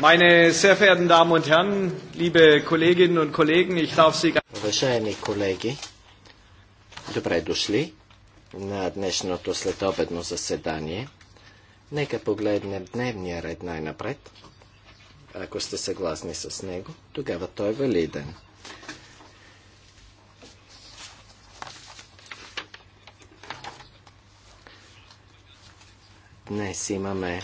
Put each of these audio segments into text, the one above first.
Meine sehr verehrten Damen und Herren, liebe Kolleginnen und Kollegen, ich darf Sie... ganz Уважаеми колеги, добре дошли на днешното следобедно заседание. Нека погледнем дневния ред най-напред. Ако сте съгласни с него, тогава той е валиден. Днес имаме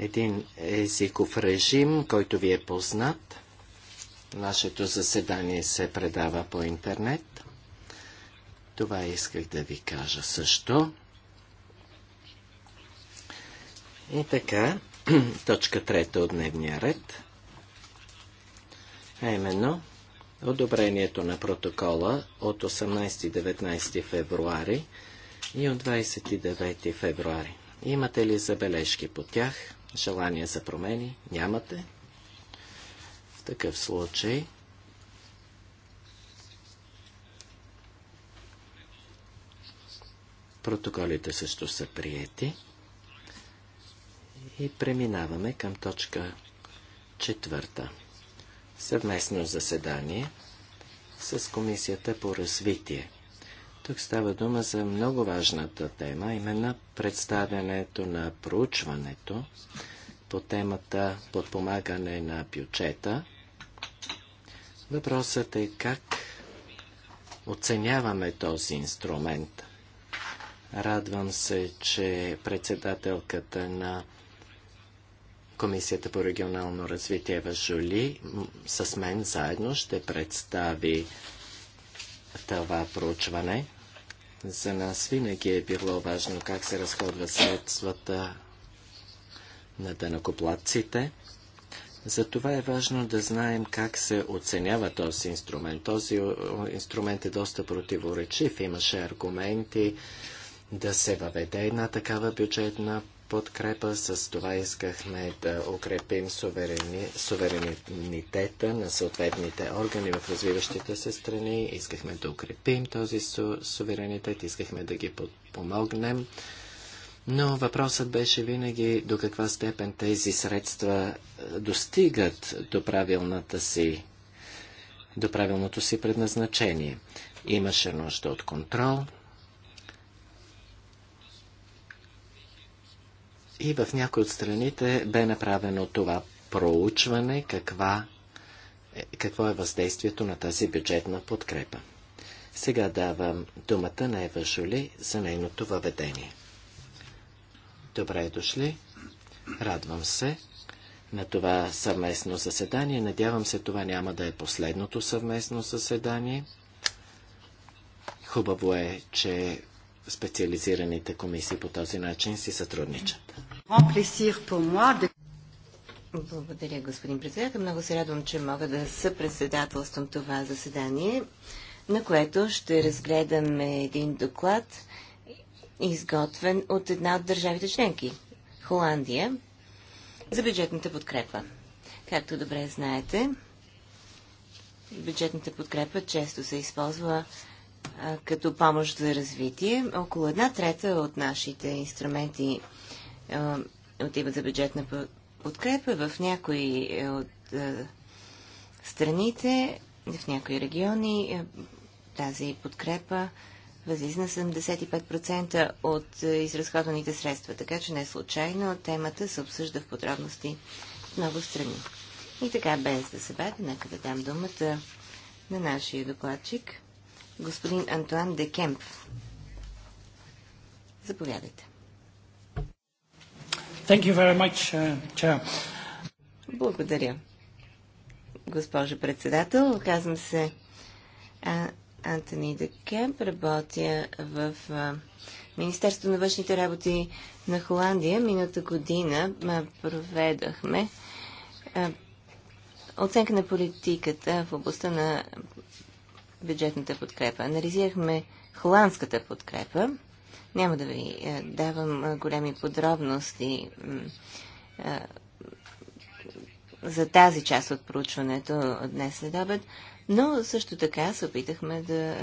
един езиков режим, който ви е познат. Нашето заседание се предава по интернет. Това исках да ви кажа също. И така, точка трета от дневния ред, а именно одобрението на протокола от 18-19 февруари и от 29 февруари. Имате ли забележки по тях? Желание за промени нямате. В такъв случай протоколите също са приети. И преминаваме към точка четвърта. Съвместно заседание с Комисията по развитие. Тук става дума за много важната тема, именно представянето на проучването по темата подпомагане на бюджета. Въпросът е как оценяваме този инструмент. Радвам се, че председателката на Комисията по регионално развитие Важули с мен заедно ще представи това проучване. За нас винаги е било важно как се разходват средствата на данакоплатците. Затова е важно да знаем как се оценява този инструмент. Този инструмент е доста противоречив. Имаше аргументи да се въведе една такава бюджетна подкрепа. С това искахме да укрепим суверени, суверенитета на съответните органи в развиващите се страни. Искахме да укрепим този су, суверенитет, искахме да ги помогнем. Но въпросът беше винаги до каква степен тези средства е, достигат до правилната си до правилното си предназначение. Имаше нужда от контрол, И в някои от страните бе направено това проучване каква, е, какво е въздействието на тази бюджетна подкрепа. Сега давам думата на Ева Жули за нейното въведение. Добре дошли. Радвам се на това съвместно заседание. Надявам се това няма да е последното съвместно заседание. Хубаво е, че специализираните комисии по този начин си сътрудничат. Благодаря, господин председател. Много се радвам, че мога да съпредседателствам това заседание, на което ще разгледаме един доклад, изготвен от една от държавите членки – Холандия, за бюджетната подкрепа. Както добре знаете, бюджетната подкрепа често се използва като помощ за развитие. Около една трета от нашите инструменти – отиват за бюджетна подкрепа. В някои е, от е, страните, в някои региони е, тази подкрепа възлиза на 75% от изразходваните средства, така че не случайно темата се обсъжда в подробности в много страни. И така, без да се бъде, нека да дам думата на нашия докладчик, господин Антуан Декемп. Заповядайте. Thank you very much, uh, chair. Благодаря. Госпожо председател, казвам се а, Антони Декемп, работя в а, Министерство на външните работи на Холандия. Миналата година а, проведахме а, оценка на политиката в областта на бюджетната подкрепа. Анализирахме холандската подкрепа няма да ви е, давам е, големи подробности е, за тази част от проучването днес след обед, но също така се опитахме да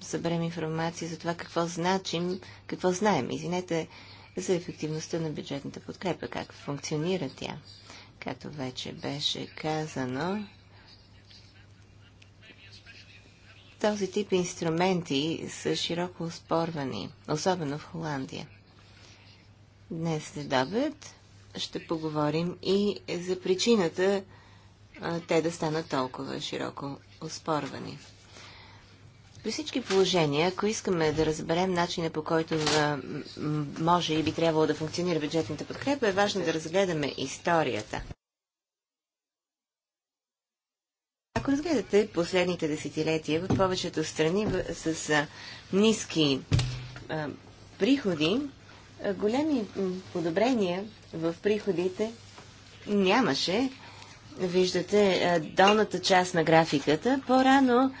съберем информация за това какво значим, какво знаем, извинете, за ефективността на бюджетната подкрепа, как функционира тя. Както вече беше казано, този тип инструменти са широко оспорвани, особено в Холандия. Днес след обед ще поговорим и за причината те да станат толкова широко оспорвани. При всички положения, ако искаме да разберем начина по който може и би трябвало да функционира бюджетната подкрепа, е важно да разгледаме историята. Ако разгледате последните десетилетия в повечето страни с а, ниски а, приходи, а, големи подобрения в приходите нямаше. Виждате а, долната част на графиката. По-рано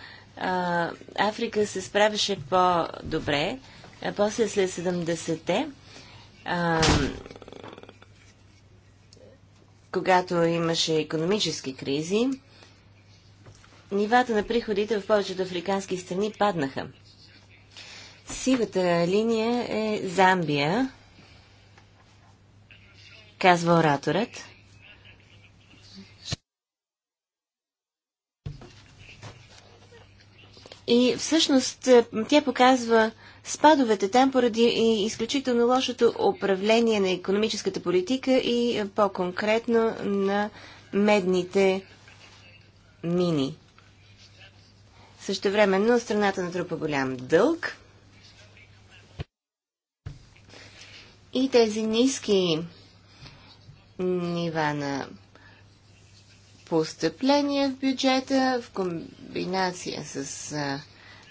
Африка се справяше по-добре, а после след 70-те когато имаше економически кризи, нивата на приходите в повечето африкански страни паднаха. Сивата линия е Замбия, казва ораторът. И всъщност е, тя показва спадовете там поради изключително лошото управление на економическата политика и е, по-конкретно на медните мини. Също но страната натрупа голям дълг. И тези ниски нива на постъпления в бюджета в комбинация с а,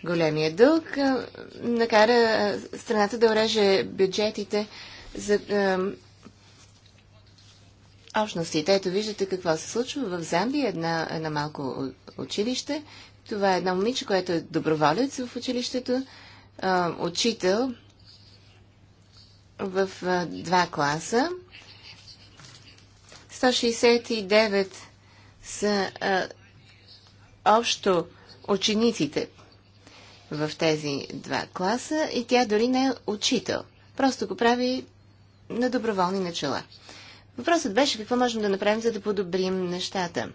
големия дълг а, накара страната да уреже бюджетите за а, общностите. Ето виждате какво се случва в Замбия, една, една малко училище това е едно момиче, което е доброволец в училището, учител в два класа. 169 са а, общо учениците в тези два класа и тя дори не е учител. Просто го прави на доброволни начала. Въпросът беше какво можем да направим, за да подобрим нещата.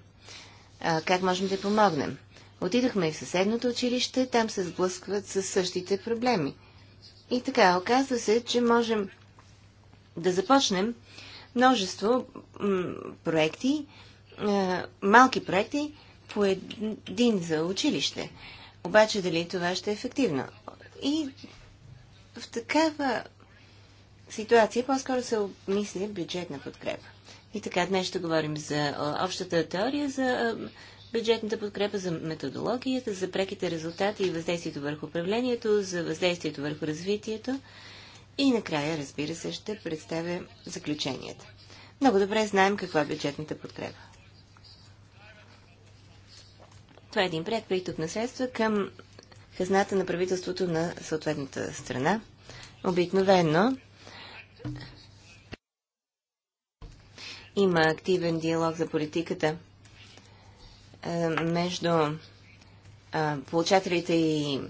А, как можем да помогнем? Отидохме и в съседното училище, там се сблъскват с същите проблеми. И така, оказва се, че можем да започнем множество проекти, малки проекти, по един за училище. Обаче дали това ще е ефективно? И в такава ситуация по-скоро се обмисли бюджетна подкрепа. И така, днес ще говорим за общата теория за бюджетната подкрепа за методологията, за преките резултати и въздействието върху управлението, за въздействието върху развитието и накрая, разбира се, ще представя заключенията. Много добре знаем каква е бюджетната подкрепа. Това е един пряк приток на средства към хазната на правителството на съответната страна. Обикновено има активен диалог за политиката е, между е, получателите и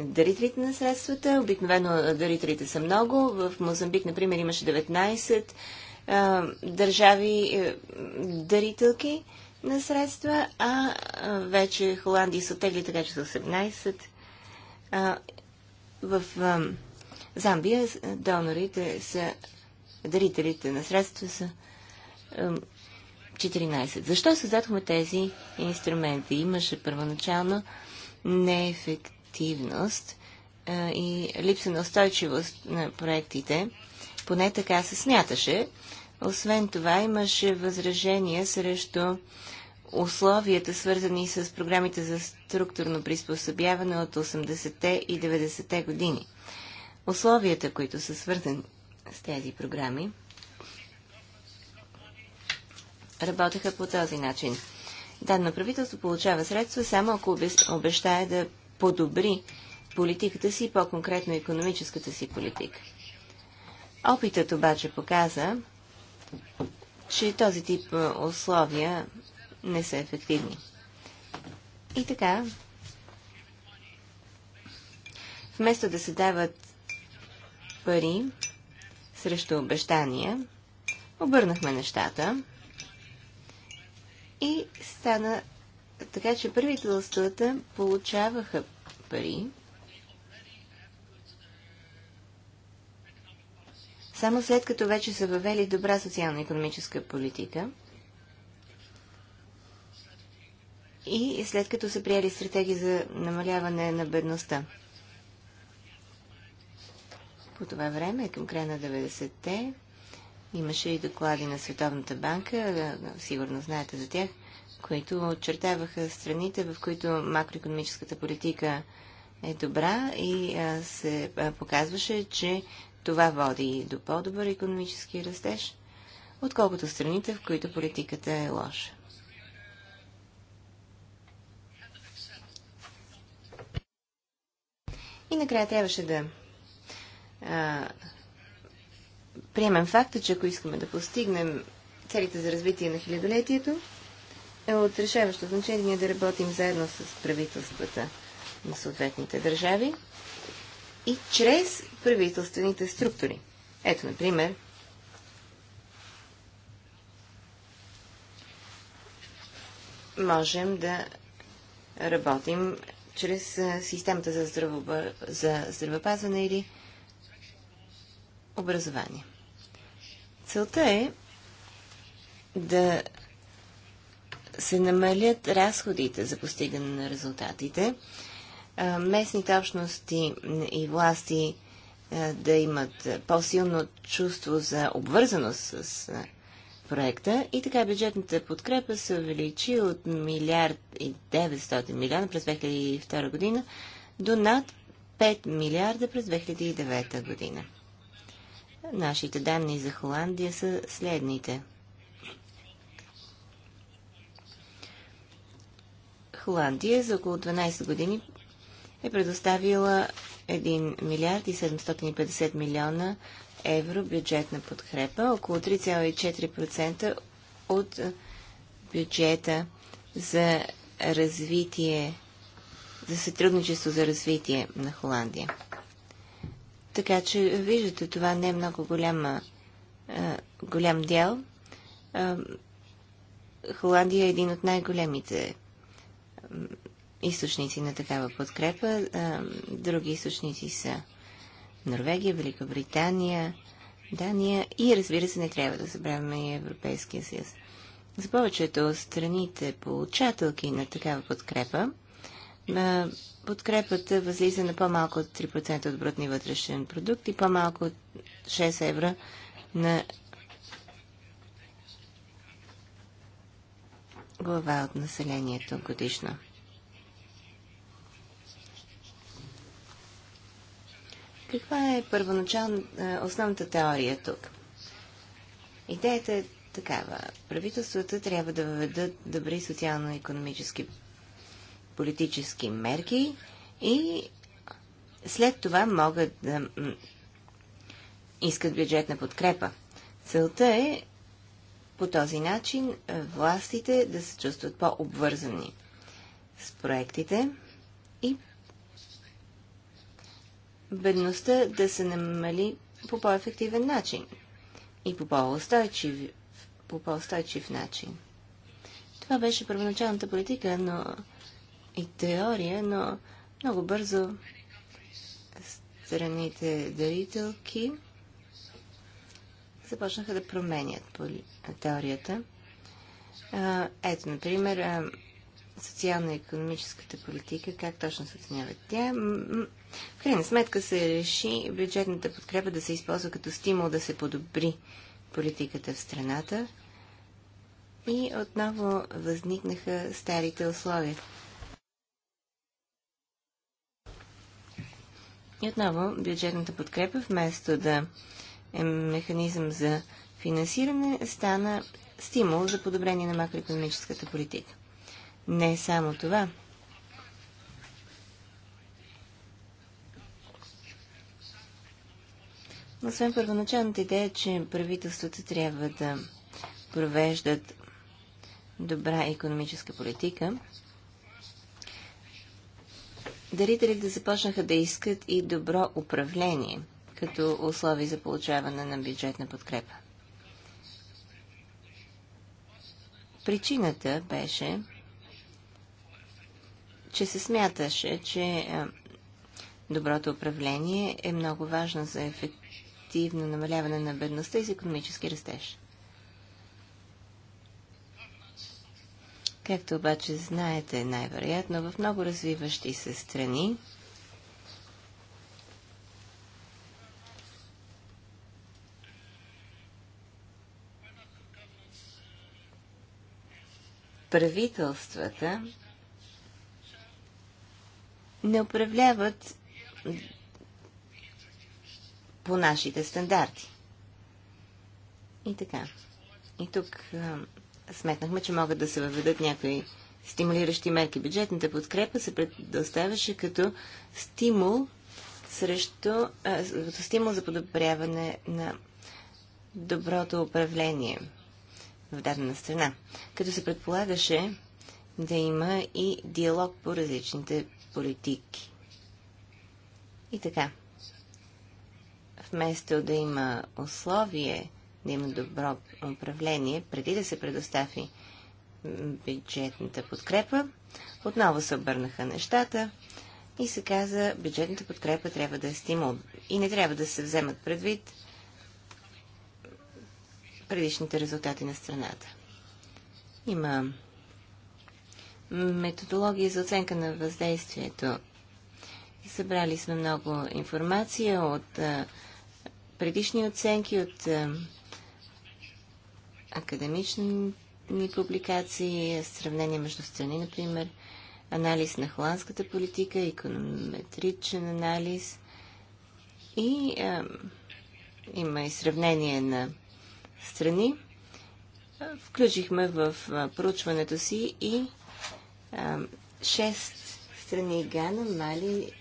дарителите на средствата. Обикновено е, дарителите са много. В Мозамбик, например, имаше 19 държави дарителки на средства, а, вече Холандия са тегли, така че са 18. в Замбия донорите са, дарителите на средства са 14. Защо създадохме тези инструменти? Имаше първоначална неефективност а, и липса на устойчивост на проектите. Поне така се смяташе. Освен това имаше възражения срещу условията, свързани с програмите за структурно приспособяване от 80-те и 90-те години. Условията, които са свързани с тези програми, работеха по този начин. Дадено правителство получава средства само ако обещае да подобри политиката си, по-конкретно економическата си политика. Опитът обаче показа, че този тип условия не са ефективни. И така, вместо да се дават пари срещу обещания, обърнахме нещата – и стана така, че правителствата получаваха пари, само след като вече са въвели добра социално-економическа политика и след като са приели стратегии за намаляване на бедността. По това време, към края на 90-те, Имаше и доклади на Световната банка, сигурно знаете за тях, които очертаваха страните, в които макроекономическата политика е добра и се показваше, че това води до по-добър економически растеж, отколкото страните, в които политиката е лоша. И накрая трябваше да а, приемем факта, че ако искаме да постигнем целите за развитие на хилядолетието, е от решаващо значение да работим заедно с правителствата на съответните държави и чрез правителствените структури. Ето, например, можем да работим чрез системата за, здраво, за здравеопазване или образование. Целта е да се намалят разходите за постигане на резултатите, местните общности и власти да имат по-силно чувство за обвързаност с проекта и така бюджетната подкрепа се увеличи от милиард и 900 милиона през 2002 година до над 5 милиарда през 2009 година. Нашите данни за Холандия са следните. Холандия за около 12 години е предоставила 1 милиард и 750 милиона евро бюджетна подкрепа, около 3,4% от бюджета за развитие, за сътрудничество за развитие на Холандия. Така че виждате, това не е много голяма, а, голям дял. А, Холандия е един от най-големите източници на такава подкрепа. А, други източници са Норвегия, Великобритания, Дания и разбира се не трябва да забравяме и Европейския съюз. За повечето страните получателки на такава подкрепа, подкрепата възлиза на по-малко от 3% от брутния вътрешен продукт и по-малко от 6 евро на глава от населението годишно. Каква е първоначална основната теория тук? Идеята е такава. Правителствата трябва да въведат добри социално-економически политически мерки и след това могат да искат бюджетна подкрепа. Целта е по този начин е, властите да се чувстват по-обвързани с проектите и бедността да се намали по по-ефективен начин и по по-устойчив, по по-устойчив начин. Това беше първоначалната политика, но и теория, но много бързо страните дарителки започнаха да променят теорията. Ето, например, социално-економическата политика, как точно се оценява тя. В крайна сметка се реши бюджетната подкрепа да се използва като стимул да се подобри политиката в страната. И отново възникнаха старите условия. И отново бюджетната подкрепа, вместо да е механизъм за финансиране, стана стимул за подобрение на макроекономическата политика. Не е само това. Освен първоначалната идея, че правителствата трябва да провеждат добра економическа политика, дарителите започнаха да искат и добро управление като условие за получаване на бюджетна подкрепа. Причината беше, че се смяташе, че доброто управление е много важно за ефективно намаляване на бедността и за економически растеж. Както обаче знаете, най-вероятно в много развиващи се страни правителствата не управляват по нашите стандарти. И така. И тук сметнахме, че могат да се въведат някои стимулиращи мерки. Бюджетната подкрепа се предоставяше като стимул срещу, а, като стимул за подобряване на доброто управление в дадена страна, като се предполагаше да има и диалог по различните политики. И така, вместо да има условие да има добро управление, преди да се предостави бюджетната подкрепа, отново се обърнаха нещата и се каза, бюджетната подкрепа трябва да е стимул и не трябва да се вземат предвид предишните резултати на страната. Има методология за оценка на въздействието. Събрали сме много информация от предишни оценки, от академични публикации, сравнение между страни, например, анализ на холандската политика, иконометричен анализ и а, има и сравнение на страни. Включихме в проучването си и а, 6 страни Гана, Мали,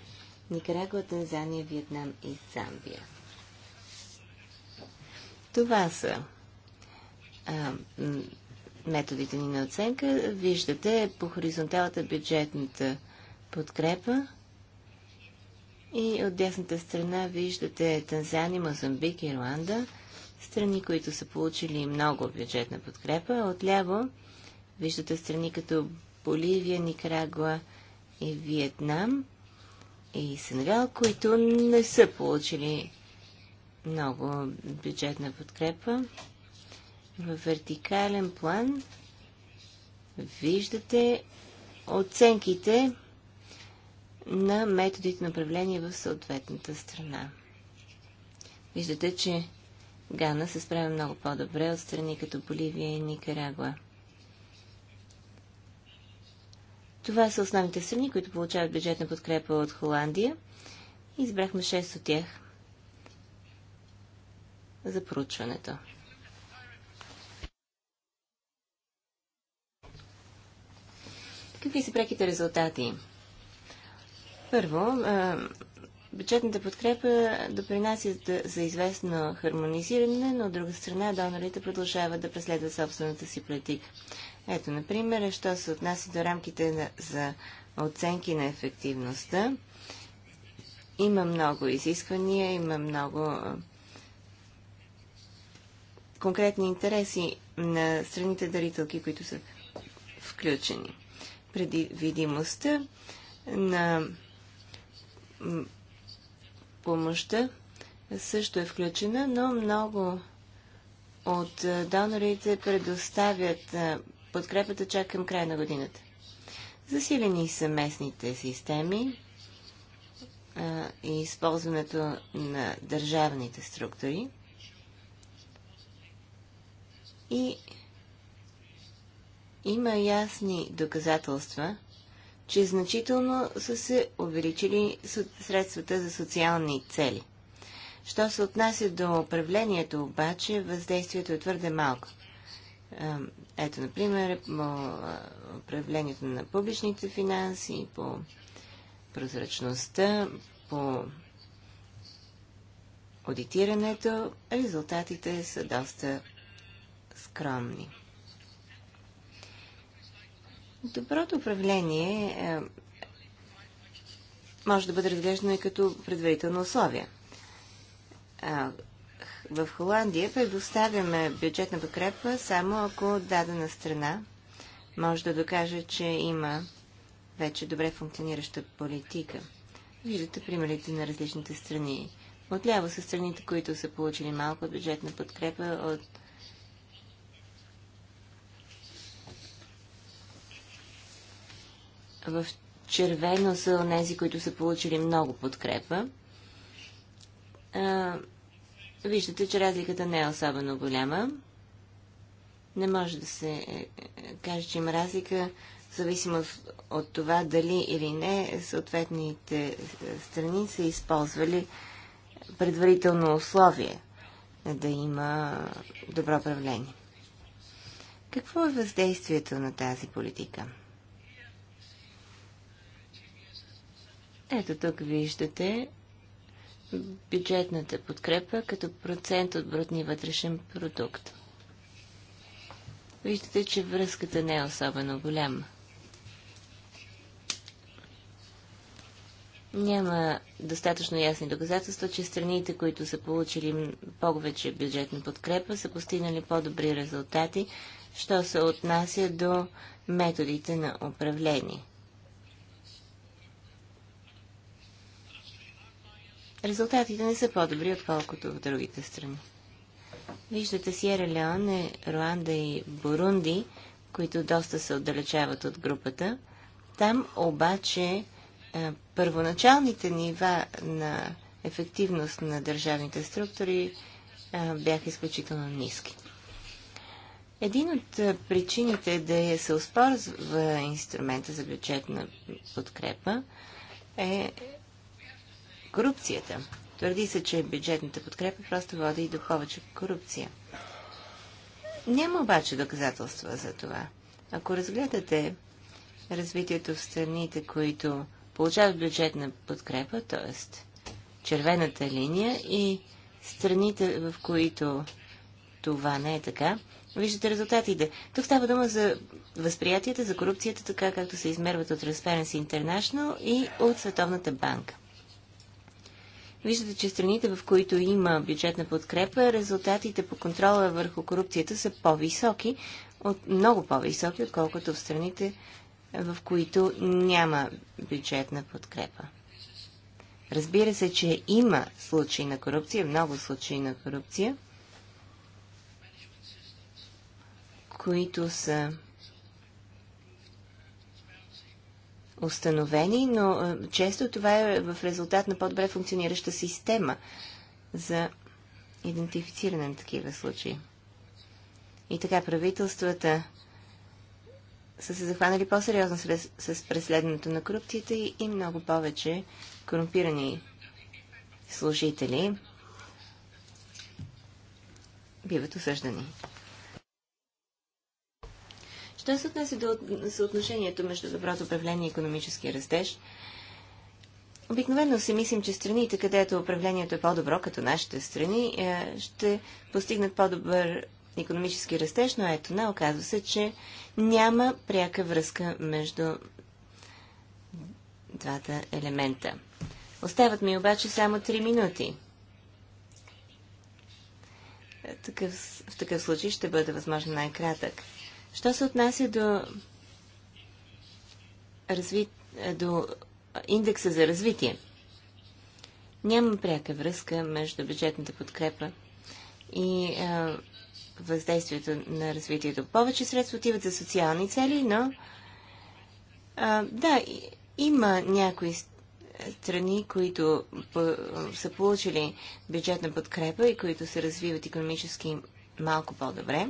Никарагуа, Танзания, Виетнам и Замбия. Това са методите ни на оценка. Виждате по хоризонталата бюджетната подкрепа и от дясната страна виждате Танзани, Мозамбик, Ирланда, страни, които са получили много бюджетна подкрепа. Отляво виждате страни като Боливия, Никарагуа и Виетнам и Сенегал, които не са получили много бюджетна подкрепа в вертикален план виждате оценките на методите на управление в съответната страна. Виждате, че Гана се справя много по-добре от страни като Боливия и Никарагуа. Това са основните страни, които получават бюджетна подкрепа от Холандия. Избрахме 6 от тях за проучването. Какви са преките резултати? Първо, бюджетната подкрепа допринася за известно хармонизиране, но от друга страна донорите продължават да преследват собствената си политика. Ето, например, що се отнася до рамките на, за оценки на ефективността. Има много изисквания, има много конкретни интереси на страните дарителки, които са включени предвидимостта на помощта също е включена, но много от донорите предоставят подкрепата чак към края на годината. Засилени са местните системи а, и използването на държавните структури. И има ясни доказателства, че значително са се увеличили средствата за социални цели. Що се отнася до управлението обаче, въздействието е твърде малко. Ето, например, по управлението на публичните финанси, по прозрачността, по аудитирането, резултатите са доста скромни. Доброто управление е, може да бъде разглеждано и като предварително условие. в Холандия предоставяме бюджетна подкрепа само ако дадена страна може да докаже, че има вече добре функционираща политика. Виждате примерите на различните страни. Отляво са страните, които са получили малко бюджетна подкрепа от В червено са онези, които са получили много подкрепа. А, виждате, че разликата не е особено голяма. Не може да се е, е, каже, че има разлика, зависимо от това дали или не съответните е, страни са използвали предварително условие да има добро правление. Какво е въздействието на тази политика? Ето тук виждате бюджетната подкрепа като процент от брутни вътрешен продукт. Виждате, че връзката не е особено голяма. Няма достатъчно ясни доказателства, че страните, които са получили повече бюджетна подкрепа, са постигнали по-добри резултати, що се отнася до методите на управление – резултатите не са по-добри, отколкото в другите страни. Виждате Сиера Леоне, Руанда и Бурунди, които доста се отдалечават от групата. Там обаче е, първоначалните нива на ефективност на държавните структури е, бяха изключително ниски. Един от е, причините да се успорзва инструмента за бюджетна подкрепа е корупцията. Твърди се, че бюджетната подкрепа просто води и до повече корупция. Няма обаче доказателства за това. Ако разгледате развитието в страните, които получават бюджетна подкрепа, т.е. червената линия и страните, в които това не е така, виждате резултатите. Тук става дума за възприятията, за корупцията, така както се измерват от Transparency International и от Световната банка. Виждате, че страните, в които има бюджетна подкрепа, резултатите по контрола върху корупцията са по-високи, от, много по-високи, отколкото в страните, в които няма бюджетна подкрепа. Разбира се, че има случаи на корупция, много случаи на корупция, които са установени, но често това е в резултат на по-добре функционираща система за идентифициране на такива случаи. И така правителствата са се захванали по-сериозно с преследването на корупцията и много повече корумпирани служители биват осъждани. Що се отнася до съотношението между доброто управление и економически растеж, обикновено си мислим, че страните, където управлението е по-добро, като нашите страни, е, ще постигнат по-добър економически растеж, но ето не, оказва се, че няма пряка връзка между двата елемента. Остават ми обаче само 3 минути. Е, в такъв случай ще бъде възможно най-кратък. Що се отнася до, разви... до индекса за развитие? Няма пряка връзка между бюджетната подкрепа и а, въздействието на развитието. Повече средства отиват за социални цели, но а, да, има някои страни, които по, са получили бюджетна подкрепа и които се развиват економически малко по-добре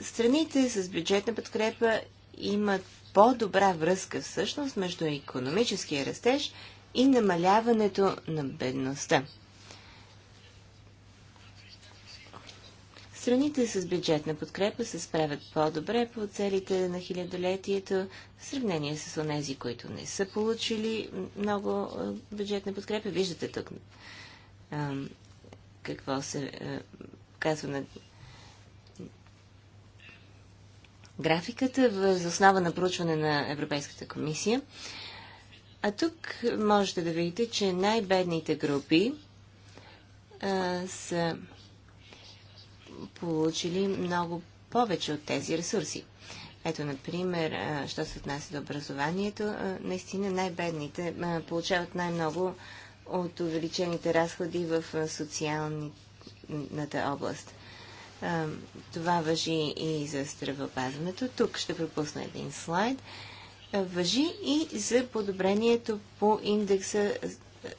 страните с бюджетна подкрепа имат по-добра връзка всъщност между економическия растеж и намаляването на бедността. Страните с бюджетна подкрепа се справят по-добре по целите на хилядолетието в сравнение с онези, които не са получили много бюджетна подкрепа. Виждате тук какво се казва на графиката в основа на проучване на Европейската комисия. А тук можете да видите, че най-бедните групи а, са получили много повече от тези ресурси. Ето, например, а, що се отнася до образованието, а, наистина най-бедните получават най-много от увеличените разходи в социалната област. Това въжи и за здравеопазването. Тук ще пропусна един слайд. Въжи и за подобрението по индекса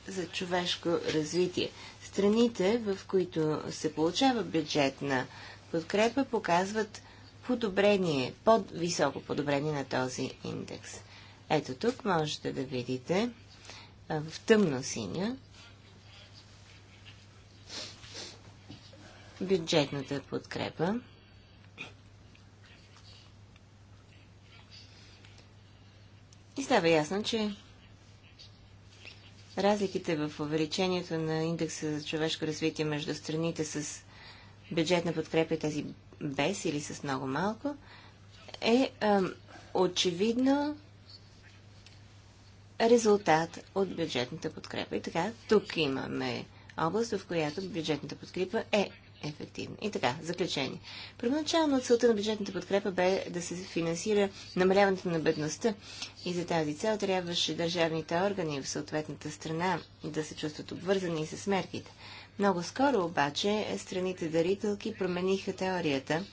за човешко развитие. Страните, в които се получава бюджетна подкрепа, показват подобрение, по-високо подобрение на този индекс. Ето тук можете да видите в тъмно синя бюджетната подкрепа. И става ясно, че разликите в увеличението на индекса за човешко развитие между страните с бюджетна подкрепа и тези без или с много малко е ам, очевидно резултат от бюджетната подкрепа. И така, тук имаме област, в която бюджетната подкрепа е ефективни. И така, заключение. Първоначално целта на бюджетната подкрепа бе да се финансира намаляването на бедността и за тази цел трябваше държавните органи в съответната страна да се чувстват обвързани с мерките. Много скоро обаче страните дарителки промениха теорията,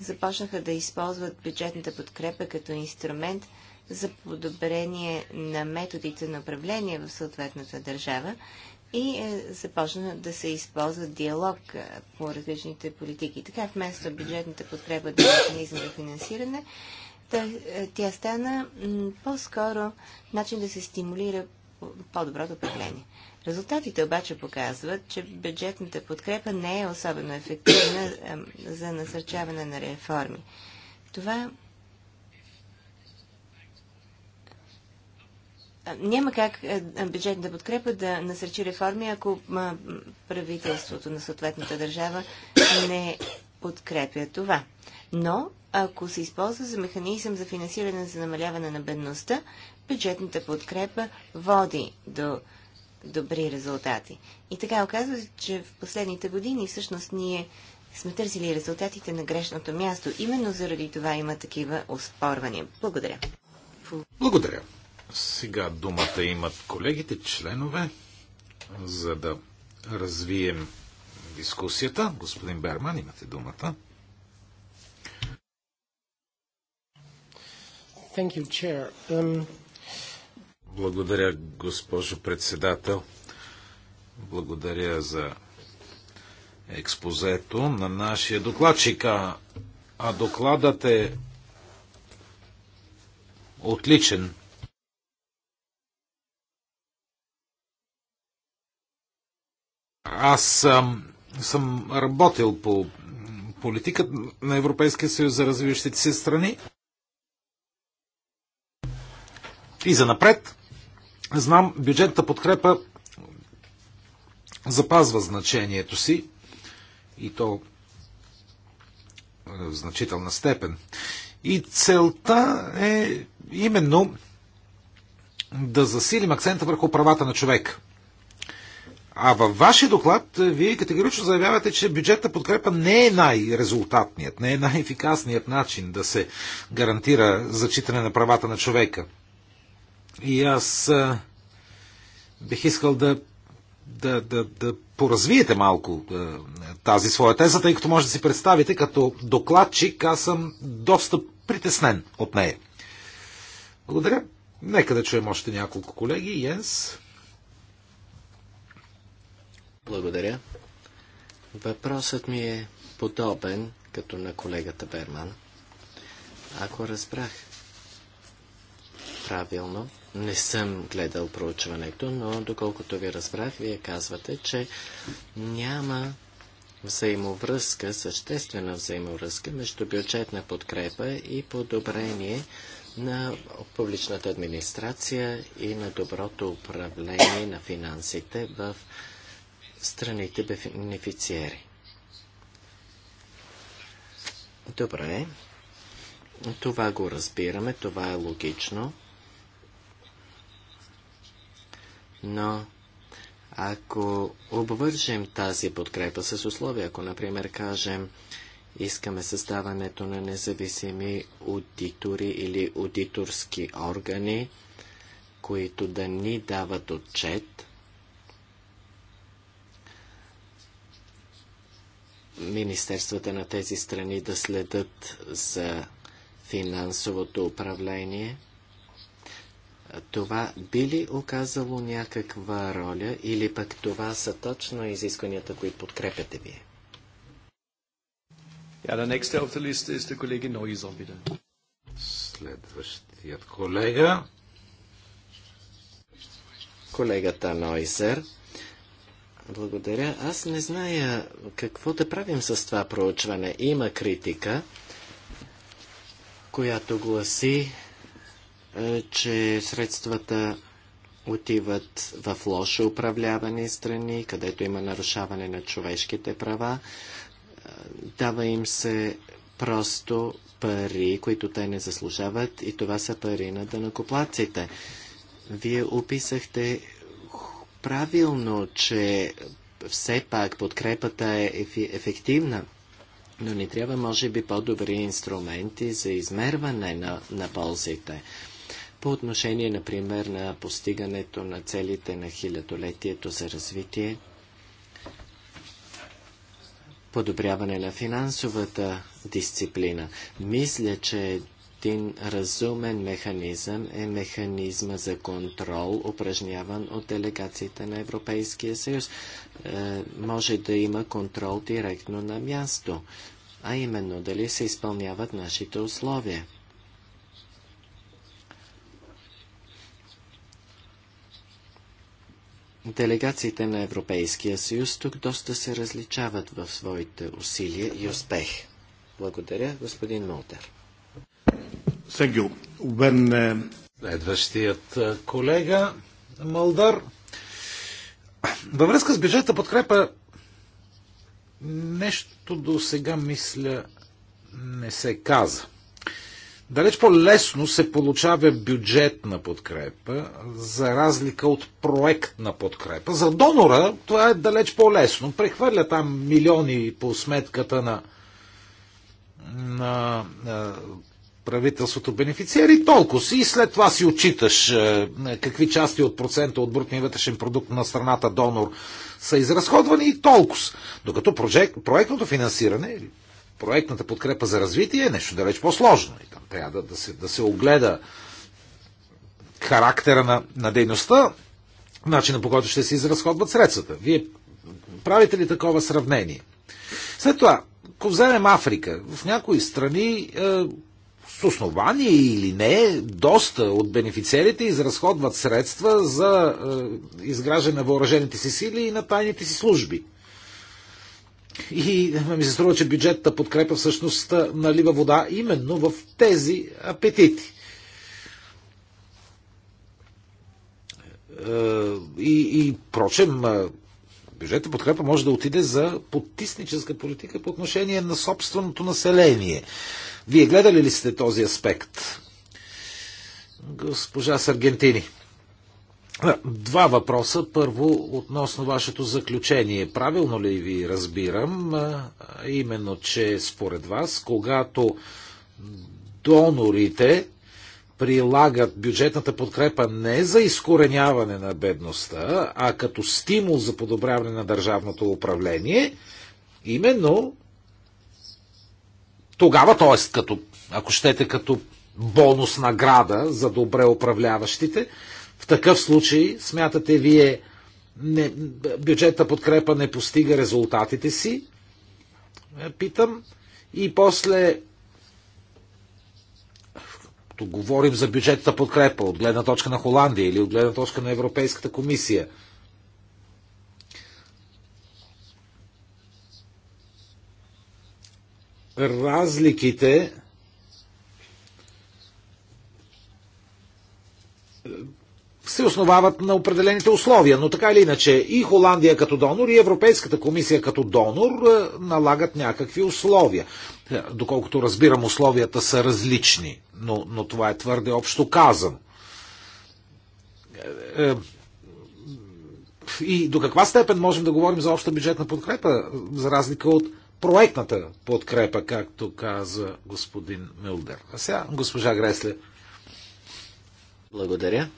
започнаха да използват бюджетната подкрепа като инструмент за подобрение на методите на управление в съответната държава и е, започна да се използва диалог е, по различните политики. Така вместо бюджетната подкрепа до е механизъм за финансиране, тя стана по-скоро начин да се стимулира по-доброто управление. Резултатите обаче показват, че бюджетната подкрепа не е особено ефективна за насърчаване на реформи. Това няма как е, бюджетната подкрепа да насърчи реформи, ако правителството на съответната държава не подкрепя това. Но, ако се използва за механизъм за финансиране за намаляване на бедността, бюджетната подкрепа води до добри резултати. И така оказва се, че в последните години всъщност ние сме търсили резултатите на грешното място. Именно заради това има такива оспорвания. Благодаря. Благодаря. Сега думата имат колегите, членове, за да развием дискусията. Господин Берман, имате думата. Thank you, chair. Um... Благодаря, госпожо председател. Благодаря за експозето на нашия докладчик. А, докладът е отличен. Аз съм, съм работил по политиката на Европейския съюз за развиващите се страни. И за напред, знам, бюджетната подкрепа запазва значението си и то е, в значителна степен. И целта е именно да засилим акцента върху правата на човека. А във вашия доклад е, вие категорично заявявате, че бюджетна подкрепа не е най-резултатният, не е най-ефикасният начин да се гарантира зачитане на правата на човека. И аз е, бих искал да, да, да, да поразвиете малко е, тази своя теза, тъй като може да си представите, като докладчик аз съм доста притеснен от нея. Благодаря. Нека да чуем още няколко колеги. Йенс. Yes. Благодаря. Въпросът ми е подобен като на колегата Берман. Ако разбрах правилно, не съм гледал проучването, но доколкото ви разбрах, вие казвате, че няма взаимовръзка, съществена взаимовръзка между бюджетна подкрепа и подобрение на публичната администрация и на доброто управление на финансите в страните бенефициери. Добре, това го разбираме, това е логично, но ако обвържем тази подкрепа с условия, ако, например, кажем, искаме създаването на независими аудитори или аудиторски органи, които да ни дават отчет – министерствата на тези страни да следят за финансовото управление. Това би ли оказало някаква роля или пък това са точно изискванията, които подкрепяте вие? Ja, der nächste auf der Liste ist der Kollege Neuser, wieder. Следващият колега. Колегата Нойзер. Благодаря. Аз не зная какво да правим с това проучване. Има критика, която гласи, е, че средствата отиват в лошо управлявани страни, където има нарушаване на човешките права. Е, дава им се просто пари, които те не заслужават и това са пари на дънакоплаците. Вие описахте правилно, че все пак подкрепата е ефективна, но ни трябва, може би, по-добри инструменти за измерване на, на ползите. По отношение, например, на постигането на целите на хилядолетието за развитие, подобряване на финансовата дисциплина. Мисля, че един разумен механизъм е механизма за контрол, упражняван от делегациите на Европейския съюз. Е, може да има контрол директно на място, а именно дали се изпълняват нашите условия. Делегациите на Европейския съюз тук доста се различават в своите усилия и успех. Благодаря, господин Молтер. Thank you. Uh, Следващият колега Малдар. Във връзка с бюджета подкрепа нещо до сега мисля не се каза. Далеч по-лесно се получава бюджетна подкрепа, за разлика от проектна подкрепа. За донора това е далеч по-лесно. Прехвърля там милиони по сметката на, на, на правителството бенефициери, толкова си и след това си отчиташ е, какви части от процента от брутния вътрешен продукт на страната донор са изразходвани и толкова. Докато проект, проектното финансиране, проектната подкрепа за развитие е нещо далеч по-сложно. И там трябва да, да, се, да се огледа характера на, на дейността, начина по който ще се изразходват средствата. Вие правите ли такова сравнение? След това, ако вземем Африка, в някои страни е, с основание или не, доста от бенефициерите изразходват средства за е, изграждане на въоръжените си сили и на тайните си служби. И ами, ми се струва, че бюджетта подкрепа всъщност е, налива вода именно в тези апетити. Е, и, и прочем, е, бюджета подкрепа може да отиде за подтисническа политика по отношение на собственото население. Вие гледали ли сте този аспект? Госпожа Саргентини. Два въпроса. Първо, относно вашето заключение. Правилно ли ви разбирам, именно, че според вас, когато донорите прилагат бюджетната подкрепа не за изкореняване на бедността, а като стимул за подобряване на държавното управление, именно тогава, т.е. като, ако щете, като бонус награда за добре управляващите, в такъв случай, смятате вие, не, бюджета подкрепа не постига резултатите си, е, питам, и после говорим за бюджетната подкрепа от гледна точка на Холандия или от гледна точка на Европейската комисия – разликите се основават на определените условия, но така или иначе и Холандия като донор, и Европейската комисия като донор е, налагат някакви условия. Е, доколкото разбирам, условията са различни, но, но това е твърде общо казано. Е, и до каква степен можем да говорим за обща бюджетна подкрепа, за разлика от проектната подкрепа, както каза господин Милдер. А сега госпожа Гресле. Благодаря.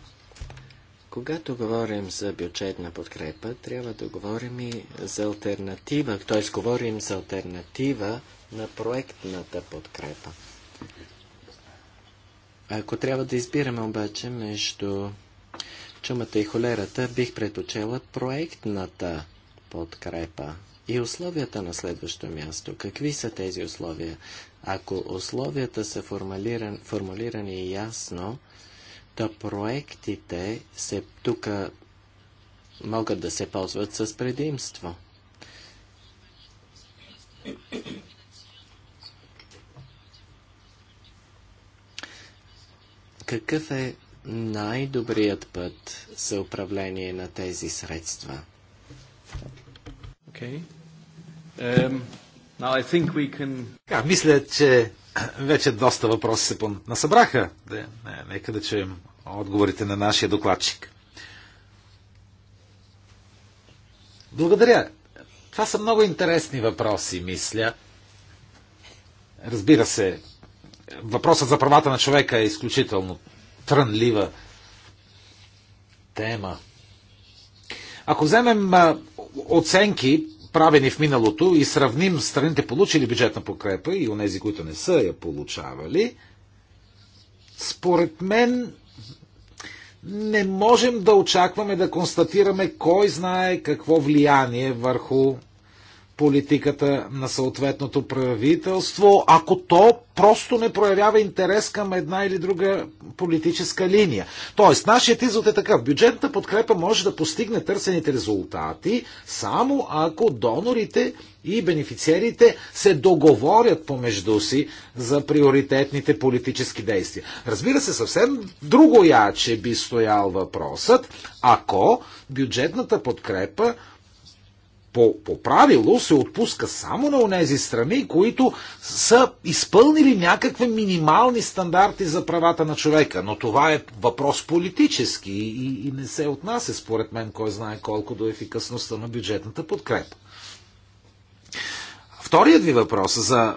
Когато говорим за бюджетна подкрепа, трябва да говорим и за альтернатива, т.е. говорим за альтернатива на проектната подкрепа. Ако трябва да избираме обаче между чумата и холерата, бих предпочела проектната подкрепа. И условията на следващо място. Какви са тези условия? Ако условията са формулиран, формулирани ясно, то проектите се тук могат да се ползват с предимство. Какъв е най-добрият път за управление на тези средства? Okay. Um, now I think we can... мисля, че вече доста въпроси се насъбраха. не, нека да чуем отговорите на нашия докладчик. Благодаря. Това са много интересни въпроси, мисля. Разбира се, въпросът за правата на човека е изключително трънлива тема. Ако вземем оценки, правени в миналото, и сравним страните получили бюджетна покрепа и онези, които не са я получавали, според мен не можем да очакваме да констатираме кой знае какво влияние върху политиката на съответното правителство, ако то просто не проявява интерес към една или друга политическа линия. Тоест, нашият извод е такъв. Бюджетната подкрепа може да постигне търсените резултати, само ако донорите и бенефициерите се договорят помежду си за приоритетните политически действия. Разбира се, съвсем друго яче би стоял въпросът, ако бюджетната подкрепа по, по правило се отпуска само на тези страни, които са изпълнили някакви минимални стандарти за правата на човека. Но това е въпрос политически и, и не се отнася, според мен, кой знае колко до ефикасността на бюджетната подкрепа. Вторият ви въпрос за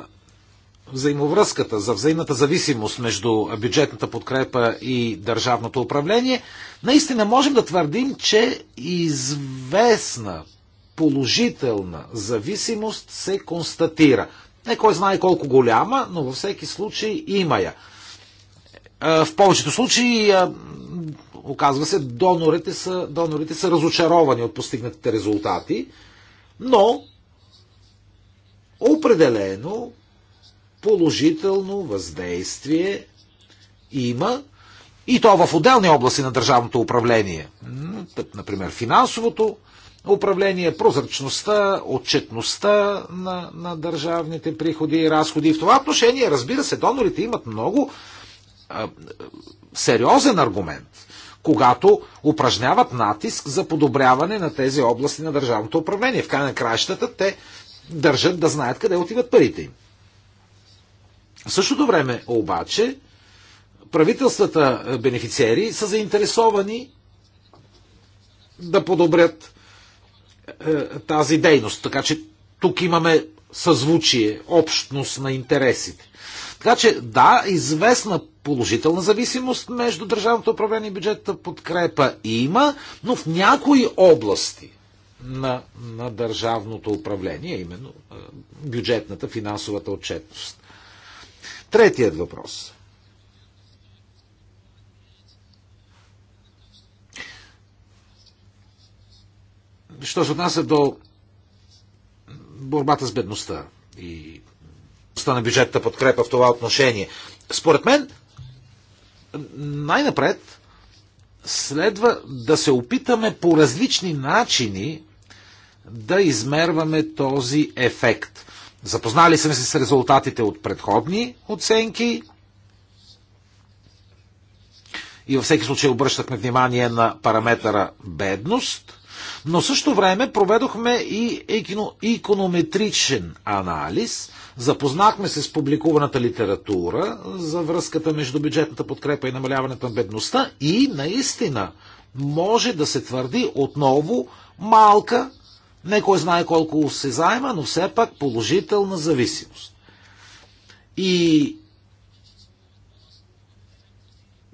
взаимовръзката, за взаимната зависимост между бюджетната подкрепа и държавното управление, наистина можем да твърдим, че известна положителна зависимост се констатира. Не кой знае колко голяма, но във всеки случай има я. В повечето случаи оказва се, донорите са, донорите са разочаровани от постигнатите резултати, но определено положително въздействие има и то в отделни области на държавното управление. Например, финансовото управление, прозрачността, отчетността на, на държавните приходи и разходи. И в това отношение, разбира се, донорите имат много а, сериозен аргумент, когато упражняват натиск за подобряване на тези области на държавното управление. В край на краищата те държат да знаят къде отиват парите им. В същото време обаче правителствата бенефициери са заинтересовани да подобрят е, тази дейност. Така че тук имаме съзвучие, общност на интересите. Така че, да, известна положителна зависимост между държавното управление и бюджета подкрепа има, но в някои области на, на държавното управление, именно е, бюджетната, финансовата отчетност. Третият въпрос. Що се отнася до борбата с бедността и на бюджетната подкрепа в това отношение, според мен най-напред следва да се опитаме по различни начини да измерваме този ефект. Запознали сме се с резултатите от предходни оценки и във всеки случай обръщахме внимание на параметъра бедност. Но също време проведохме и иконометричен анализ, запознахме се с публикуваната литература за връзката между бюджетната подкрепа и намаляването на бедността и наистина може да се твърди отново малка, не кой знае колко се заема, но все пак положителна зависимост. И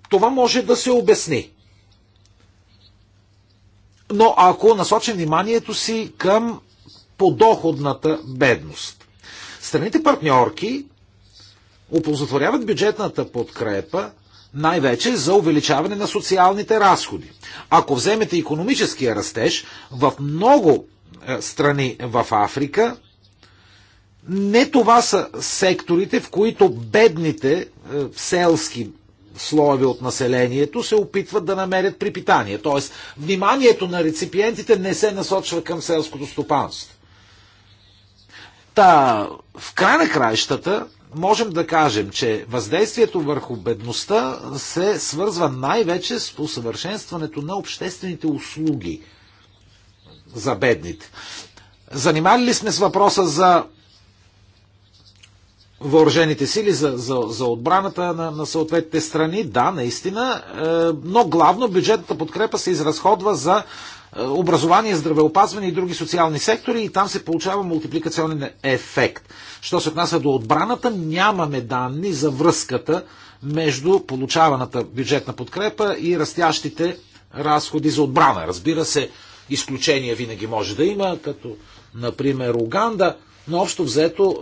това може да се обясни но ако насочим вниманието си към подоходната бедност. Страните партньорки оползотворяват бюджетната подкрепа най-вече за увеличаване на социалните разходи. Ако вземете економическия растеж, в много е, страни в Африка, не това са секторите, в които бедните е, селски слоеве от населението се опитват да намерят припитание. Тоест, вниманието на реципиентите не се насочва към селското стопанство. Та, в край на краищата, можем да кажем, че въздействието върху бедността се свързва най-вече с усъвършенстването на обществените услуги за бедните. Занимали ли сме с въпроса за въоръжените сили, за, за, за отбраната на, на съответните страни. Да, наистина, е, но главно бюджетната подкрепа се изразходва за е, образование, здравеопазване и други социални сектори и там се получава мултипликационен ефект. Що се отнася до отбраната, нямаме данни за връзката между получаваната бюджетна подкрепа и растящите разходи за отбрана. Разбира се, изключения винаги може да има, като например Уганда – но общо взето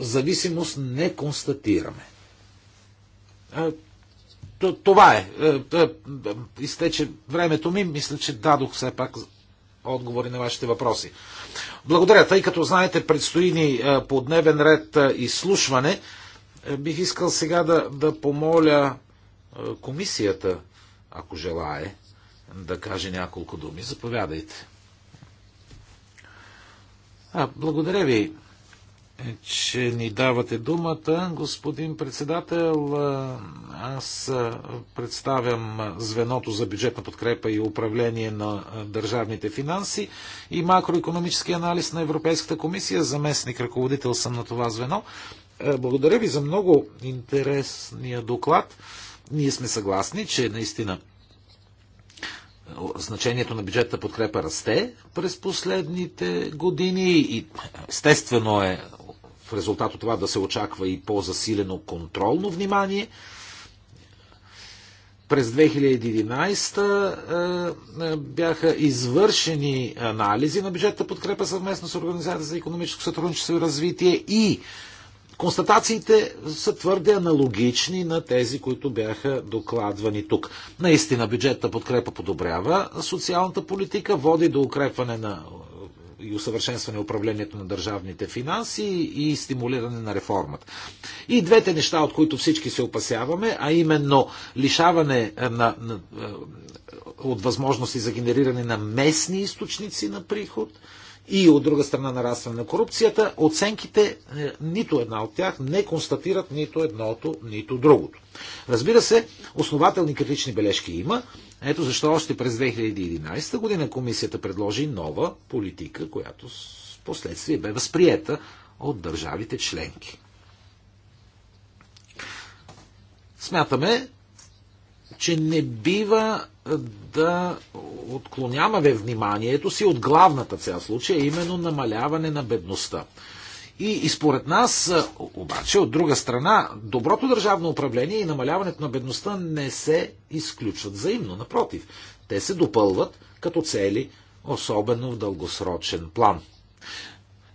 зависимост не констатираме. Това е. Е, е, е. Изтече времето ми. Мисля, че дадох все пак отговори на вашите въпроси. Благодаря. Тъй като знаете, предстои ни по дневен ред изслушване, бих искал сега да, да помоля комисията, ако желае, да каже няколко думи. Заповядайте. А, благодаря ви, е, че ни давате думата. Господин председател, аз представям звеното за бюджетна подкрепа и управление на държавните финанси и макроекономически анализ на Европейската комисия. Заместник ръководител съм на това звено. Благодаря ви за много интересния доклад. Ние сме съгласни, че наистина значението на бюджетна подкрепа расте през последните години и естествено е в резултат от това да се очаква и по-засилено контролно внимание. През 2011 е, е, бяха извършени анализи на бюджетна подкрепа съвместно с Организацията за економическо сътрудничество и развитие и Констатациите са твърде аналогични на тези, които бяха докладвани тук. Наистина бюджетна подкрепа подобрява социалната политика, води до укрепване на и усъвършенстване управлението на държавните финанси и стимулиране на реформата. И двете неща, от които всички се опасяваме, а именно лишаване на, на, на е, от възможности за генериране на местни източници на приход – и от друга страна нарастване на корупцията, оценките, е, нито една от тях, не констатират нито едното, нито другото. Разбира се, основателни критични бележки има. Ето защо още през 2011 година комисията предложи нова политика, която с последствие бе възприета от държавите членки. Смятаме, че не бива да отклоняваме вниманието си от главната цел случая, именно намаляване на бедността. И, и според нас, обаче, от друга страна, доброто държавно управление и намаляването на бедността не се изключват взаимно. Напротив, те се допълват като цели, особено в дългосрочен план.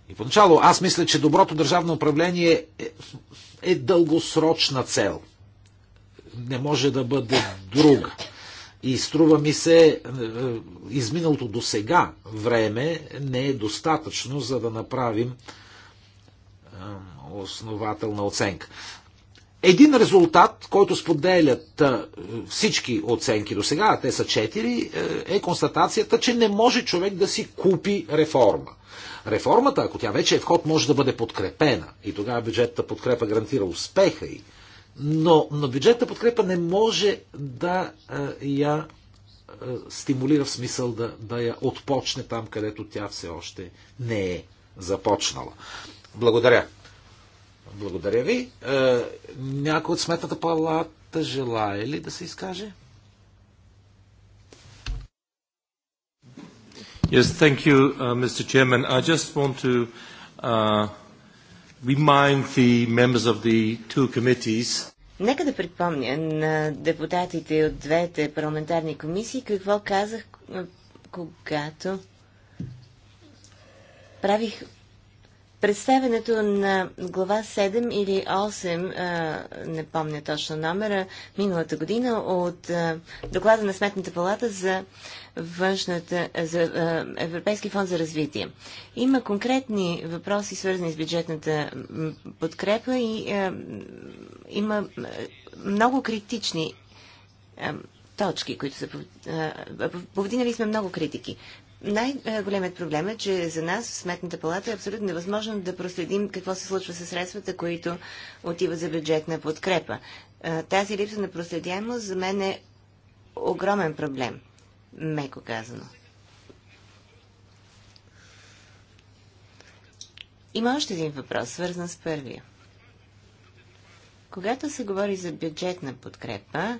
И поначало аз мисля, че доброто държавно управление е, е дългосрочна цел. Не може да бъде друга. И струва ми се, е, е, изминалото до сега време не е достатъчно, за да направим основателна оценка. Един резултат, който споделят е, всички оценки до сега, а те са четири, е констатацията, че не може човек да си купи реформа. Реформата, ако тя вече е вход, може да бъде подкрепена. И тогава бюджетната подкрепа гарантира успеха и но, но бюджетна подкрепа не може да а, е, я а, е, стимулира в смисъл да, да я отпочне там, където тя все още не е започнала. Благодаря. Благодаря ви. А, е, някой от сметната палата желая ли да се изкаже? Yes, thank you, uh, Mr. Chairman. I just want to uh, Нека да припомня на депутатите от двете парламентарни комисии какво казах, когато правих представенето на глава 7 или 8, не помня точно номера, миналата година от доклада на Сметната палата за външната, за Европейски фонд за развитие. Има конкретни въпроси, свързани с бюджетната подкрепа и има много критични точки, които са... Повдинали сме много критики. Най-големият проблем е, че за нас в Сметната палата е абсолютно невъзможно да проследим какво се случва с средствата, които отиват за бюджетна подкрепа. Тази липса на проследяемост за мен е огромен проблем меко казано. Има още един въпрос, свързан с първия. Когато се говори за бюджетна подкрепа,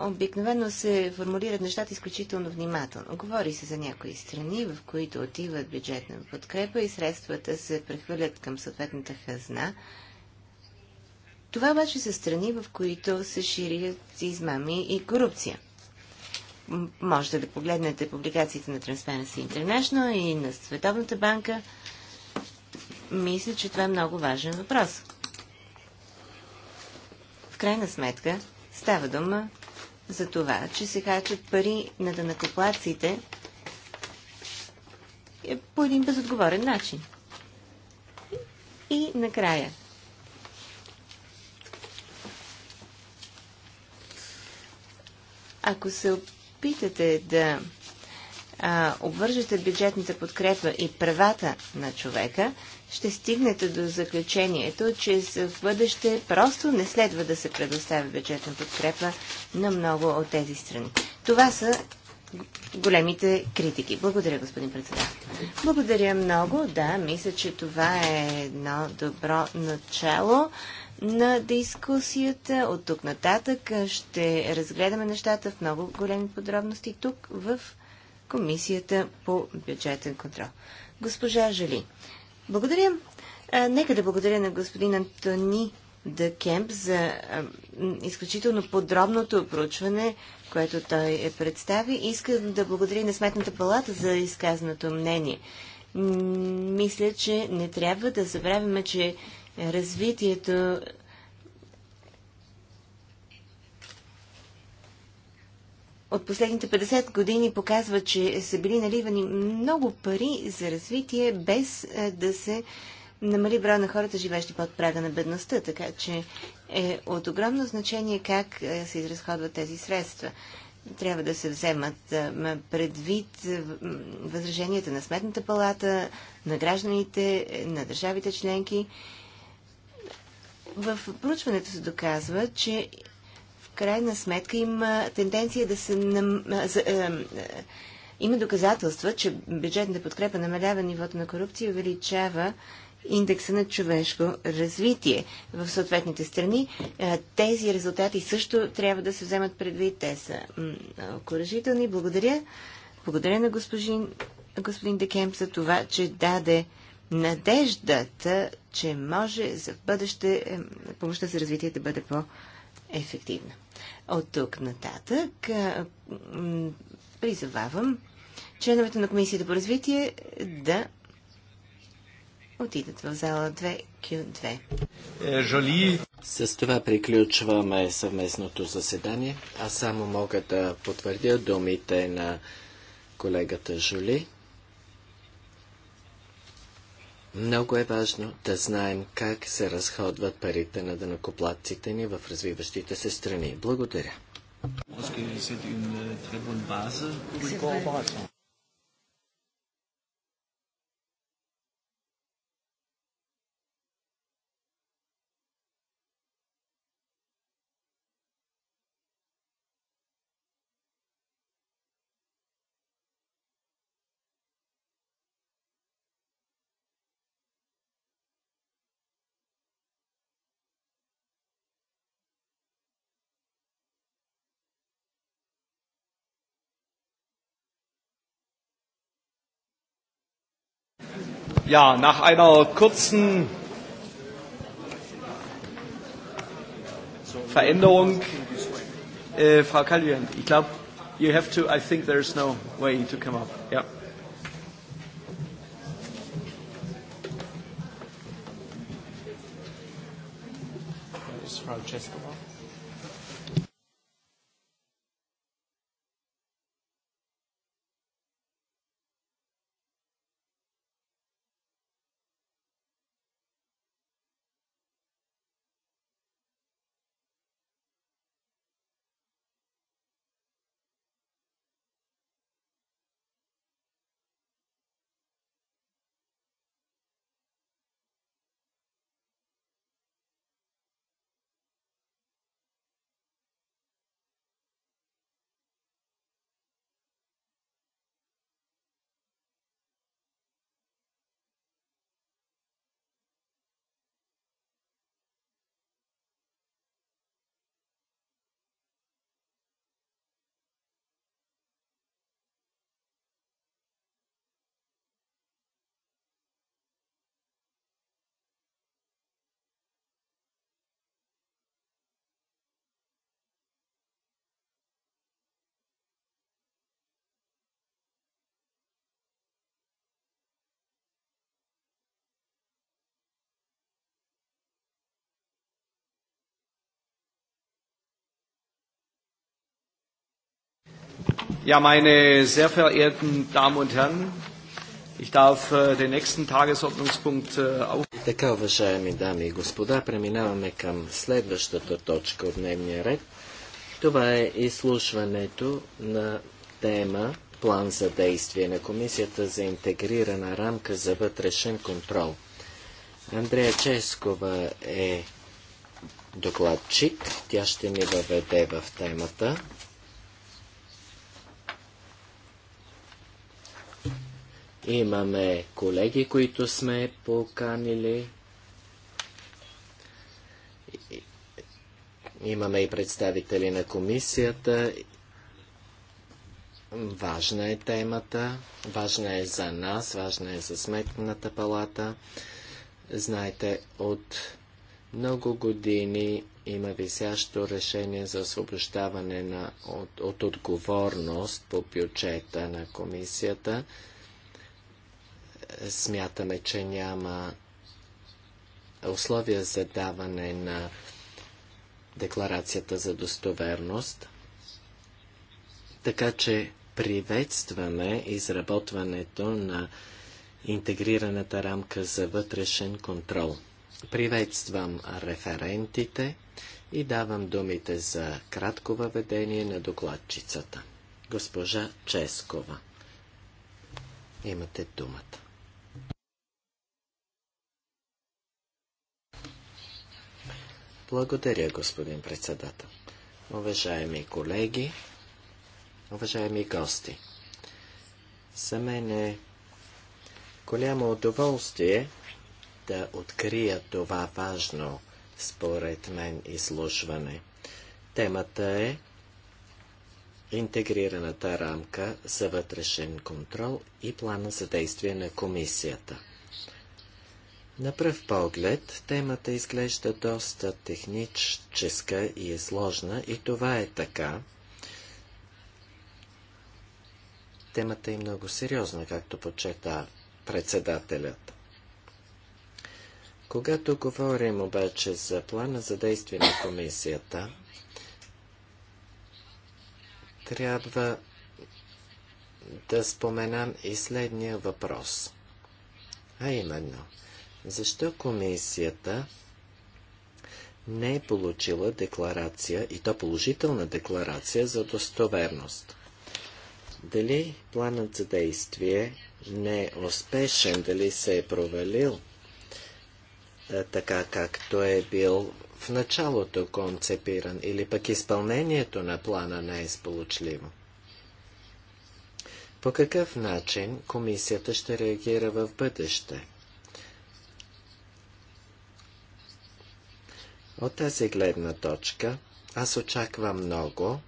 обикновено се формулират нещата изключително внимателно. Говори се за някои страни, в които отиват бюджетна подкрепа и средствата се прехвърлят към съответната хазна. Това обаче са страни, в които се ширят измами и корупция можете да погледнете публикациите на Transparency International и на Световната банка. Мисля, че това е много важен въпрос. В крайна сметка става дума за това, че се хачат пари на данакоплаците е по един безотговорен начин. И накрая. Ако се опитате да а, обвържете бюджетната подкрепа и правата на човека, ще стигнете до заключението, че за в бъдеще просто не следва да се предоставя бюджетна подкрепа на много от тези страни. Това са големите критики. Благодаря, господин председател. Благодаря много. Да, мисля, че това е едно добро начало на дискусията. От тук нататък ще разгледаме нещата в много големи подробности тук в Комисията по бюджетен контрол. Госпожа Жали, благодаря. А, нека да благодаря на господин Антони Дъкемп за а, изключително подробното проучване, което той е представи. Искам да благодаря на Сметната палата за изказаното мнение. Мисля, че не трябва да забравяме, че развитието от последните 50 години показва, че са били наливани много пари за развитие, без е, да се намали броя на хората, живещи под прага на бедността. Така че е от огромно значение как е, се изразходват тези средства. Трябва да се вземат е, предвид възраженията на Сметната палата, на гражданите, на държавите членки в проучването се доказва, че в крайна сметка има тенденция да се... Нам... За, е, е има доказателства, че бюджетната подкрепа намалява нивото на корупция и увеличава индекса на човешко развитие в съответните страни. Е, тези резултати също трябва да се вземат предвид. Те са окоръжителни. Благодаря. Благодаря на господин, господин Декемп за това, че даде надеждата, че може за бъдеще е, помощта за развитие да бъде по-ефективна. От тук нататък е, призовавам членовете на Комисията по развитие да отидат в зала 2Q2. Е, С това приключваме съвместното заседание. Аз само мога да потвърдя думите на колегата Жули. Много е важно да знаем как се разходват парите на дънакоплатците ни в развиващите се страни. Благодаря. Ja, nach einer kurzen Veränderung, äh, Frau Kallian, ich glaube, you have to, I think there is no way to come up. Yeah. Frau Ja, meine sehr verehrten Damen und Herren, ich darf äh, den nächsten Tagesordnungspunkt äh, auf. Така, уважаеми дами и господа, преминаваме към следващата точка от дневния ред. Това е изслушването на тема План за действие на Комисията за интегрирана рамка за вътрешен контрол. Андрея Ческова е докладчик. Тя ще ни въведе в темата. Имаме колеги, които сме поканили. Имаме и представители на комисията. Важна е темата, важна е за нас, важна е за сметната палата. Знаете, от много години има висящо решение за освобождаване на, от, от отговорност по бюджета на комисията смятаме, че няма условия за даване на декларацията за достоверност. Така че приветстваме изработването на интегрираната рамка за вътрешен контрол. Приветствам референтите и давам думите за кратко въведение на докладчицата. Госпожа Ческова. Имате думата. Благодаря, господин председател. Уважаеми колеги, уважаеми гости, за мен е голямо удоволствие да открия това важно, според мен, изслушване. Темата е интегрираната рамка за вътрешен контрол и плана за действие на комисията. На пръв поглед темата изглежда доста техническа и е сложна и това е така. Темата е много сериозна, както почета председателят. Когато говорим обаче за плана за действие на комисията, трябва да споменам и следния въпрос. А именно – защо комисията не е получила декларация, и то положителна декларация за достоверност? Дали планът за действие не е успешен, дали се е провалил, така както е бил в началото концепиран, или пък изпълнението на плана не е сполучливо? По какъв начин комисията ще реагира в бъдеще? От тази гледна точка аз очаквам много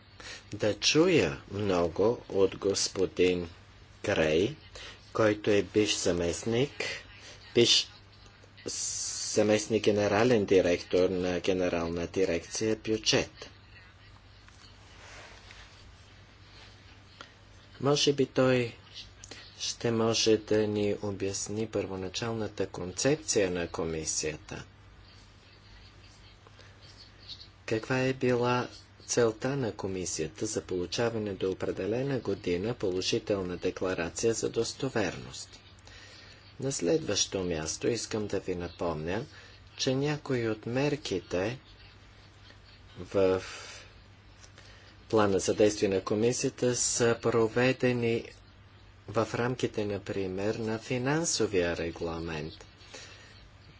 да чуя много от господин Крей, който е биш заместник, биш заместник генерален директор на генерална дирекция бюджет. Може би той ще може да ни обясни първоначалната концепция на комисията. Каква е била целта на комисията за получаване до определена година положителна декларация за достоверност? На следващо място искам да ви напомня, че някои от мерките в плана за действие на комисията са проведени в рамките, например, на финансовия регламент.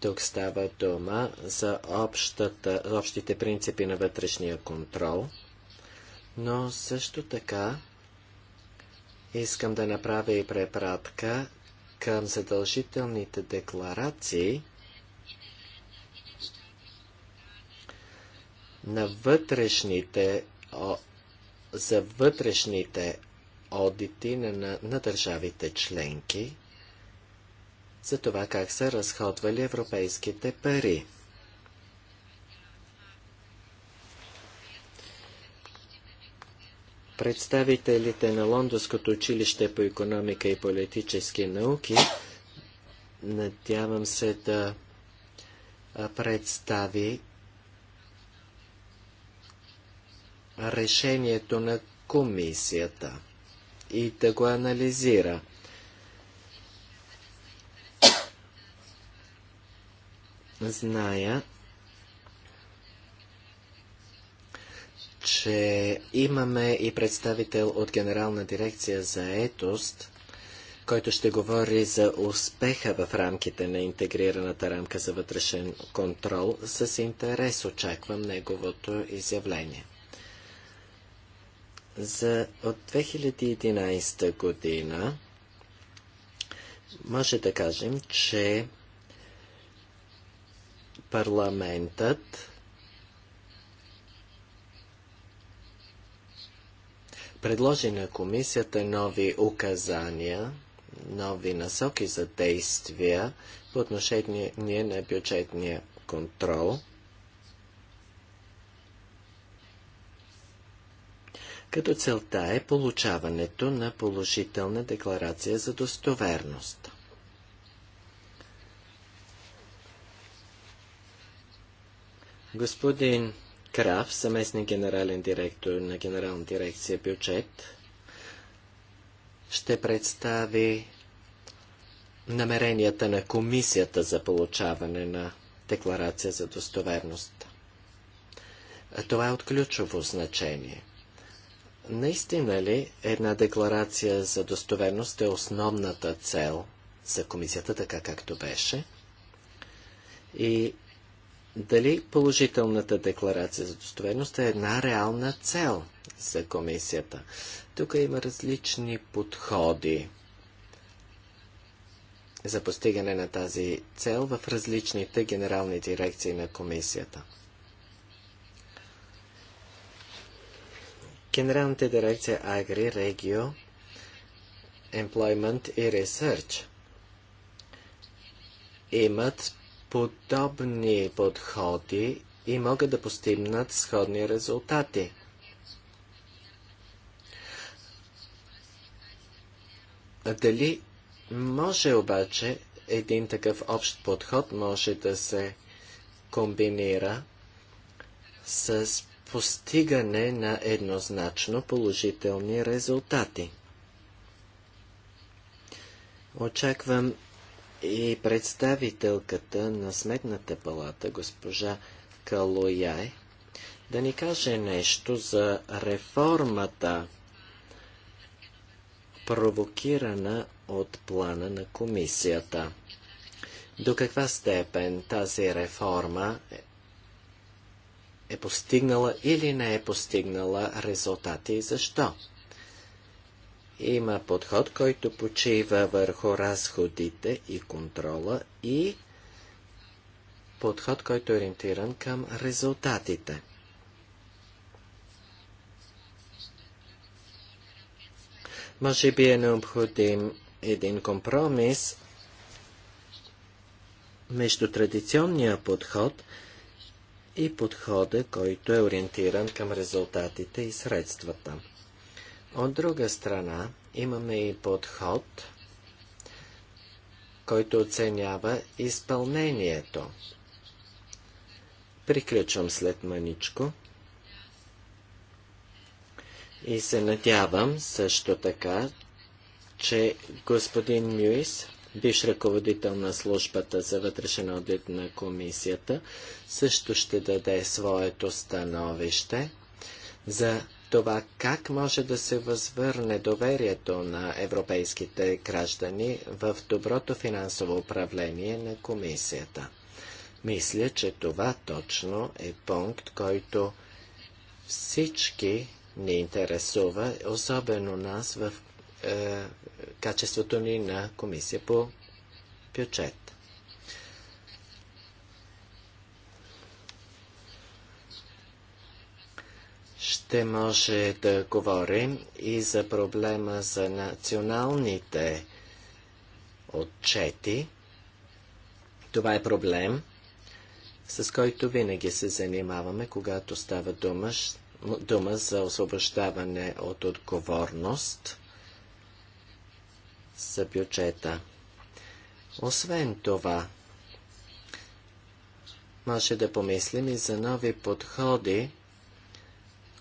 Тук става дума за общата, общите принципи на вътрешния контрол, но също така искам да направя и препратка към задължителните декларации на вътрешните, о, за вътрешните одити на, на, на държавите членки за това как са разходвали европейските пари. Представителите на Лондонското училище по економика и политически науки надявам се да представи решението на комисията и да го анализира. зная, че имаме и представител от Генерална дирекция за етост, който ще говори за успеха в рамките на интегрираната рамка за вътрешен контрол. С интерес очаквам неговото изявление. За от 2011 година може да кажем, че парламентът предложи на комисията нови указания, нови насоки за действия по отношение на бюджетния контрол. Като целта е получаването на положителна декларация за достоверност. Господин Крав, съместник генерален директор на Генерална дирекция бюджет, ще представи намеренията на комисията за получаване на декларация за достоверност. Това е от ключово значение. Наистина ли една декларация за достоверност е основната цел за комисията, така както беше? И дали положителната декларация за достоверност е една реална цел за комисията. Тук има различни подходи за постигане на тази цел в различните генерални дирекции на комисията. Генералната дирекция Агри, Регио, Employment и Research имат подобни подходи и могат да постигнат сходни резултати. Дали може обаче един такъв общ подход може да се комбинира с постигане на еднозначно положителни резултати. Очаквам и представителката на Сметната палата, госпожа Калояй, да ни каже нещо за реформата, провокирана от плана на комисията. До каква степен тази реформа е постигнала или не е постигнала резултати и защо? Има подход, който почива върху разходите и контрола и подход, който е ориентиран към резултатите. Може би е необходим един компромис между традиционния подход и подхода, който е ориентиран към резултатите и средствата. От друга страна, имаме и подход, който оценява изпълнението. Приключвам след маничко. И се надявам също така, че господин Мюис, бивш ръководител на службата за вътрешен одит на комисията, също ще даде своето становище за това как може да се възвърне доверието на европейските граждани в доброто финансово управление на комисията. Мисля, че това точно е пункт, който всички ни интересува, особено нас в е, качеството ни на комисия по бюджет. ще може да говорим и за проблема за националните отчети. Това е проблем, с който винаги се занимаваме, когато става дума, дума за освобождаване от отговорност за бюджета. Освен това, може да помислим и за нови подходи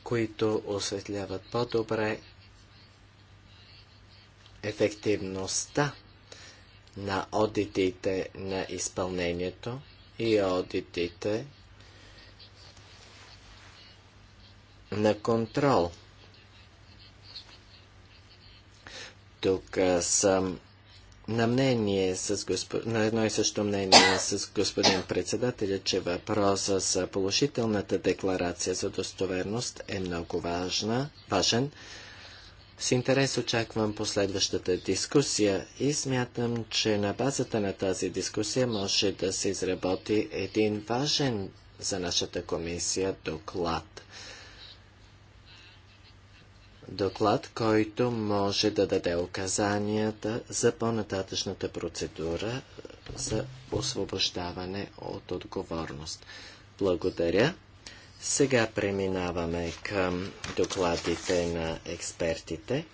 които осветляват по-добре ефективността на одитите на изпълнението и одитите на контрол. Тук съм на мнение с госп... на едно и също мнение с господин председателя, че въпроса за положителната декларация за достоверност е много важна, важен. С интерес очаквам последващата дискусия и смятам, че на базата на тази дискусия може да се изработи един важен за нашата комисия доклад – доклад, който може да даде указанията за по-нататъчната процедура за освобождаване от отговорност. Благодаря. Сега преминаваме към докладите на експертите.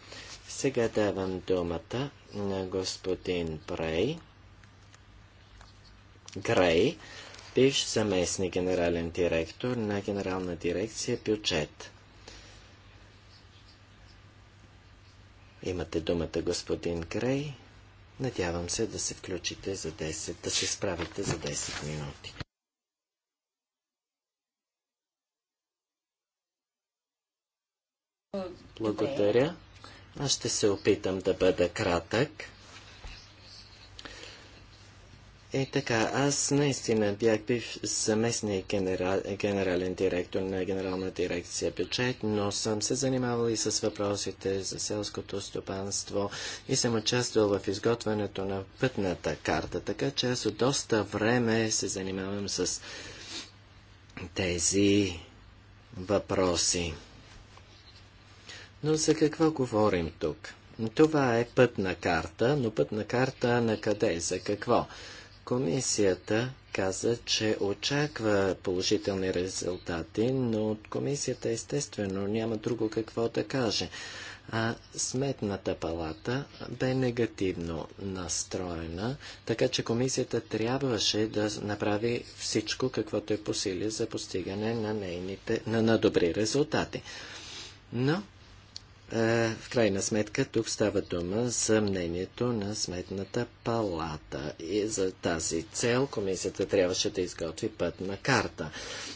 Сега давам думата на господин Брей. Грей, бивш заместник генерален директор на Генерална дирекция бюджет. Имате думата, господин Грей. Надявам се да се включите за 10, да се справите за 10 минути. Благодаря. Аз ще се опитам да бъда кратък е така. Аз наистина бях бив заместник генерал, генерален директор на генерална дирекция бюджет, но съм се занимавал и с въпросите за селското стопанство и съм участвал в изготвянето на пътната карта, така че аз от доста време се занимавам с тези въпроси. Но за какво говорим тук? Това е пътна карта, но пътна карта на къде, за какво? Комисията каза, че очаква положителни резултати, но комисията естествено няма друго какво да каже. А сметната палата бе негативно настроена, така че комисията трябваше да направи всичко, каквото е по сили за постигане на, нейните, на, на добри резултати. Но е, в крайна сметка тук става дума за мнението на Сметната палата и за тази цел комисията трябваше да изготви пътна карта.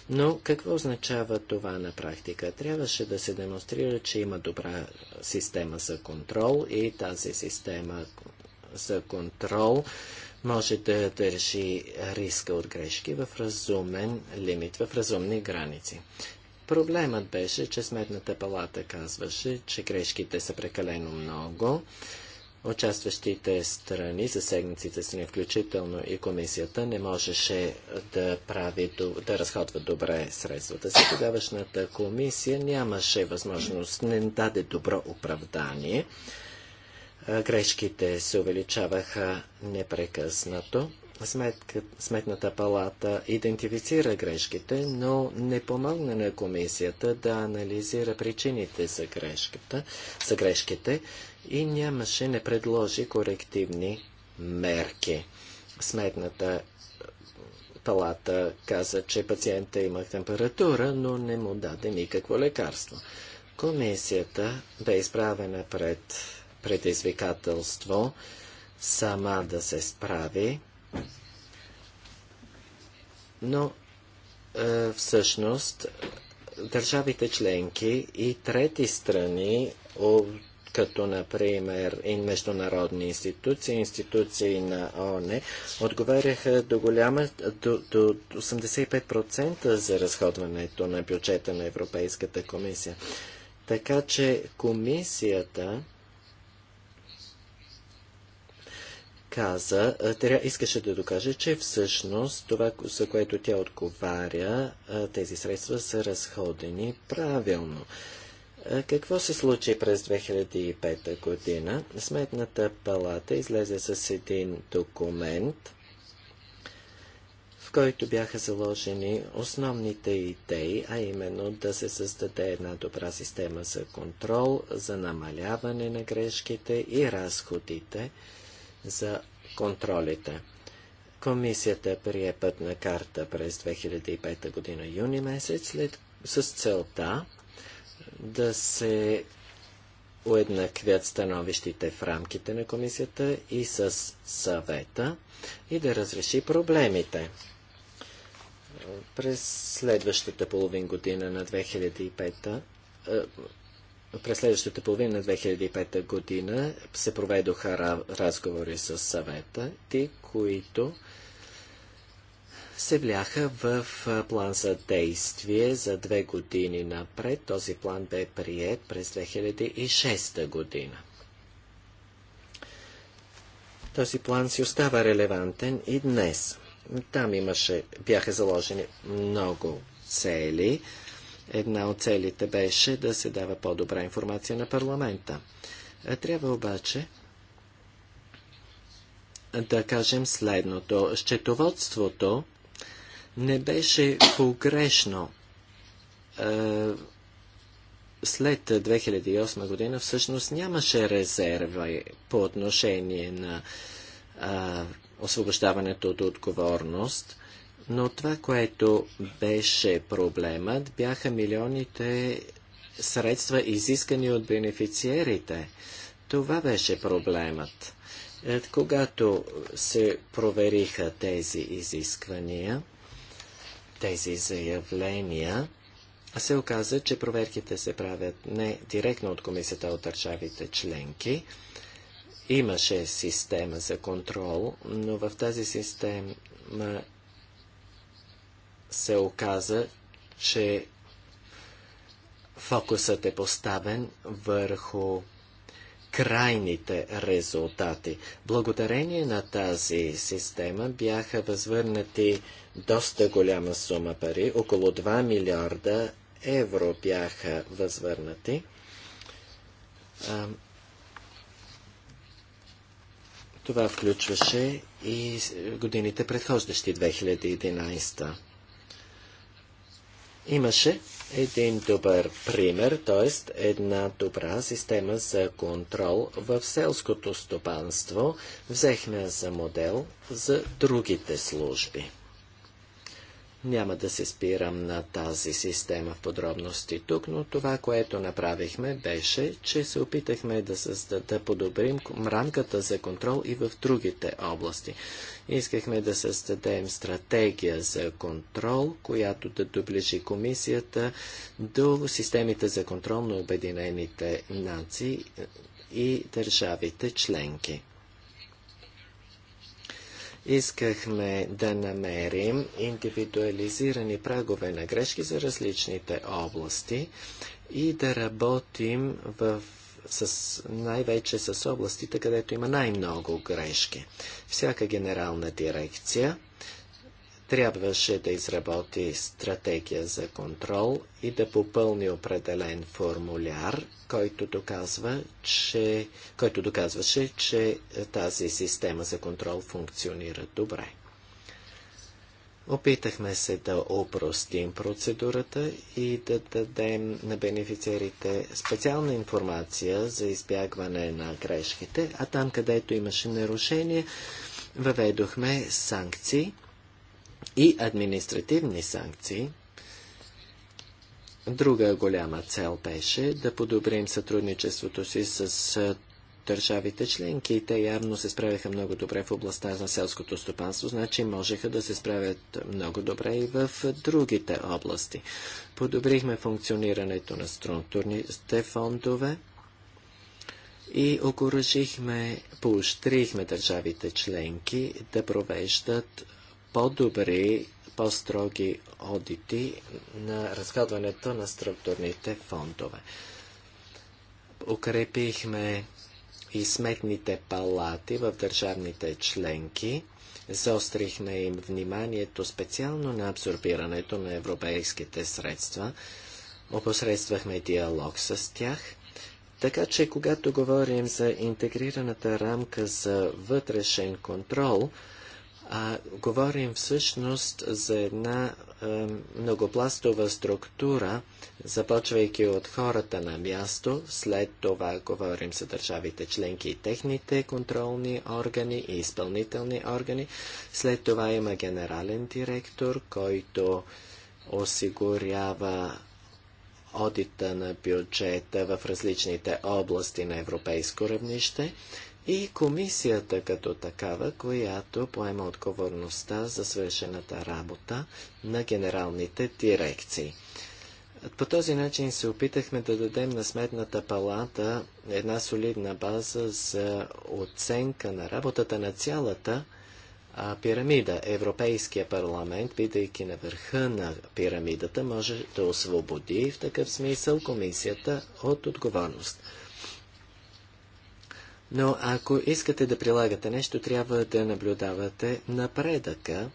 Но какво означава това на практика? Трябваше да се демонстрира, че има добра система за контрол и тази система за контрол може да държи риска от грешки в разумен лимит, в разумни граници. Проблемът беше, че Сметната палата казваше, че грешките са прекалено много. Участващите страни, засегнатите страни, включително и комисията, не можеше да, прави, да разходва добре средствата си. Тогавашната комисия нямаше възможност, не даде добро оправдание. Грешките се увеличаваха непрекъснато сметната палата идентифицира грешките, но не помогна на комисията да анализира причините за, грешката, за грешките и нямаше не предложи корективни мерки. Сметната палата каза, че пациента има температура, но не му даде никакво лекарство. Комисията бе изправена пред предизвикателство сама да се справи но е, всъщност държавите членки и трети страни, като например и международни институции, институции на ООН, отговаряха до, голяма, до, до 85% за разходването на бюджета на Европейската комисия. Така че комисията каза, тя искаше да докаже, че всъщност това, за което тя отговаря, тези средства са разходени правилно. Какво се случи през 2005 година? Сметната палата излезе с един документ, в който бяха заложени основните идеи, а именно да се създаде една добра система за контрол, за намаляване на грешките и разходите – за контролите. Комисията прие пътна карта през 2005 година юни месец след, с целта да се уеднаквят становищите в рамките на комисията и с съвета и да разреши проблемите. През следващата половин година на 2005 през следващата половина на 2005 година се проведоха разговори с съвета, ти, които се вляха в план за действие за две години напред. Този план бе прият през 2006 година. Този план си остава релевантен и днес. Там имаше, бяха заложени много цели. Една от целите беше да се дава по-добра информация на парламента. Трябва обаче да кажем следното. Счетоводството не беше погрешно. След 2008 година всъщност нямаше резерва по отношение на освобождаването от отговорност. Но това, което беше проблемът, бяха милионите средства, изискани от бенефициерите. Това беше проблемът. Е, когато се провериха тези изисквания, тези заявления, се оказа, че проверките се правят не директно от комисията от държавите членки. Имаше система за контрол, но в тази система се оказа, че фокусът е поставен върху крайните резултати. Благодарение на тази система бяха възвърнати доста голяма сума пари, около 2 милиарда евро бяха възвърнати. това включваше и годините предхождащи 2011. Имаше един добър пример, т.е. една добра система за контрол в селското стопанство. Взехме за модел за другите служби. Няма да се спирам на тази система в подробности тук, но това, което направихме, беше, че се опитахме да, създад, да подобрим рамката за контрол и в другите области. Искахме да създадем стратегия за контрол, която да доближи комисията до системите за контрол на Обединените нации и държавите членки. Искахме да намерим индивидуализирани прагове на грешки за различните области и да работим в с, най-вече с областите, където има най-много грешки. Всяка генерална дирекция трябваше да изработи стратегия за контрол и да попълни определен формуляр, който, доказва, че, който доказваше, че тази система за контрол функционира добре. Опитахме се да опростим процедурата и да дадем на бенефициерите специална информация за избягване на грешките, а там, където имаше нарушения, въведохме санкции – и административни санкции. Друга голяма цел беше да подобрим сътрудничеството си с държавите членки и те явно се справяха много добре в областта на селското стопанство, значи можеха да се справят много добре и в другите области. Подобрихме функционирането на структурните фондове и окоръжихме, поощрихме държавите членки да провеждат по-добри, по-строги одити на разходването на структурните фондове. Укрепихме и сметните палати в държавните членки. Заострихме им вниманието специално на абсорбирането на европейските средства. Опосредствахме диалог с тях. Така че, когато говорим за интегрираната рамка за вътрешен контрол, а говорим всъщност за една е, многопластова структура, започвайки от хората на място, след това говорим за държавите членки и техните контролни органи и изпълнителни органи, след това има генерален директор, който осигурява одита на бюджета в различните области на европейско равнище и комисията като такава, която поема отговорността за свършената работа на генералните дирекции. По този начин се опитахме да дадем на Сметната палата една солидна база за оценка на работата на цялата пирамида. Европейския парламент, бидейки на върха на пирамидата, може да освободи в такъв смисъл комисията от отговорност. Но ако искате да прилагате нещо, трябва да наблюдавате напредъка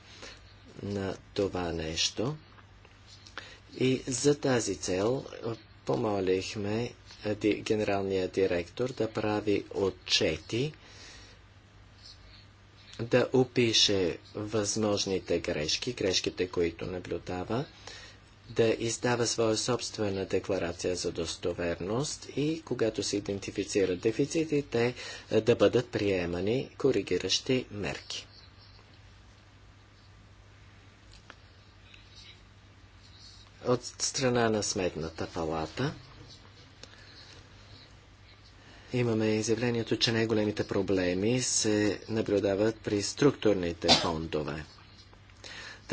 на това нещо. И за тази цел помолихме генералния директор да прави отчети, да опише възможните грешки, грешките, които наблюдава, да издава своя собствена декларация за достоверност и когато се идентифицират дефицитите, е, да бъдат приемани коригиращи мерки. От страна на Сметната палата имаме изявлението, че най-големите проблеми се наблюдават при структурните фондове –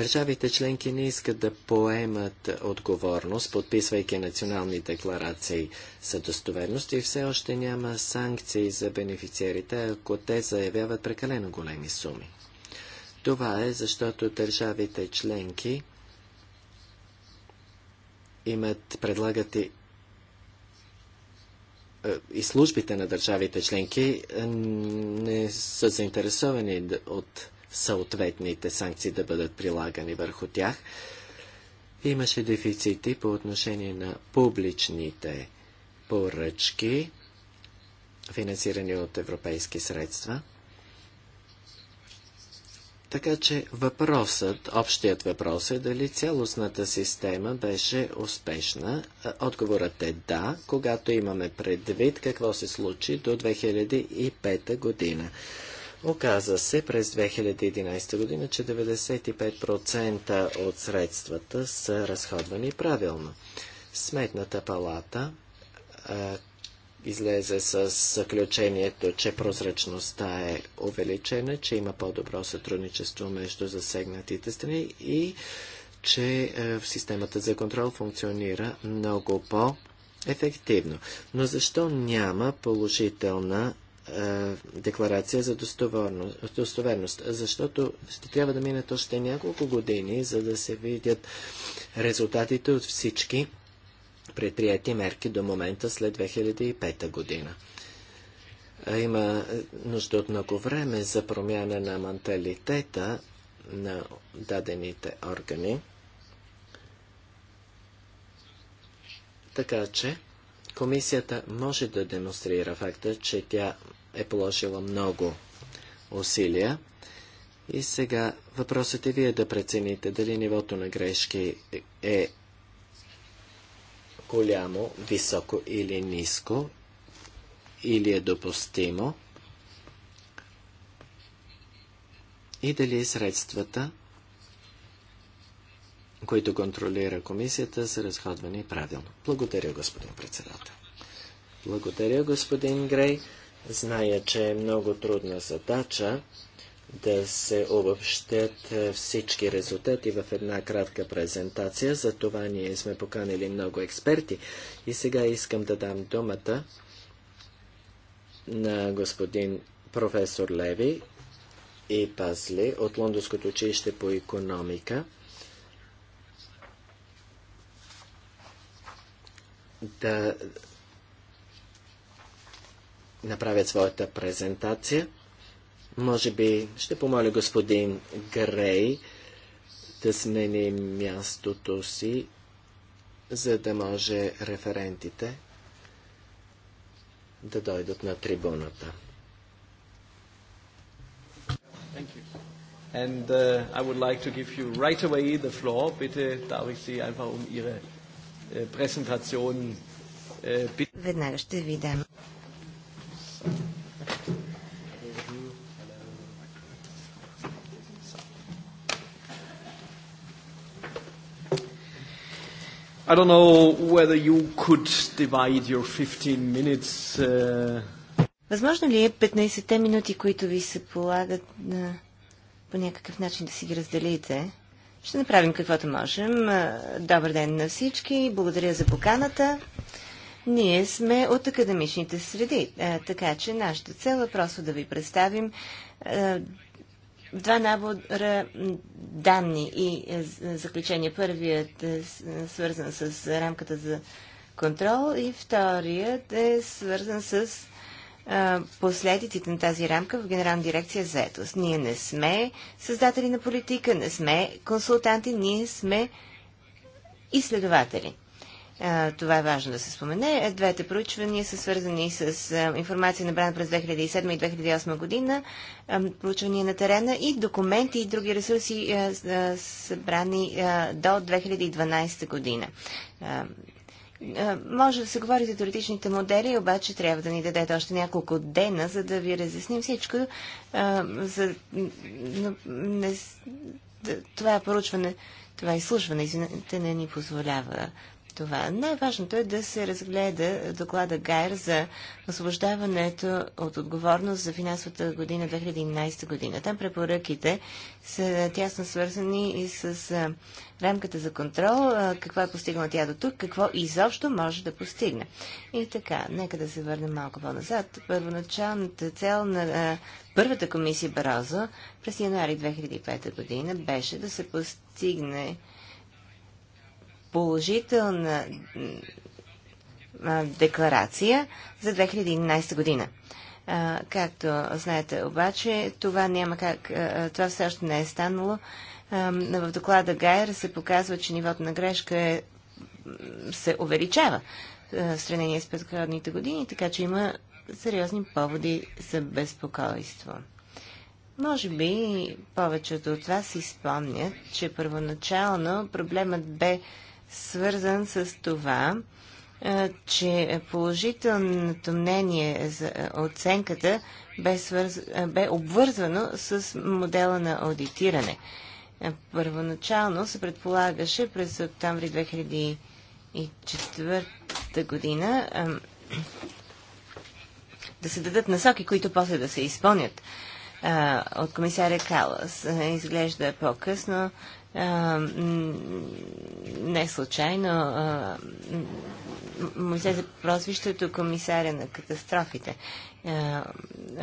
Държавите членки не искат да поемат отговорност, подписвайки национални декларации за достоверност и все още няма санкции за бенефициерите, ако те заявяват прекалено големи суми. Това е защото държавите членки имат, предлагат и, е, и службите на държавите членки е, не са заинтересовани от съответните санкции да бъдат прилагани върху тях. Имаше дефицити по отношение на публичните поръчки, финансирани от европейски средства. Така че въпросът, общият въпрос е дали цялостната система беше успешна. Отговорът е да, когато имаме предвид какво се случи до 2005 година. Оказа се през 2011 година, че 95% от средствата са разходвани правилно. Сметната палата а, излезе с заключението, че прозрачността е увеличена, че има по-добро сътрудничество между засегнатите страни и че а, системата за контрол функционира много по-ефективно. Но защо няма положителна е, декларация за достоверност, защото ще трябва да минат още няколко години, за да се видят резултатите от всички предприяти мерки до момента след 2005 година. Има нужда от много време за промяна на менталитета на дадените органи. Така че, Комисията може да демонстрира факта, че тя е положила много усилия. И сега въпросът е вие да прецените дали нивото на грешки е голямо, високо или ниско, или е допустимо, и дали средствата които контролира комисията, са разходвани правилно. Благодаря, господин председател. Благодаря, господин Грей. Зная, че е много трудна задача да се обобщят е, всички резултати в една кратка презентация. За това ние сме поканили много експерти. И сега искам да дам думата на господин професор Леви и Пазли от Лондонското училище по економика. да направят своята презентация. Може би ще помоля господин Грей да смени мястото си, за да може референтите да дойдат на трибуната. And uh, I would like to give you right away the floor. Bitte darf ich Sie einfach um Ihre презентацион. Веднага ще ви дам. I don't know whether you could divide your 15 minutes. Uh, Възможно ли е 15-те минути, които ви се полагат на... по някакъв начин да си ги разделите? Ще направим каквото можем. Добър ден на всички. Благодаря за поканата. Ние сме от академичните среди, така че нашата цел е просто да ви представим два набора данни и заключения. Първият е свързан с рамката за контрол и вторият е свързан с последиците на тази рамка в Генерална дирекция заетост. Ние не сме създатели на политика, не сме консултанти, ние сме изследователи. Това е важно да се спомене. Е, двете проучвания са свързани с информация набрана през 2007 и 2008 година, проучвания на терена и документи и други ресурси събрани до 2012 година. Е, може да се говори за теоретичните модели, обаче трябва да ни дадете още няколко дена, за да ви разясним всичко. Е, за... Това е поручване, това изслушване, извинете, не ни позволява това. Най-важното е да се разгледа доклада Гайер за освобождаването от отговорност за финансовата година 2011 година. Там препоръките са тясно свързани и с рамката за контрол, какво е постигнала тя до тук, какво изобщо може да постигне. И така, нека да се върнем малко по-назад. Първоначалната цел на първата комисия Барозо през януари 2005 година беше да се постигне положителна декларация за 2011 година. Както знаете обаче, това, няма как, това все още не е станало. В доклада Гайер се показва, че нивото на грешка е, се увеличава в сравнение с предходните години, така че има сериозни поводи за безпокойство. Може би повечето от вас си спомнят, че първоначално проблемът бе свързан с това, че положителното мнение за оценката бе, свърз... бе обвързвано с модела на аудитиране. Първоначално се предполагаше през октомври 2004 година да се дадат насоки, които после да се изпълнят от комисаря Калас. Изглежда по-късно а, не случайно а, му излезе прозвището комисаря на катастрофите. А,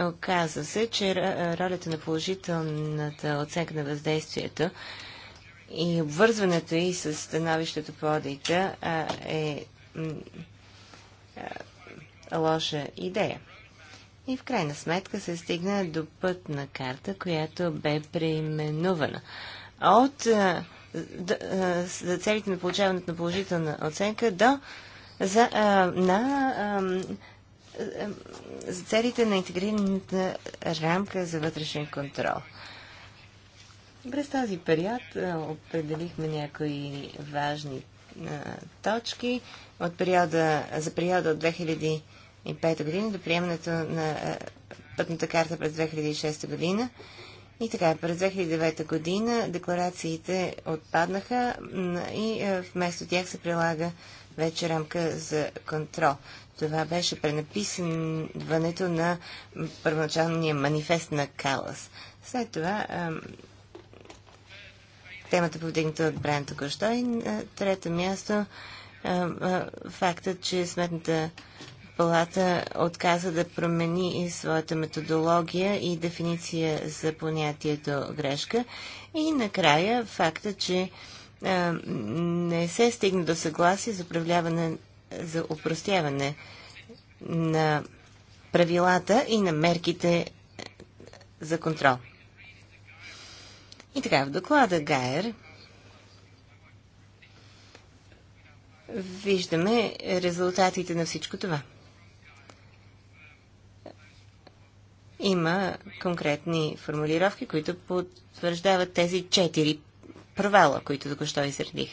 оказва се, че ролята на положителната оценка на въздействието и обвързването и с становището по одита е лоша идея. И в крайна сметка се стигна до пътна карта, която бе преименувана от е, е, за целите на получаването на положителна оценка до за, а, е, на, а, за целите на интегрираната рамка за вътрешен контрол. През този период определихме някои важни а, точки от периода, за периода от 2005 година до приемането на а, пътната карта през 2006 година и така, през 2009 година декларациите отпаднаха и е, вместо тях се прилага вече рамка за контрол. Това беше пренаписването на първоначалния манифест на Калас. След това е, темата повдигната от Брайан току-що и на е, трето място фактът, че сметната палата отказа да промени и своята методология и дефиниция за понятието грешка. И накрая факта, че а, не се стигна до съгласие за управляване, за упростяване на правилата и на мерките за контрол. И така, в доклада Гайер виждаме резултатите на всичко това. има конкретни формулировки, които потвърждават тези четири провала, които току-що изредих.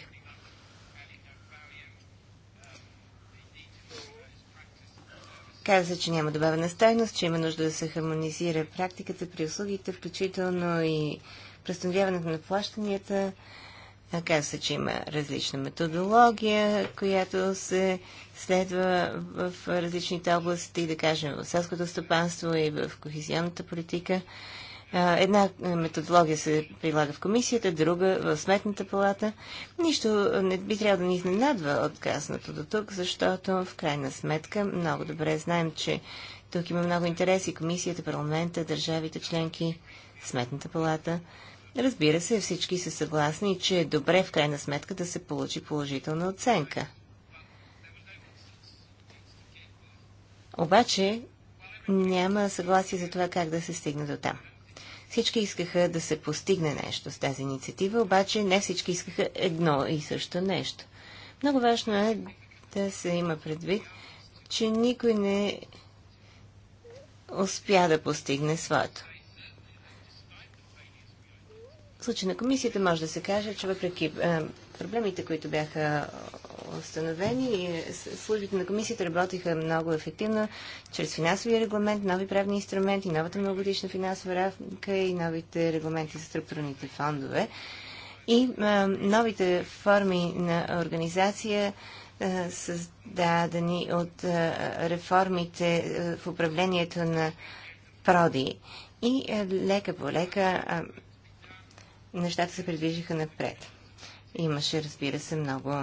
Каза се, че няма добавена стойност, че има нужда да се хармонизира практиката при услугите, включително и престановяването на плащанията, Казва се, че има различна методология, която се следва в различните области, да кажем в селското стопанство и в кохезионната политика. Една методология се прилага в комисията, друга в сметната палата. Нищо не би трябвало да ни изненадва от казаното до тук, защото в крайна сметка много добре знаем, че тук има много интереси комисията, парламента, държавите членки, сметната палата. Разбира се, всички са съгласни, че е добре в крайна сметка да се получи положителна оценка. Обаче няма съгласие за това как да се стигне до там. Всички искаха да се постигне нещо с тази инициатива, обаче не всички искаха едно и също нещо. Много важно е да се има предвид, че никой не успя да постигне своето. В случай на комисията може да се каже, че въпреки е, проблемите, които бяха установени, службите на комисията работиха много ефективно чрез финансовия регламент, нови правни инструменти, новата многогодишна финансова рамка и новите регламенти за структурните фондове. И е, новите форми на организация е, създадени от е, реформите е, в управлението на проди. И е, лека по лека е, нещата се предвижиха напред. Имаше, разбира се, много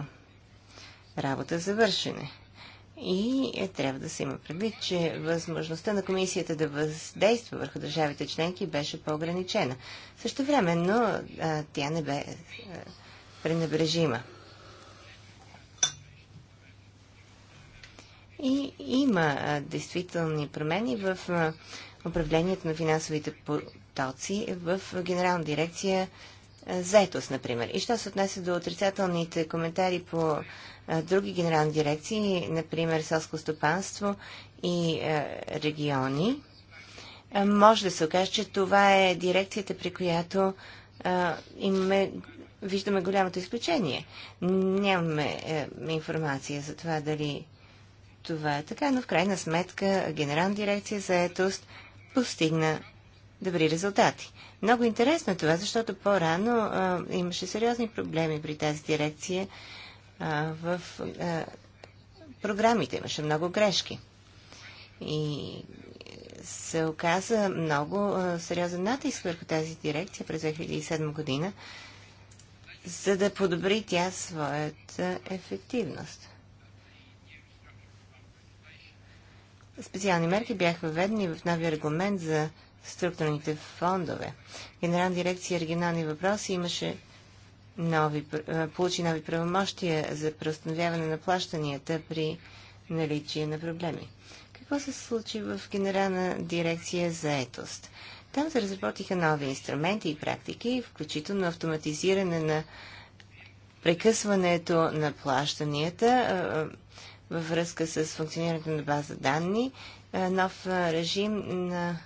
работа за вършене. И е, трябва да се има предвид, че възможността на комисията да въздейства върху държавите членки беше по-ограничена. Също време, но а, тя не бе а, пренебрежима. И има а, действителни промени в а, управлението на финансовите по потоци в Генерална дирекция е, заетост, например. И що се отнесе до отрицателните коментари по а, е, други генерални дирекции, например селско стопанство и а, е, региони, а, може да се окаже, че това е дирекцията, при която имаме, виждаме голямото изключение. Нямаме информация за това дали това е така, но в крайна сметка Генерална дирекция заетост постигна добри резултати. Много интересно е това, защото по-рано имаше сериозни проблеми при тази дирекция. А, в а, програмите имаше много грешки. И се оказа много а, сериозен натиск върху тази дирекция през 2007 година, за да подобри тя своята ефективност. Специални мерки бяха введени в новия регламент за структурните фондове. Генерална дирекция регионални въпроси имаше нови, получи нови правомощия за преустановяване на плащанията при наличие на проблеми. Какво се случи в Генерална дирекция за етост? Там се разработиха нови инструменти и практики, включително автоматизиране на прекъсването на плащанията във връзка с функционирането на база данни, нов режим на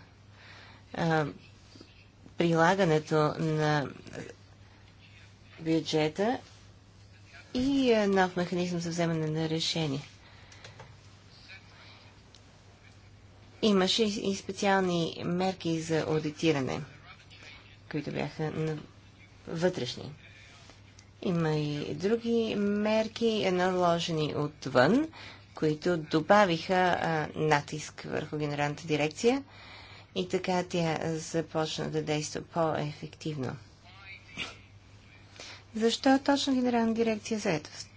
прилагането на бюджета и нов механизъм за вземане на решение. Имаше и специални мерки за аудитиране, които бяха вътрешни. Има и други мерки, наложени отвън, които добавиха а, натиск върху генералната дирекция и така тя започна да действа по-ефективно. Защо точно Генерална дирекция заедост?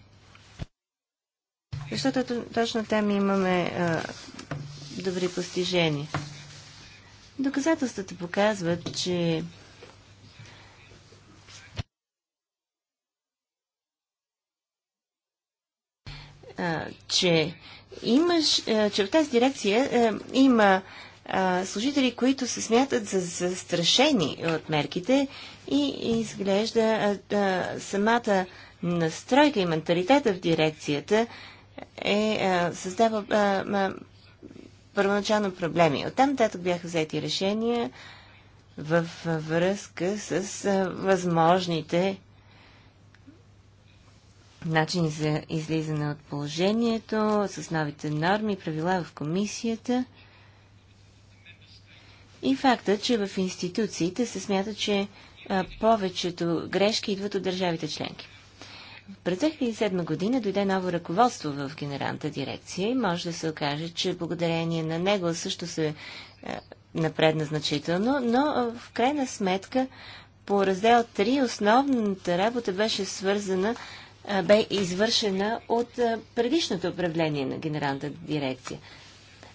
Защото точно там имаме а, добри постижения. Доказателствата показват, че а, че имаш, а, че в тази дирекция а, има служители, които се смятат за застрашени от мерките и изглежда самата настройка и менталитета в дирекцията е, създава първоначално проблеми. Оттам татък бяха взети решения в връзка с възможните начини за излизане от положението, с новите норми правила в комисията – и факта, че в институциите се смята, че повечето грешки идват от държавите членки. През 2007 година дойде ново ръководство в генералната дирекция и може да се окаже, че благодарение на него също се напредна значително, но в крайна сметка по раздел 3 основната работа беше свързана, бе извършена от предишното управление на генералната дирекция.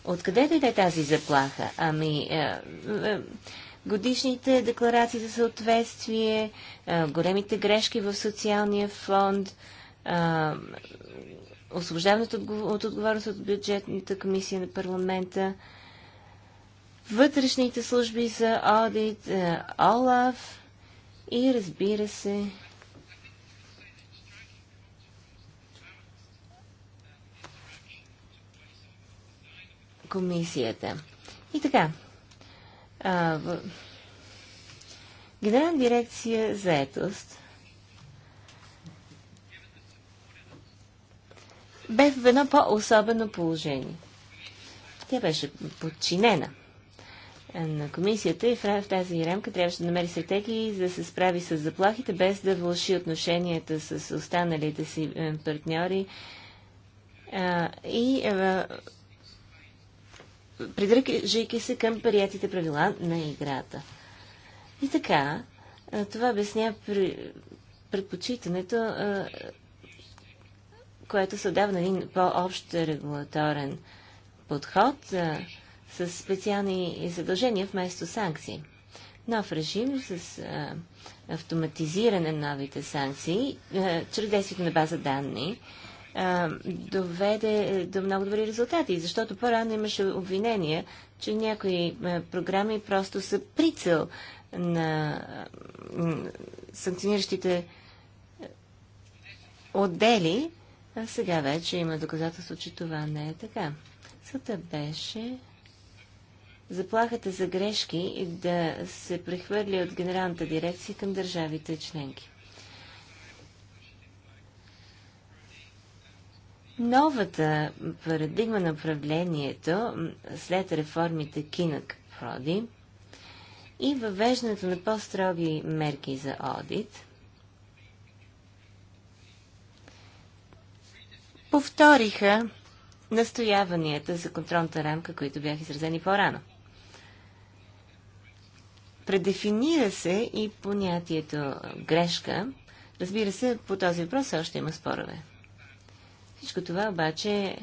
Откъде дойде тази заплаха? Ами, е, е, годишните декларации за съответствие, е, големите грешки в социалния фонд, освобождаването от отговорност от бюджетната комисия на парламента, вътрешните служби за одит, ОЛАВ и разбира се комисията. И така. А, в... Генерална дирекция заетост бе в едно по-особено положение. Тя беше подчинена на комисията и в тази рамка трябваше да намери стратегии за да се справи с заплахите, без да влуши отношенията с останалите си е, партньори. А, и а, е, придържайки се към приятите правила на играта. И така, това обяснява при предпочитането, което се отдава на един по-общ регулаторен подход с специални задължения вместо санкции. Нов режим с автоматизиране на новите санкции чрез действието на база данни, доведе е, до много добри резултати, защото по-рано имаше обвинения, че някои програми просто са прицел на санкциониращите отдели, а сега вече има доказателство, че това не е така. Съда беше заплахата за грешки да се прехвърля от генералната дирекция към държавите членки. Новата парадигма на управлението след реформите Кинък Проди и въвеждането на по-строги мерки за одит повториха настояванията за контролната рамка, които бяха изразени по-рано. Предефинира се и понятието грешка. Разбира се, по този въпрос още има спорове. Всичко това обаче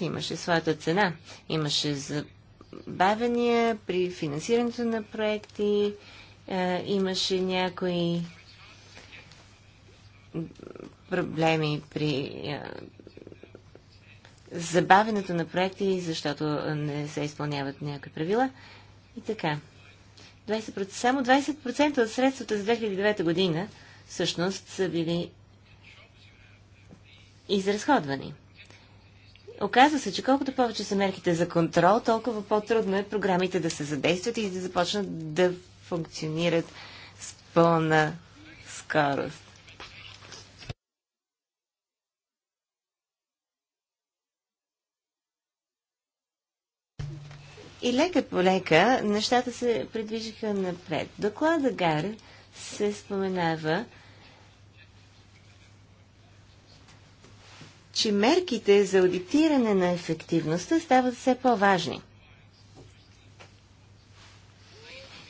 имаше своята цена. Имаше забавения при финансирането на проекти, е, имаше някои проблеми при е, забавенето на проекти, защото не се изпълняват някакви правила. И така. 20%, само 20% от средствата за 2009 година всъщност са били изразходвани. Оказва се, че колкото повече са мерките за контрол, толкова по-трудно е програмите да се задействат и да започнат да функционират с пълна скорост. И лека по лека нещата се придвижиха напред. Доклада Гар се споменава че мерките за аудитиране на ефективността стават все по-важни.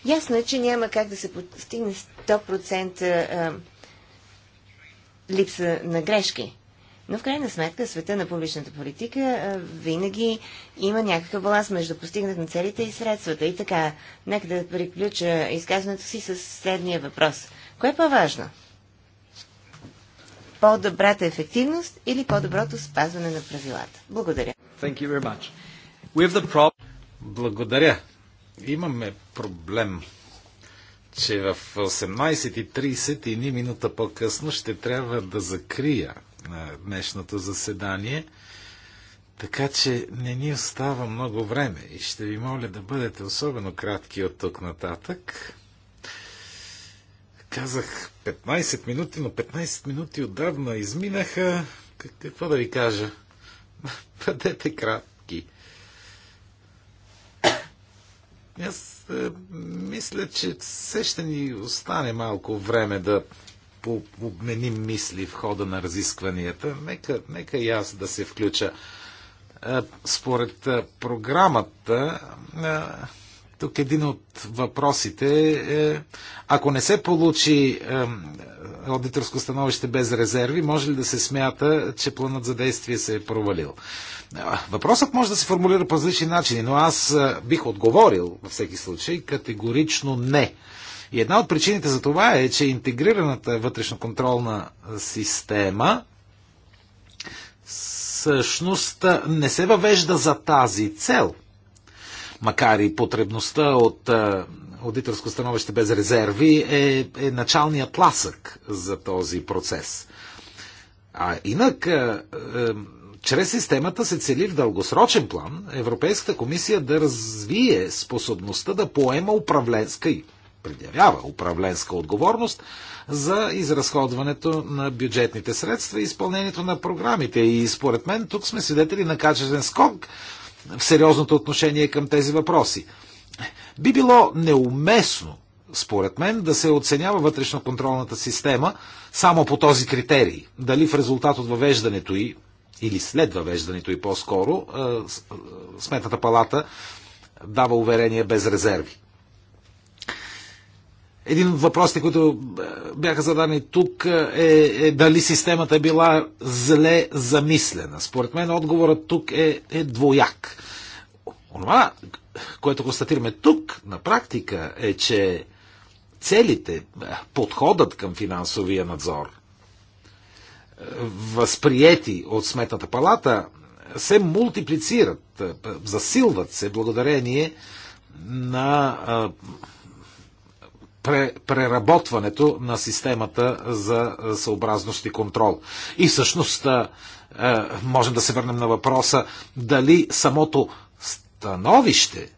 Ясно е, че няма как да се постигне 100% липса на грешки. Но в крайна сметка света на публичната политика винаги има някакъв баланс между постигнат на целите и средствата. И така, нека да приключа изказването си с следния въпрос. Кое е по-важно? по-добрата ефективност или по-доброто спазване на правилата. Благодаря. Thank you very much. have the problem... Благодаря. Имаме проблем, че в 18.30 и ни минута по-късно ще трябва да закрия е, днешното заседание. Така че не ни остава много време и ще ви моля да бъдете особено кратки от тук нататък. Казах 15 минути, но 15 минути отдавна изминаха. Какво да ви кажа? Бъдете кратки. Аз е, мисля, че все ще ни остане малко време да обменим мисли в хода на разискванията. Нека, нека и аз да се включа. Е, според е, програмата е, тук един от въпросите е, ако не се получи е, аудиторско становище без резерви, може ли да се смята, че планът за действие се е провалил? Въпросът може да се формулира по различни начини, но аз е, бих отговорил във всеки случай категорично не. И една от причините за това е, че интегрираната вътрешно-контролна система всъщност не се въвежда за тази цел – макар и потребността от е, аудиторско становище без резерви е, е началният ласък за този процес. А инак, е, е, чрез системата се цели в дългосрочен план Европейската комисия да развие способността да поема управленска и предявява управленска отговорност за изразходването на бюджетните средства и изпълнението на програмите. И според мен тук сме свидетели на качествен скок в сериозното отношение към тези въпроси. Би било неуместно, според мен, да се оценява вътрешно-контролната система само по този критерий. Дали в резултат от въвеждането и или след въвеждането и по-скоро, е, е, Сметната палата дава уверение без резерви. Един от въпросите, които е, бяха зададени тук е, е дали системата е била зле замислена. Според мен отговорът тук е, е двояк. Онова, което констатираме тук на практика е, че целите, е, подходът към финансовия надзор, е, възприети от Сметната палата, се мултиплицират, засилват се благодарение на преработването на системата за съобразност и контрол. И всъщност можем да се върнем на въпроса дали самото становище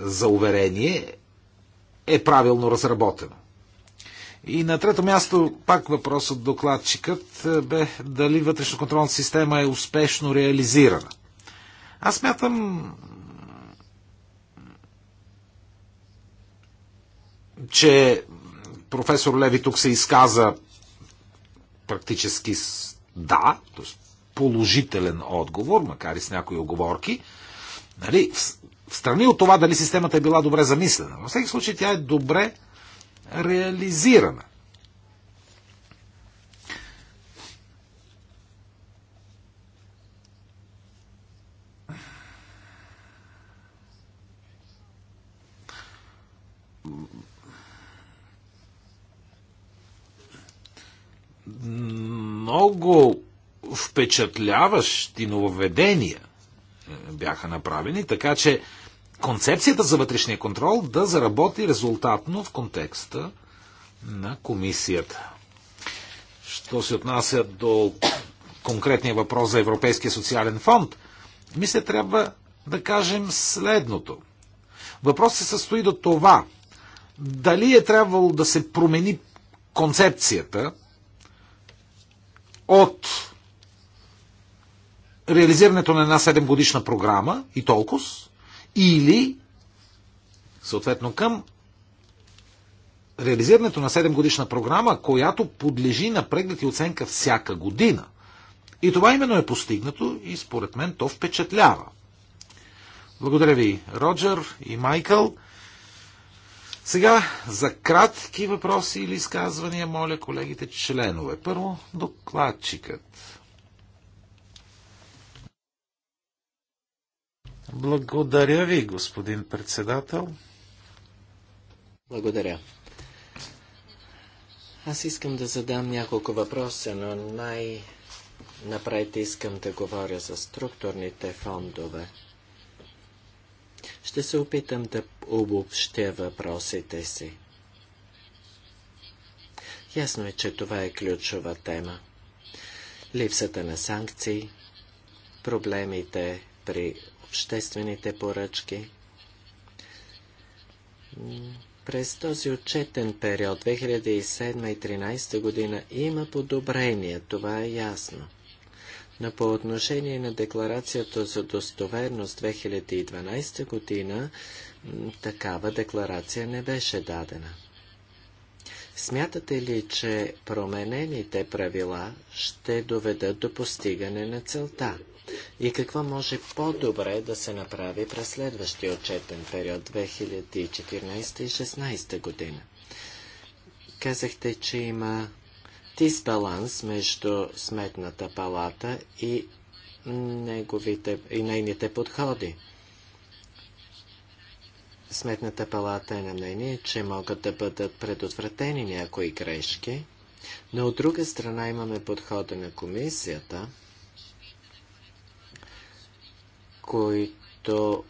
за уверение е правилно разработено. И на трето място, пак въпрос от докладчикът бе дали вътрешно контролната система е успешно реализирана. Аз мятам че професор Леви тук се изказа практически с да, т.е. положителен отговор, макар и с някои оговорки. Нали, в страни от това дали системата е била добре замислена. Във всеки случай тя е добре реализирана. много впечатляващи нововведения е, бяха направени, така че концепцията за вътрешния контрол да заработи резултатно в контекста на комисията. Що се отнася до конкретния въпрос за Европейския социален фонд, мисля, трябва да кажем следното. Въпросът се състои до това, дали е трябвало да се промени концепцията от реализирането на една 7 годишна програма и толкова, или съответно към реализирането на 7 годишна програма, която подлежи на преглед и оценка всяка година. И това именно е постигнато и според мен то впечатлява. Благодаря ви, Роджер и Майкъл. Сега за кратки въпроси или изказвания, моля колегите членове. Първо докладчикът. Благодаря ви, господин председател. Благодаря. Аз искам да задам няколко въпроса, но най-напред искам да говоря за структурните фондове. Ще се опитам да обобщя въпросите си. Ясно е, че това е ключова тема. Липсата на санкции, проблемите при обществените поръчки. През този отчетен период 2007 и 2013 година има подобрение, това е ясно. Но по отношение на декларацията за достоверност 2012 година, такава декларация не беше дадена. Смятате ли, че променените правила ще доведат до постигане на целта? И какво може по-добре да се направи през следващия отчетен период 2014 и 2016 година? Казахте, че има дисбаланс между Сметната палата и, неговите, и нейните подходи. Сметната палата е на мнение, че могат да бъдат предотвратени някои грешки, но от друга страна имаме подхода на комисията, който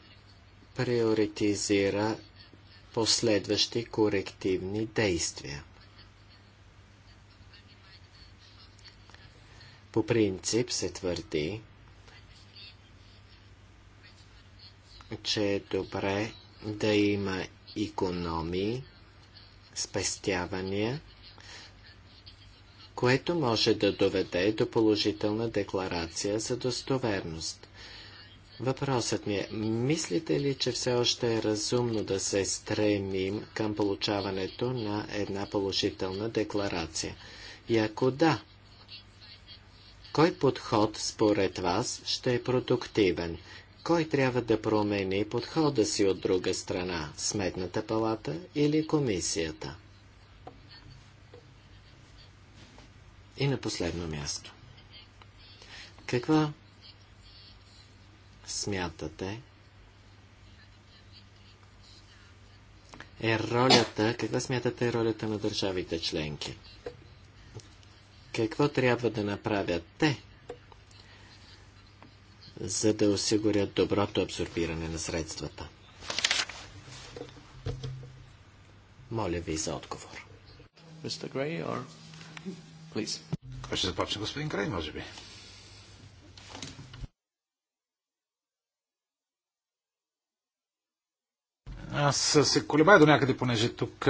приоритизира последващи корективни действия. По принцип се твърди, че е добре да има економии, спестявания, което може да доведе до положителна декларация за достоверност. Въпросът ми е, мислите ли, че все още е разумно да се стремим към получаването на една положителна декларация? И ако да, кой подход според вас ще е продуктивен? Кой трябва да промени подхода си от друга страна? Сметната палата или комисията? И на последно място. Каква смятате е ролята, каква смятате е ролята на държавите членки? Какво трябва да направят те, за да осигурят доброто абсорбиране на средствата? Моля ви за отговор. Мистер Грей, Please. ще започне, господин Грей, може би? Аз се колебая до някъде, понеже тук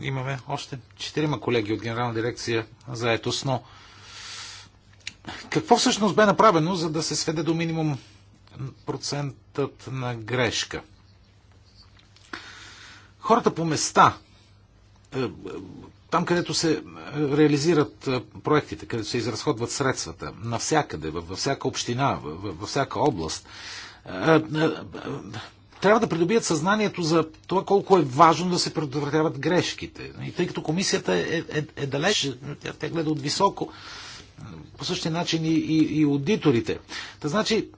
имаме още четирима колеги от Генерална дирекция за етос, но какво всъщност бе направено, за да се сведе до минимум процентът на грешка? Хората по места, е, е, там където се реализират е, проектите, където се изразходват средствата, навсякъде, във всяка община, във всяка област, трябва да придобият съзнанието за това колко е важно да се предотвратяват грешките. И тъй като комисията е, е, е далеч, тя, тя гледа от високо, по същия начин и, и, и аудиторите. Та значи,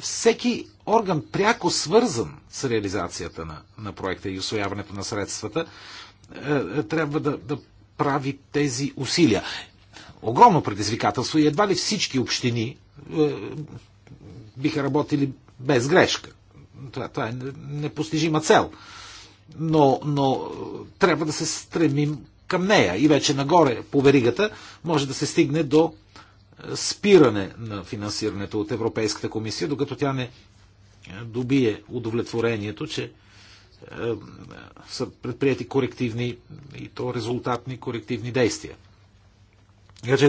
всеки орган пряко свързан с реализацията на, на проекта и освояването на средствата, е, е, трябва да, да прави тези усилия. Огромно предизвикателство и едва ли всички общини е, биха работили без грешка. Това, това е непостижима цел. Но, но е, трябва да се стремим към нея. И вече нагоре по веригата може да се стигне до е, спиране на финансирането от Европейската комисия, докато тя не е, добие удовлетворението, че са предприяти корективни и то резултатни корективни действия. Така че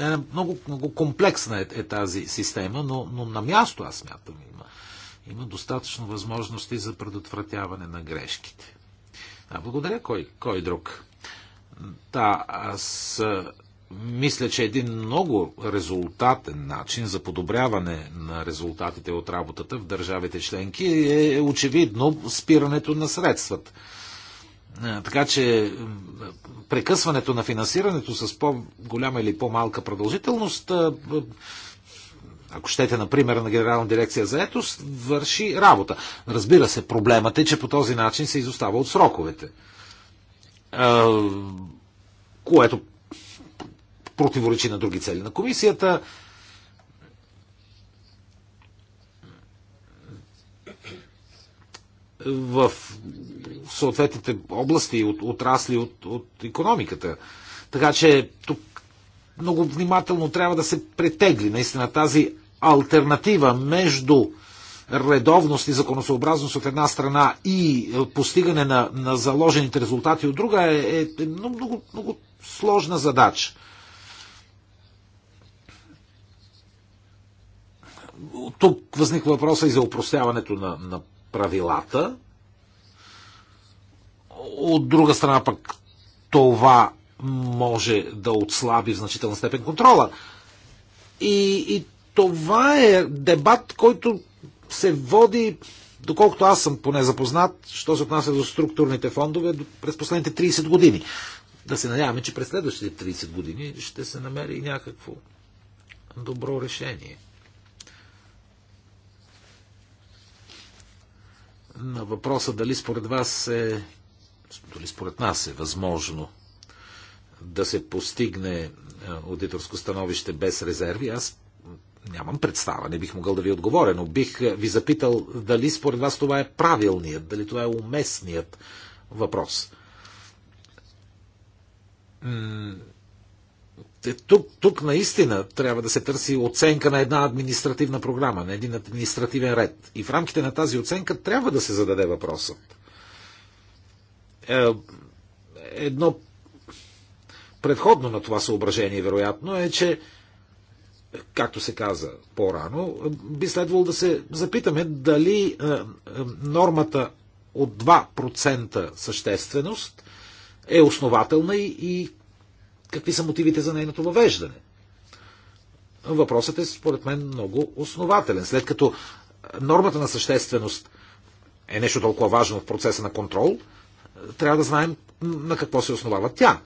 е, много, много комплексна е, е тази система, но, но на място аз смятам има има достатъчно възможности за предотвратяване на грешките. А благодаря кой, кой друг. Да, аз мисля, че един много резултатен начин за подобряване на резултатите от работата в държавите членки е, е очевидно спирането на средствата. Така че прекъсването на финансирането с по-голяма или по-малка продължителност ако щете, например, на Генерална дирекция за етост, върши работа. Разбира се, проблемът е, че по този начин се изостава от сроковете. Което противоречи на други цели на комисията. в съответните области, от, отрасли от, от економиката. Така че тук много внимателно трябва да се претегли наистина тази альтернатива между редовност и законосъобразност от една страна и е, постигане на, на заложените резултати от друга е, е, е много, много, много сложна задача. Тук възниква въпроса и за упростяването на, на правилата. От друга страна пък това може да отслаби в значителна степен контрола. И, и това е дебат, който се води, доколкото аз съм поне запознат, що се отнася до структурните фондове през последните 30 години. Да се надяваме, че през следващите 30 години ще се намери някакво добро решение. На въпроса дали според вас е дали според нас е възможно да се постигне е, аудиторско становище без резерви, аз нямам представа, не бих могъл да ви отговоря, но бих е, ви запитал дали според вас това е правилният, дали това е уместният въпрос. Е, тук, тук наистина трябва да се търси оценка на една административна програма, на един административен ред. И в рамките на тази оценка трябва да се зададе въпросът. Едно Предходно на това съображение, вероятно, е, че, както се каза по-рано, би следвало да се запитаме дали е, е, нормата от 2% същественост е основателна и, и какви са мотивите за нейното въвеждане. Въпросът е, според мен, много основателен. След като нормата на същественост е нещо толкова важно в процеса на контрол, трябва да знаем на какво се основава тя.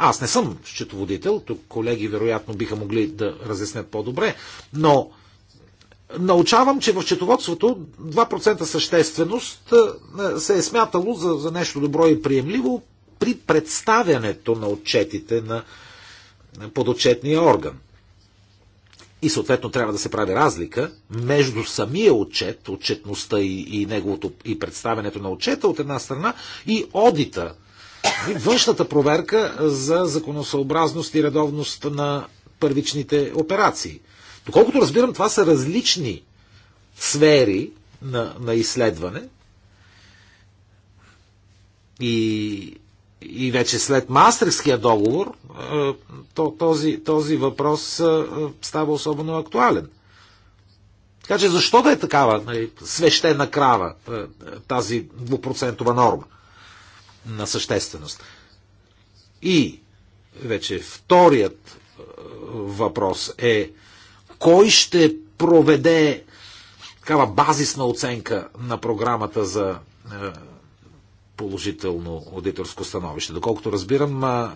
Аз не съм счетоводител, тук колеги вероятно биха могли да разяснят по-добре, но научавам, че в счетоводството 2% същественост е, се е смятало за, за нещо добро и приемливо при представянето на отчетите на подотчетния орган. И съответно трябва да се прави разлика между самия отчет, отчетността и, и неговото и представянето на отчета от една страна и одита външната проверка за законосъобразност и редовност на първичните операции. Доколкото разбирам, това са различни сфери на, на изследване и, и вече след Мастерския договор е, то, този, този въпрос е, става особено актуален. Така че защо да е такава нали, свещена крава е, тази двупроцентова норма? на същественост. И вече вторият е, въпрос е кой ще проведе такава базисна оценка на програмата за е, положително аудиторско становище. Доколкото разбирам, е,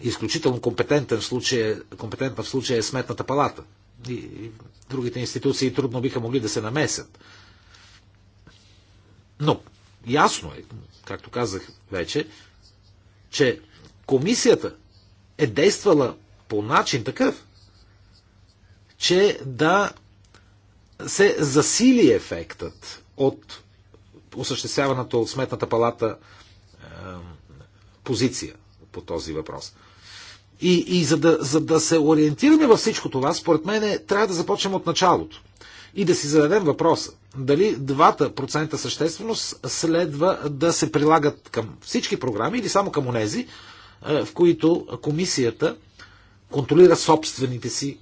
изключително компетентен в случая, компетентна в случая е Сметната палата. И, и другите институции трудно биха могли да се намесят. Но ясно е, както казах вече, че комисията е действала по начин такъв, че да се засили ефектът от осъществяваната от Сметната палата е, позиция по този въпрос. И, и за, да, за да се ориентираме във всичко това, според мен, е, трябва да започнем от началото и да си зададем въпроса дали двата процента същественост следва да се прилагат към всички програми или само към онези, е, в които комисията контролира собствените си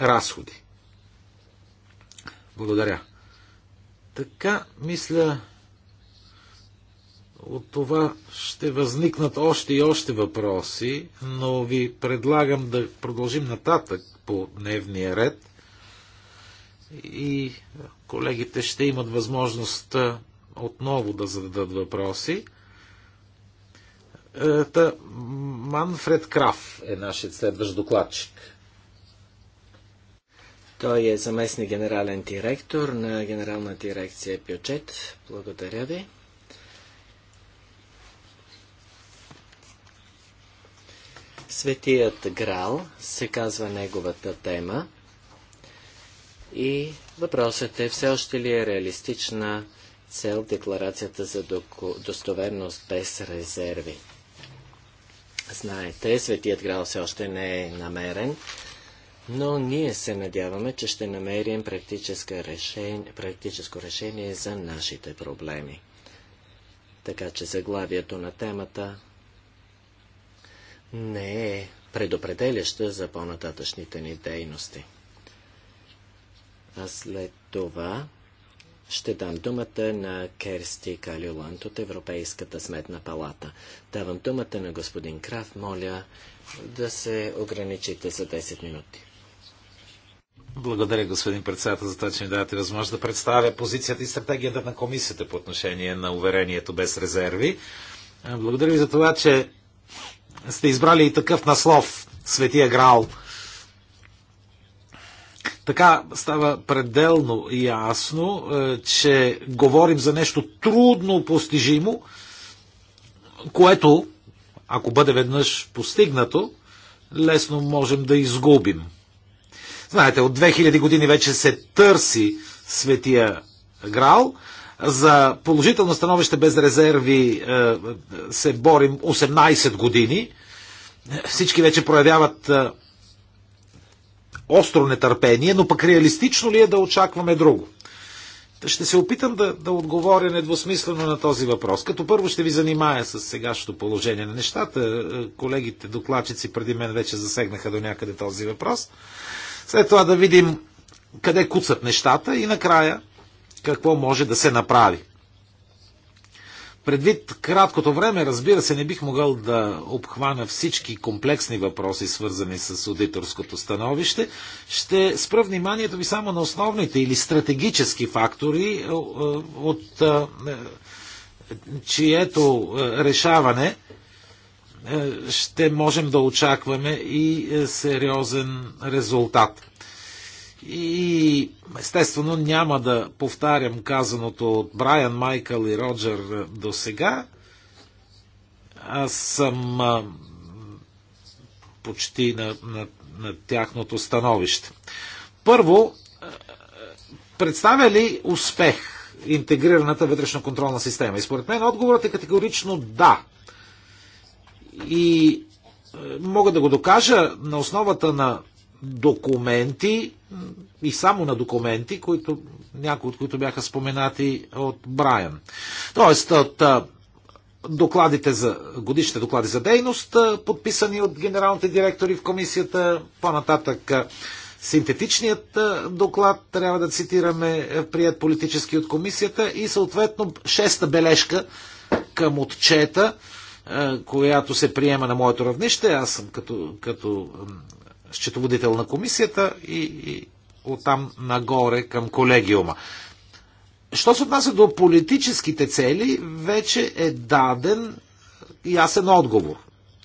разходи. Благодаря. Така, мисля, от това ще възникнат още и още въпроси, но ви предлагам да продължим нататък по дневния ред и колегите ще имат възможност отново да зададат въпроси. Е, та, Манфред Краф е нашият следващ докладчик. Той е заместник генерален директор на Генерална дирекция Пиочет. Благодаря ви. Светият Грал се казва неговата тема. И въпросът е все още ли е реалистична цел декларацията за достоверност без резерви. Знаете, Светият Грал все още не е намерен, но ние се надяваме, че ще намерим решение, практическо решение за нашите проблеми. Така че заглавието на темата не е предопределяща за по-нататъчните ни дейности. А след това ще дам думата на Керсти Калюланд от Европейската сметна палата. Давам думата на господин Краф. Моля да се ограничите за 10 минути. Благодаря, господин председател, за това, че ми давате възможност да представя позицията и стратегията на комисията по отношение на уверението без резерви. Благодаря ви за това, че сте избрали и такъв наслов Светия Грал – така става пределно ясно, е, че говорим за нещо трудно постижимо, което, ако бъде веднъж постигнато, лесно можем да изгубим. Знаете, от 2000 години вече се търси светия грал. За положително становище без резерви е, се борим 18 години. Всички вече проявяват е, остро нетърпение, но пък реалистично ли е да очакваме друго? Ще се опитам да, да отговоря недвусмислено на този въпрос. Като първо ще ви занимая с сегашното положение на нещата. Колегите докладчици преди мен вече засегнаха до някъде този въпрос. След това да видим къде куцат нещата и накрая какво може да се направи. Предвид краткото време, разбира се, не бих могъл да обхвана всички комплексни въпроси, свързани с аудиторското становище. Ще спра вниманието ви само на основните или стратегически фактори, е, е, от е, чието решаване ще можем да очакваме и сериозен резултат. И естествено няма да повтарям казаното от Брайан Майкъл и Роджер е, до сега. Аз съм а, почти на, на, на тяхното становище. Първо, е, е, представя ли успех интегрираната вътрешна контролна система? И според мен отговорът е категорично да. И мога да го докажа на основата на документи и само на документи, които, някои от които бяха споменати от Брайан. Тоест от докладите за, годишните доклади за дейност, подписани от генералните директори в комисията, по-нататък синтетичният доклад, трябва да цитираме, прият политически от комисията и съответно шеста бележка към отчета, която се приема на моето равнище. Аз съм като, като счетоводител на комисията и, и оттам нагоре към колегиума. Що се отнася до политическите цели, вече е даден ясен отговор.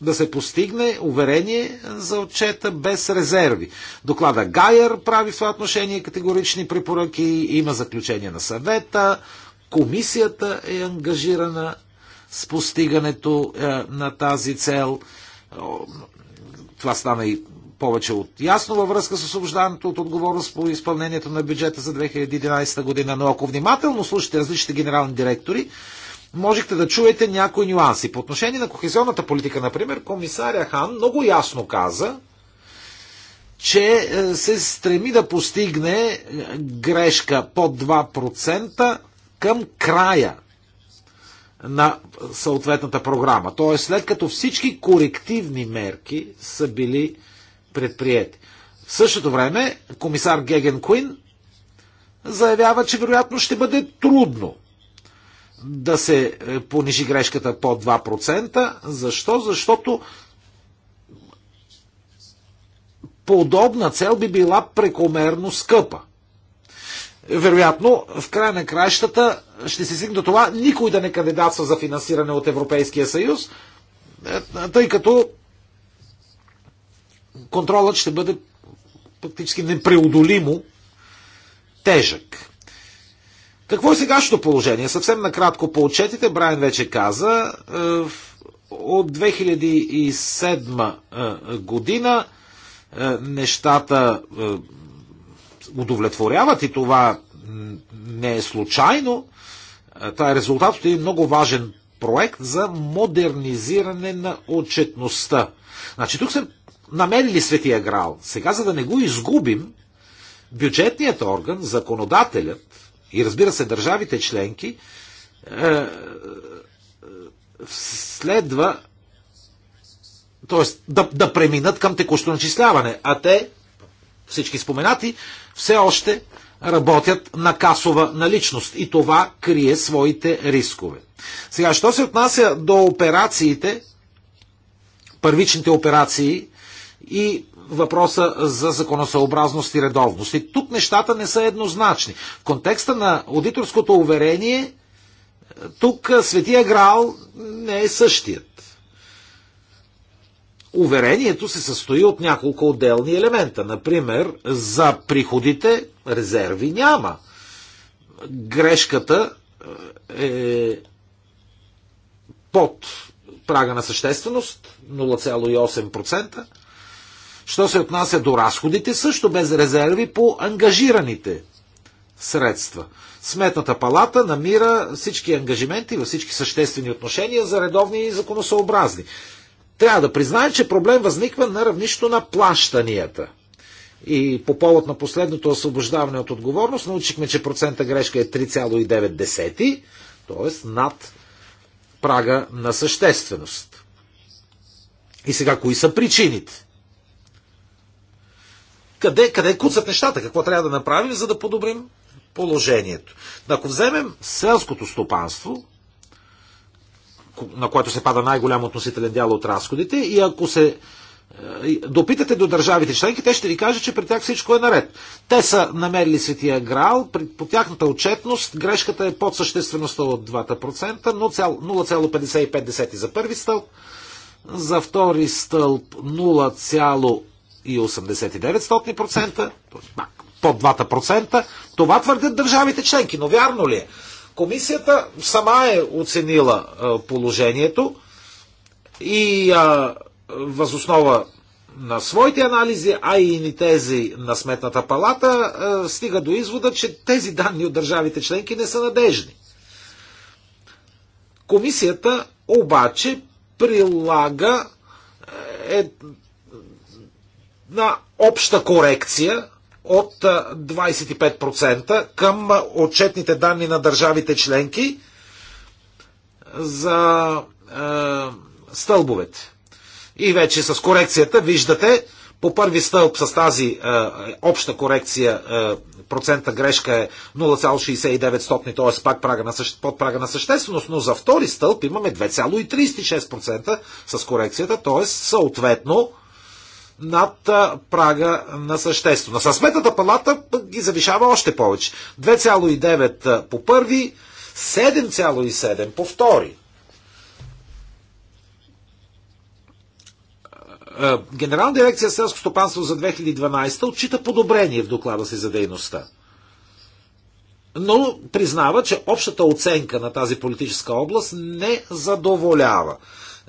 Да се постигне уверение за отчета без резерви. Доклада Гайер прави в това отношение категорични препоръки, има заключение на съвета, комисията е ангажирана с постигането е, на тази цел. Това стана и повече от ясно във връзка с освобождаването от отговорност по изпълнението на бюджета за 2011 година. Но ако внимателно слушате различните генерални директори, можехте да чуете някои нюанси. По отношение на кохезионната политика, например, комисаря Хан много ясно каза, че е, се стреми да постигне е, грешка под 2% към края на съответната програма. Тоест след като всички корективни мерки са били предприяти. В същото време комисар Геген Куин заявява, че вероятно ще бъде трудно да се е, понижи грешката по 2%. Защо? Защото подобна цел би била прекомерно скъпа. Вероятно, в края на краищата ще се стигне до това никой да не кандидатства за финансиране от Европейския съюз, е, тъй като контролът ще бъде практически непреодолимо тежък. Какво е сегашното положение? Съвсем накратко по отчетите, Брайан вече каза, е, от 2007 е, година е, нещата удовлетворяват и това не е случайно. Това е резултат от един много важен проект за модернизиране на отчетността. Значи тук се намерили Светия Грал. Сега, за да не го изгубим, бюджетният орган, законодателят и разбира се държавите членки е, е, следва т.е. Да, да преминат към текущо начисляване. А те, всички споменати, все още работят на касова наличност и това крие своите рискове. Сега, що се отнася до операциите, първичните операции и въпроса за законосъобразност и редовност. И тук нещата не са еднозначни. В контекста на аудиторското уверение, е, тук е, Светия грал не е същият. Уверението се състои от няколко отделни елемента. Например, за приходите резерви няма. Грешката е, е под прага на същественост 0,8%. Що се отнася до разходите, също без резерви по ангажираните средства. Сметната палата намира всички ангажименти във всички съществени отношения за редовни и законосъобразни. Трябва да признаем, че проблем възниква на равнището на плащанията. И по повод на последното освобождаване от отговорност научихме, че процента грешка е 3,9, т.е. над прага на същественост. И сега, кои са причините? къде, къде куцат нещата, какво трябва да направим, за да подобрим положението. Ако вземем селското стопанство, на което се пада най-голям относителен дял от разходите, и ако се е, допитате до държавите членки, те ще ви кажат, че при тях всичко е наред. Те са намерили светия грал, при, по тяхната отчетност грешката е под съществеността от 2%, 0,55 за първи стълб, за втори стълб и 89%, под 2%. Това твърдят държавите членки, но вярно ли е? Комисията сама е оценила положението и а, възоснова на своите анализи, а и на тези на Сметната палата, а, стига до извода, че тези данни от държавите членки не са надежни. Комисията обаче прилага е, на обща корекция от 25% към отчетните данни на държавите членки за е, стълбовете. И вече с корекцията виждате, по първи стълб с тази е, обща корекция е, процента грешка е 0,69, т.е. пак прага на, съще, под прага на същественост, но за втори стълб имаме 2,36% с корекцията, т.е. съответно над прага на същественост. С сметната палата ги завишава още повече. 2,9 по първи, 7,7 по втори. Генерална дирекция селско стопанство за 2012 отчита подобрение в доклада си за дейността. Но признава, че общата оценка на тази политическа област не задоволява.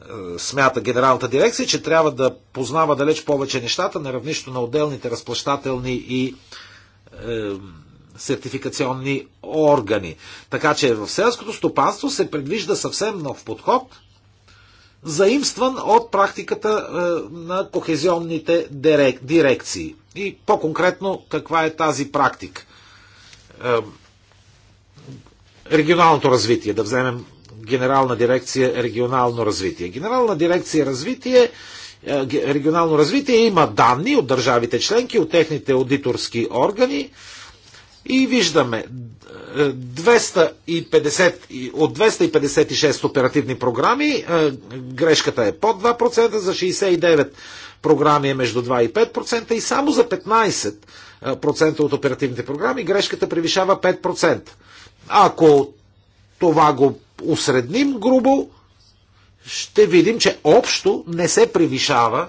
Е, смята генералната дирекция, че трябва да познава далеч повече нещата на равнището на отделните разплащателни и е, сертификационни органи. Така че в селското стопанство се предвижда съвсем нов подход, заимстван от практиката е, на кохезионните дирек, дирекции. И по-конкретно каква е тази практика? Е, регионалното развитие, да вземем Генерална дирекция регионално развитие. Генерална дирекция развитие е, регионално развитие има данни от държавите членки, от техните аудиторски органи и виждаме 250, е, от 256 оперативни програми е, грешката е под 2%, за 69 програми е между 2 и 5% и само за 15% от оперативните програми грешката превишава 5%. Ако това го Осредним грубо, ще видим, че общо не се превишава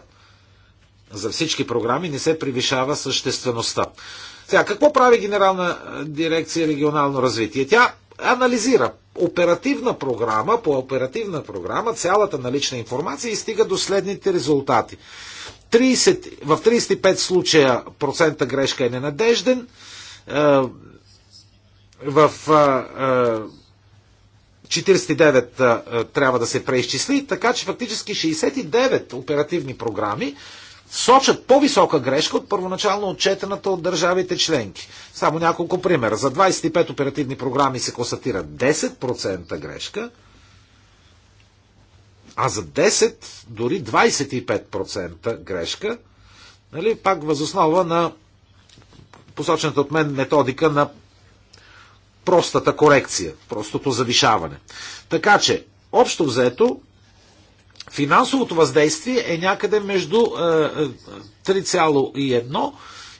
за всички програми не се превишава съществеността. Сега, какво прави Генерална дирекция регионално развитие? Тя анализира оперативна програма по оперативна програма цялата налична информация и стига до следните резултати. 30, в 35 случая процента грешка е ненадежден, е, в е, е, 49 трябва да се преизчисли, така че фактически 69 оперативни програми сочат по-висока грешка от първоначално отчетената от държавите членки. Само няколко примера. За 25 оперативни програми се констатира 10% грешка, а за 10 дори 25% грешка, нали, пак възоснова на посочената от мен методика на простата корекция, простото завишаване. Така че, общо взето, финансовото въздействие е някъде между 3,1 е, е,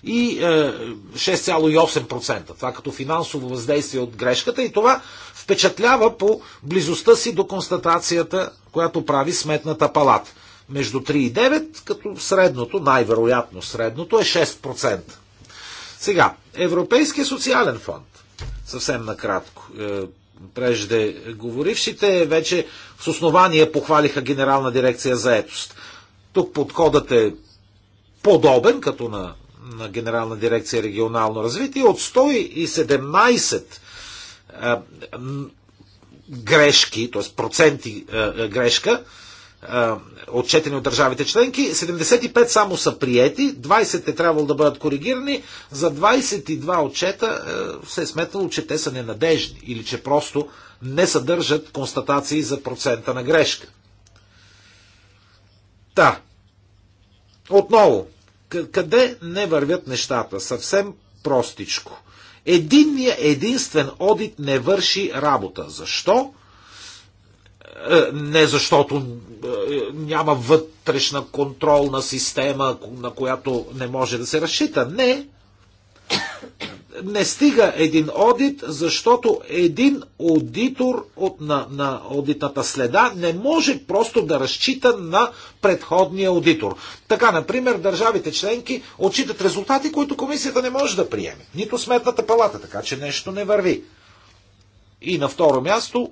и 6,8%. Е, това като финансово въздействие от грешката и това впечатлява по близостта си до констатацията, която прави сметната палата. Между 3 и 9, като средното, най-вероятно средното е 6%. Сега, Европейския социален фонд. Съвсем накратко. Е, Прежде говорившите вече с основание похвалиха Генерална дирекция за етост. Тук подходът е подобен, като на, на Генерална дирекция регионално развитие, от 117 е, грешки, т.е. проценти е, грешка, отчетени от държавите членки. 75 само са приети, 20 е трябвало да бъдат коригирани. За 22 отчета се е сметнало, че те са ненадежни или че просто не съдържат констатации за процента на грешка. Та, отново, къде не вървят нещата? Съвсем простичко. Единният единствен одит не върши работа. Защо? Е, не защото е, няма вътрешна контролна система, на която не може да се разчита. Не. Не стига един одит, защото един аудитор от, на, на аудитната следа не може просто да разчита на предходния аудитор. Така, например, държавите членки отчитат резултати, които комисията не може да приеме. Нито сметната палата, така че нещо не върви. И на второ място,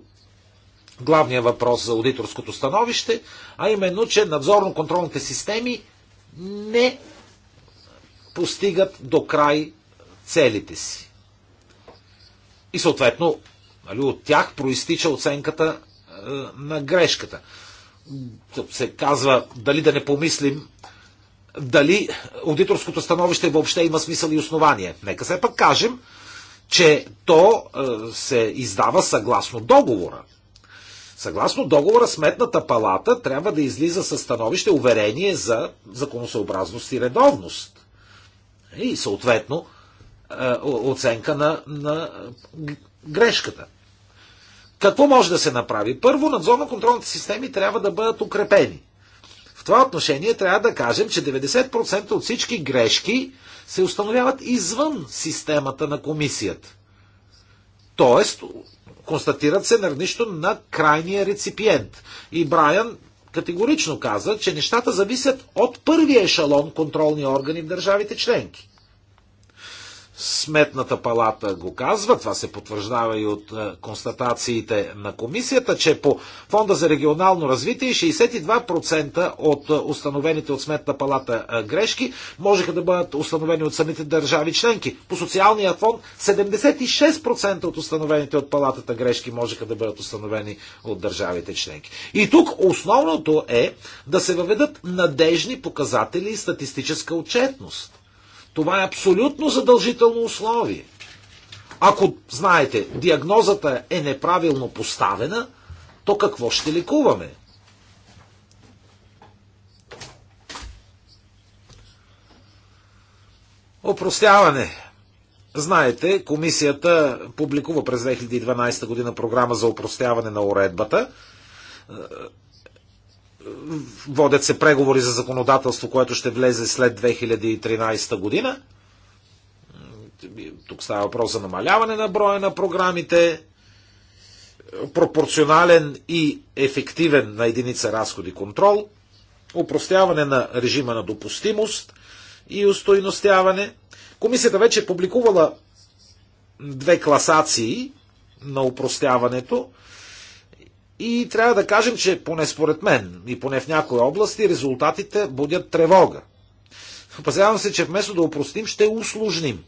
главния въпрос за аудиторското становище, а именно, че надзорно-контролните системи не постигат до край целите си. И съответно, нали, от тях проистича оценката е, на грешката. Се казва дали да не помислим дали аудиторското становище въобще има смисъл и основание. Нека се пък кажем, че то е, се издава съгласно договора Съгласно договора, Сметната палата трябва да излиза със становище уверение за законосъобразност и редовност. И съответно е, оценка на, на грешката. Какво може да се направи? Първо, надзорно-контролните системи трябва да бъдат укрепени. В това отношение трябва да кажем, че 90% от всички грешки се установяват извън системата на комисията. Тоест, Констатират се на нищо на крайния реципиент. И Брайан категорично каза, че нещата зависят от първия ешалон контролни органи в държавите членки. Сметната палата го казва, това се потвърждава и от е, констатациите на комисията, че по Фонда за регионално развитие 62% от е, установените от Сметната палата е, грешки можеха да бъдат установени от самите държави членки. По социалния фонд 76% от установените от палатата грешки можеха да бъдат установени от държавите членки. И тук основното е да се въведат надежни показатели и статистическа отчетност това е абсолютно задължително условие. Ако, знаете, диагнозата е неправилно поставена, то какво ще лекуваме? Опростяване. Знаете, комисията публикува през 2012 година програма за опростяване на уредбата Водят се преговори за законодателство, което ще влезе след 2013 година. Тук става въпрос за намаляване на броя на програмите, пропорционален и ефективен на единица разходи контрол, упростяване на режима на допустимост и устойностяване. Комисията вече е публикувала две класации на упростяването и трябва да кажем, че поне според мен и поне в някои области резултатите будят тревога. Опасявам се, че вместо да упростим, ще усложним.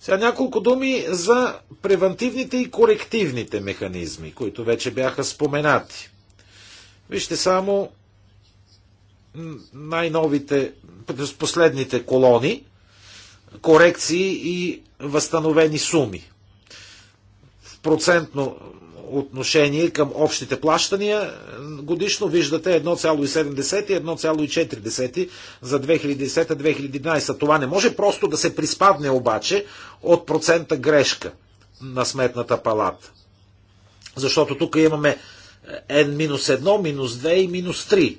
Сега няколко думи за превентивните и корективните механизми, които вече бяха споменати. Вижте само най-новите, последните колони, корекции и възстановени суми процентно отношение към общите плащания годишно виждате 1,7 и 1,4 за 2010-2011. Това не може просто да се приспадне обаче от процента грешка на сметната палата. Защото тук имаме N-1, минус 2 и минус 3.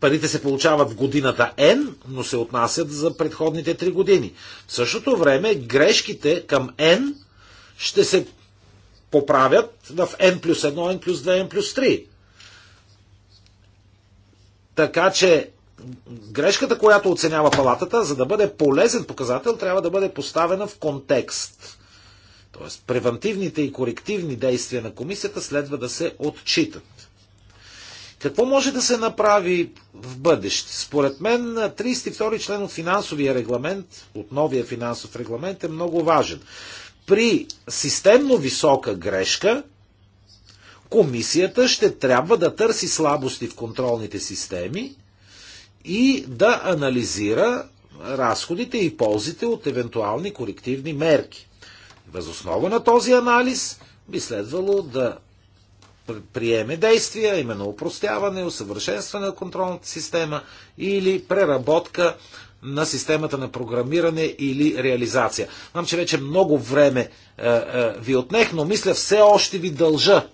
Парите се получават в годината N, но се отнасят за предходните 3 години. В същото време грешките към N – ще се поправят в N плюс 1, N плюс 2, N плюс 3. Така че грешката, която оценява палатата, за да бъде полезен показател, трябва да бъде поставена в контекст. Тоест, превентивните и корективни действия на комисията следва да се отчитат. Какво може да се направи в бъдеще? Според мен 32 член от финансовия регламент, от новия финансов регламент е много важен при системно висока грешка, комисията ще трябва да търси слабости в контролните системи и да анализира разходите и ползите от евентуални корективни мерки. Възоснова на този анализ би следвало да приеме действия, именно упростяване, усъвършенстване на контролната система или преработка на системата на програмиране или реализация. Знам, че вече много време е, е, ви отнех, но мисля все още ви дължа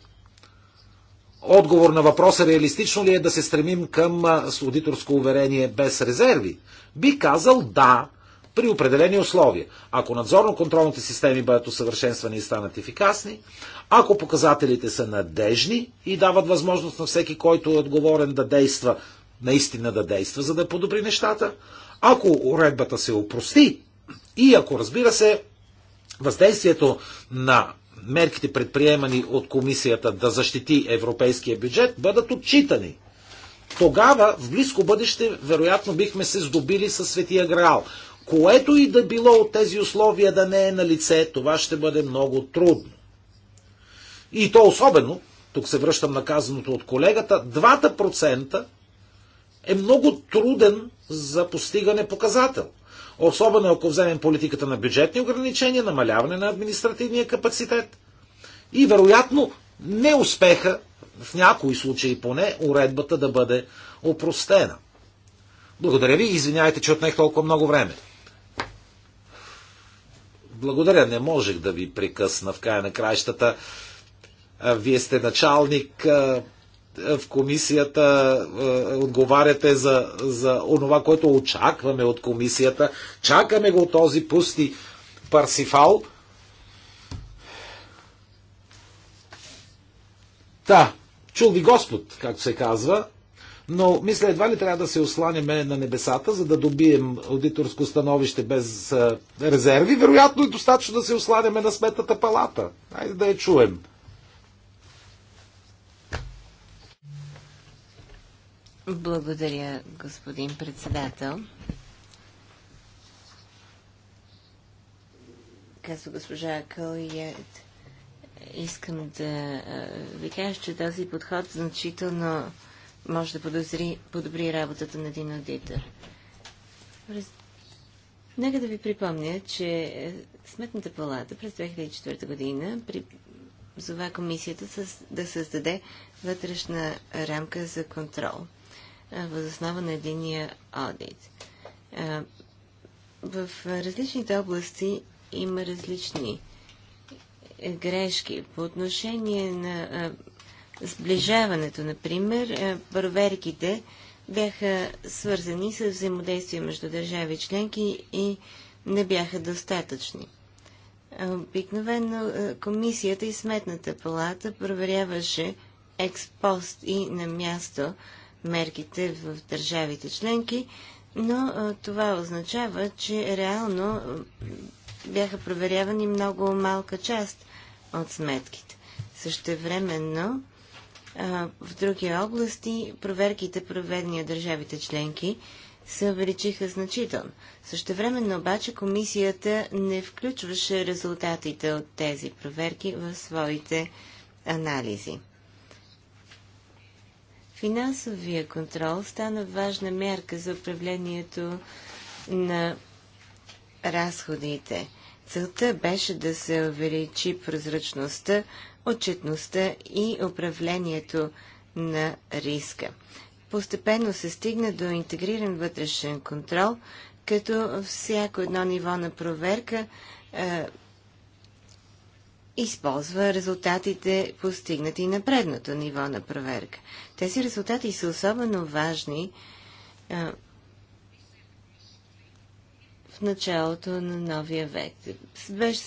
отговор на въпроса реалистично ли е да се стремим към е, аудиторско уверение без резерви. Би казал да, при определени условия. Ако надзорно-контролните системи бъдат усъвършенствани и станат ефикасни, ако показателите са надежни и дават възможност на всеки, който е отговорен да действа, наистина да действа, за да подобри нещата, ако уредбата се опрости и ако, разбира се, въздействието на мерките предприемани от комисията да защити европейския бюджет бъдат отчитани. Тогава, в близко бъдеще, вероятно бихме се здобили със Светия Граал. Което и да било от тези условия да не е на лице, това ще бъде много трудно. И то особено, тук се връщам на казаното от колегата, 2% е много труден за постигане показател. Особено ако вземем политиката на бюджетни ограничения, намаляване на административния капацитет и вероятно неуспеха, в някои случаи поне, уредбата да бъде опростена. Благодаря ви и извиняйте, че отнех толкова много време. Благодаря, не можех да ви прекъсна в края на краищата. Вие сте началник, в комисията е, отговаряте за, за онова, което очакваме от комисията. Чакаме го този пусти Парсифал. Да, чул ви Господ, както се казва, но мисля едва ли трябва да се осланяме на небесата, за да добием аудиторско становище без е, резерви. Вероятно е достатъчно да се осланяме на сметната палата. Айде да я чуем. Благодаря, господин председател. Казва госпожа Кълият. Е- искам да ви кажа, че този подход значително може да подозри, подобри работата на един аудитор. През... Нека да ви припомня, че е, Сметната палата през 2004 година призова комисията да създаде вътрешна рамка за контрол възоснова на единия аудит. В различните области има различни е, грешки. По отношение на сближаването, например, проверките бяха свързани с взаимодействие между държави членки и не бяха достатъчни. Обикновено комисията и сметната палата проверяваше експост и на място мерките в държавите членки, но това означава, че реално бяха проверявани много малка част от сметките. Същевременно, в други области проверките, проведени от държавите членки, се увеличиха значително. Същевременно обаче комисията не включваше резултатите от тези проверки в своите анализи. Финансовия контрол стана важна мерка за управлението на разходите. Целта беше да се увеличи прозрачността, отчетността и управлението на риска. Постепенно се стигна до интегриран вътрешен контрол, като всяко едно ниво на проверка е, използва резултатите постигнати на предното ниво на проверка. Тези резултати са особено важни а, в началото на новия век. Беж,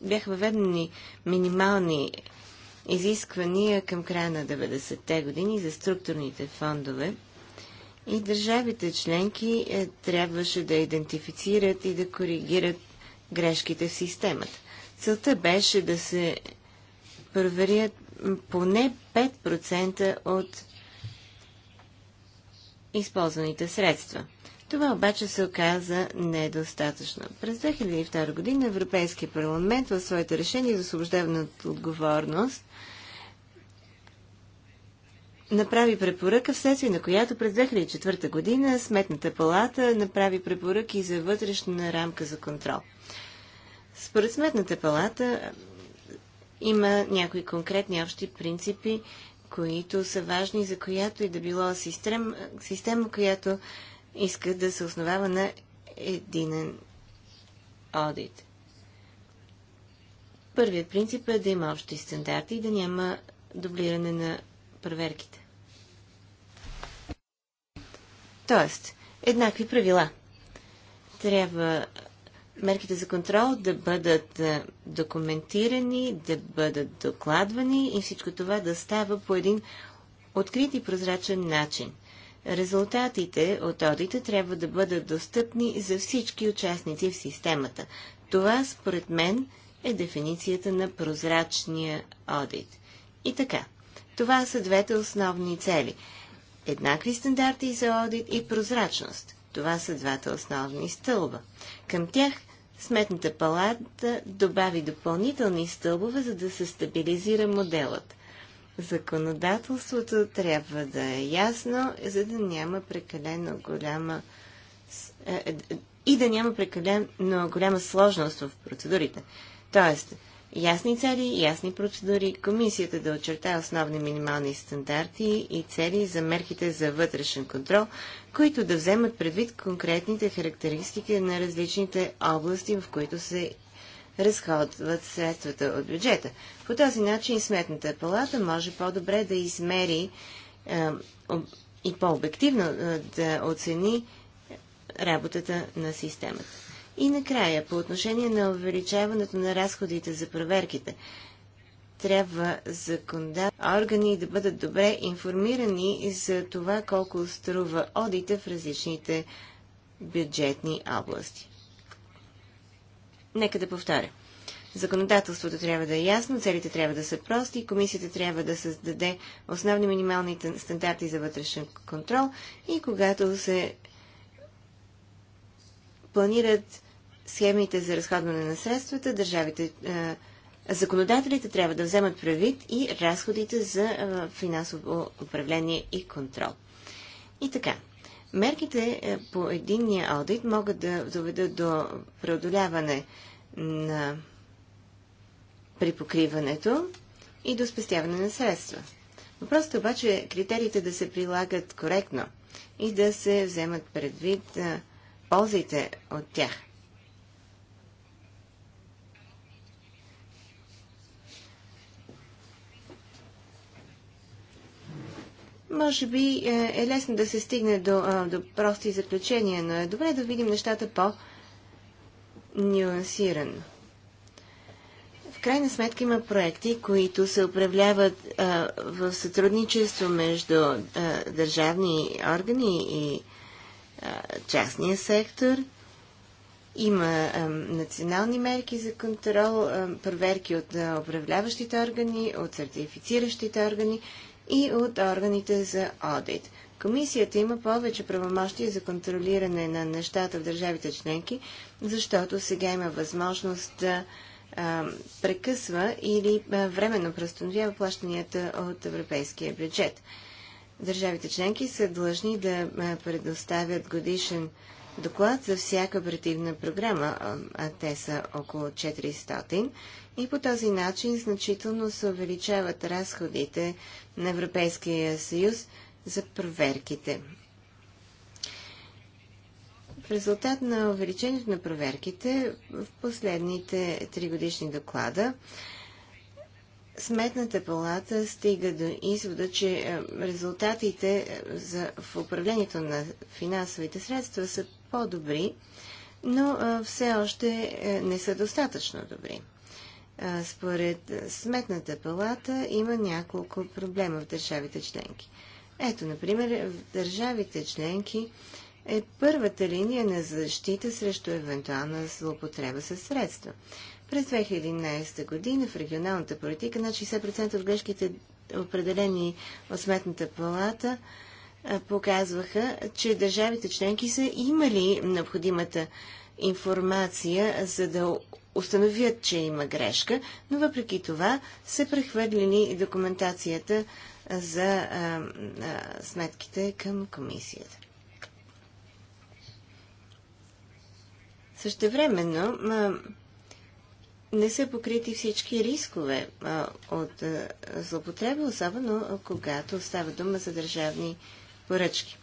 бяха въведени минимални изисквания към края на 90-те години за структурните фондове и държавите членки е, трябваше да идентифицират и да коригират грешките в системата. Целта беше да се проверят поне 5% от използваните средства. Това обаче се оказа недостатъчно. През 2002 година Европейския парламент в своите решения за освобождаване от отговорност направи препоръка, вследствие на която през 2004 година Сметната палата направи препоръки за вътрешна рамка за контрол. Според Сметната палата има някои конкретни общи принципи, които са важни за която и да било систем, система, която иска да се основава на единен одит. Първият принцип е да има общи стандарти и да няма дублиране на проверките. Тоест, еднакви правила. Трябва мерките за контрол да бъдат е, документирани, да бъдат докладвани и всичко това да става по един открит и прозрачен начин. Резултатите от одита трябва да бъдат достъпни за всички участници в системата. Това, според мен, е дефиницията на прозрачния одит. И така, това са двете основни цели. Еднакви стандарти за одит и прозрачност. Това са двата основни стълба. Към тях Сметната палата добави допълнителни стълбове, за да се стабилизира моделът. Законодателството трябва да е ясно, за да няма прекалено голяма е, е, и да няма прекалено голяма сложност в процедурите. Тоест, ясни цели, ясни процедури, комисията да очертае основни минимални стандарти и цели за мерките за вътрешен контрол, които да вземат предвид конкретните характеристики на различните области, в които се разходват средствата от бюджета. По този начин Сметната палата може по-добре да измери е, и по-обективно да оцени работата на системата. И накрая, по отношение на увеличаването на разходите за проверките, трябва законодателни органи да бъдат добре информирани за това колко струва одита в различните бюджетни области. Нека да повторя. Законодателството трябва да е ясно, целите трябва да са прости, комисията трябва да създаде основни минимални стандарти за вътрешен контрол и когато се планират схемите за разходване на средствата, държавите е, законодателите трябва да вземат правит и разходите за финансово управление и контрол. И така, мерките е, по единния аудит могат да доведат до преодоляване на припокриването и до спестяване на средства. Въпросът е обаче е критериите да се прилагат коректно и да се вземат предвид е, ползите от тях. Може би е, е лесно да се стигне до, до прости заключения, но е добре да видим нещата по-нюансирано. В крайна сметка има проекти, които се управляват в сътрудничество между държавни органи и частния сектор. Има национални мерки за контрол, проверки от управляващите органи, от сертифициращите органи и от органите за одит. Комисията има повече правомощия за контролиране на нещата в държавите членки, защото сега има възможност да прекъсва или временно преустановява плащанията от европейския бюджет. Държавите членки са длъжни да предоставят годишен доклад за всяка оперативна програма, а те са около 400. И по този начин значително се увеличават разходите на Европейския съюз за проверките. В резултат на увеличението на проверките в последните три годишни доклада Сметната палата стига до извода, че е, резултатите е, за, в управлението на финансовите средства са по-добри, но все още е, не са достатъчно добри. Според Сметната палата има няколко проблема в държавите членки. Ето, например, в държавите членки е първата линия на защита срещу евентуална злоупотреба със средства. През 2011 година в регионалната политика над значи 60% от грешките, определени от Сметната палата, показваха, че държавите членки са имали необходимата информация, за да установят, че има грешка, но въпреки това са прехвърлени документацията за а, а, сметките към комисията. Същевременно а, не са покрити всички рискове а, от а, злопотреба, особено когато става дума за държавни поръчки.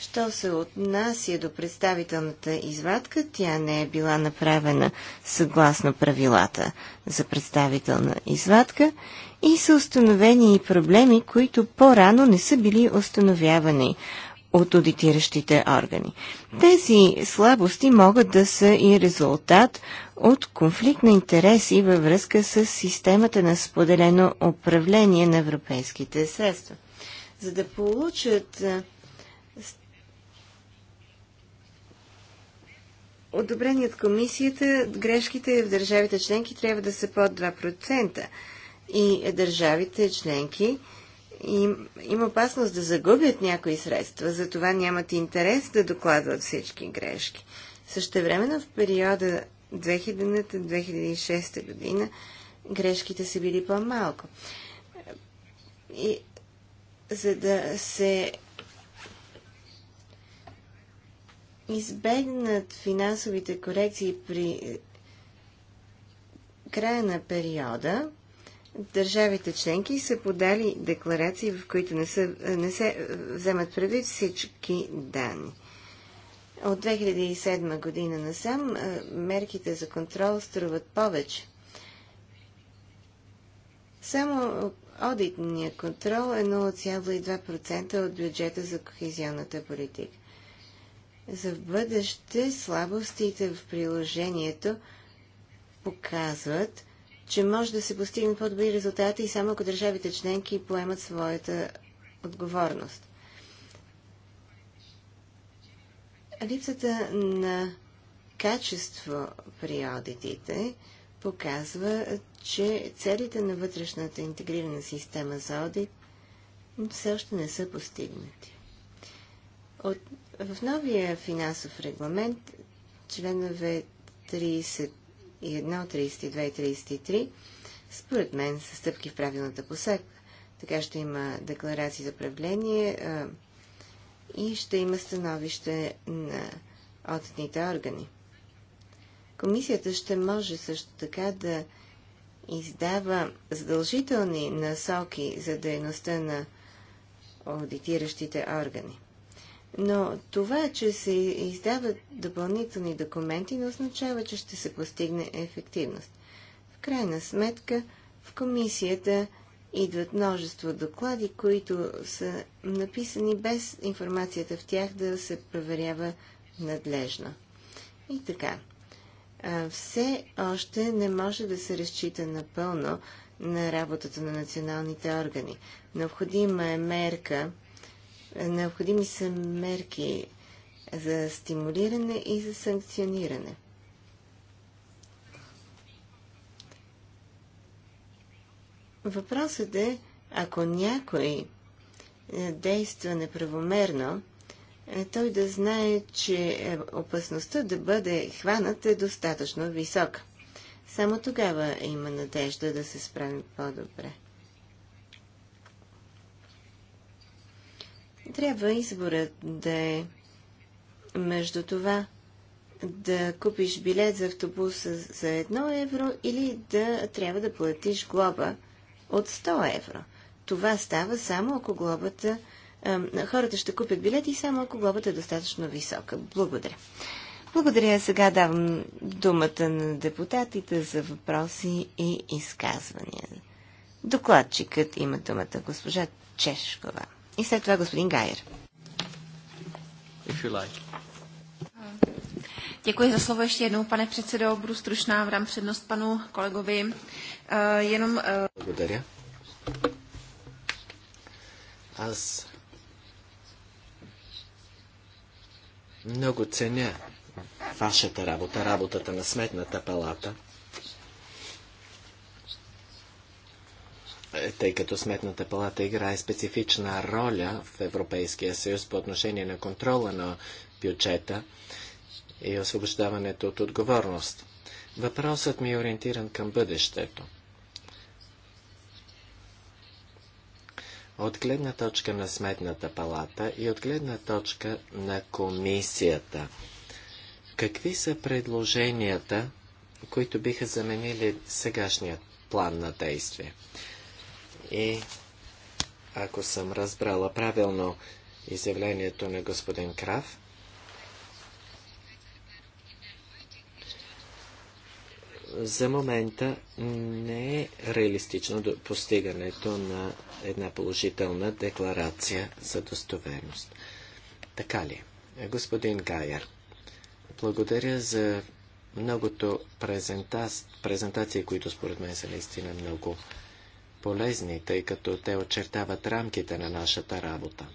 Що се отнася до представителната извадка, тя не е била направена съгласно правилата за представителна извадка и са установени и проблеми, които по-рано не са били установявани от аудитиращите органи. Тези слабости могат да са и резултат от конфликт на интереси във връзка с системата на споделено управление на европейските средства за да получат одобрени от комисията, грешките в държавите членки трябва да са под 2%. И държавите членки им, има опасност да загубят някои средства, затова нямат интерес да докладват всички грешки. Същевременно в периода 2000-2006 година грешките са били по-малко. И за да се избегнат финансовите корекции при края на периода, държавите членки са подали декларации, в които не, са, не се вземат предвид всички данни. От 2007 година насам мерките за контрол струват повече. Само Одитният контрол е 0,2% от бюджета за кохезионната политика. За бъдеще слабостите в приложението показват, че може да се постигне по-добри резултати и само ако държавите членки поемат своята отговорност. Липсата на качество при одитите показва, че целите на вътрешната интегрирана система за одит все още не са постигнати. От, в новия финансов регламент, членове 31, 32 и 33, според мен са стъпки в правилната посека. Така ще има декларации за правление а, и ще има становище на одитните органи. Комисията ще може също така да издава задължителни насоки за дейността на аудитиращите органи. Но това, че се издават допълнителни документи, не означава, че ще се постигне ефективност. В крайна сметка, в комисията идват множество доклади, които са написани без информацията в тях да се проверява надлежно. И така, все още не може да се разчита напълно на работата на националните органи. Необходима е мерка, необходими са мерки за стимулиране и за санкциониране. Въпросът е, ако някой е, действа неправомерно, е, той да знае, че е, опасността да бъде хванат е достатъчно висока. Само тогава има надежда да се справим по-добре. Трябва изборът да е между това да купиш билет за автобус за 1 евро или да трябва да платиш глоба от 100 евро. Това става само ако глобата хората ще купят билети само ако глобата е достатъчно висока. Благодаря. Благодаря. Сега давам думата на депутатите за въпроси и изказвания. Докладчикът има думата госпожа Чешкова. И след това господин Гайер. Like. Děkuji za slovo ještě jednou, pane předsedo. Budu stručná, v rám přednost panu kolegovi. Uh, jenom... Uh... Благодаря. Аз Много ценя вашата работа, работата на Сметната палата. Е, тъй като Сметната палата играе специфична роля в Европейския съюз по отношение на контрола на бюджета и освобождаването от отговорност. Въпросът ми е ориентиран към бъдещето. От гледна точка на Сметната палата и от гледна точка на комисията, какви са предложенията, които биха заменили сегашният план на действие? И ако съм разбрала правилно изявлението на господин Крав, за момента не е реалистично до постигането на една положителна декларация за достоверност. Така ли? Господин Гайер, благодаря за многото презента... презентации, които според мен са наистина много полезни, тъй като те очертават рамките на нашата работа.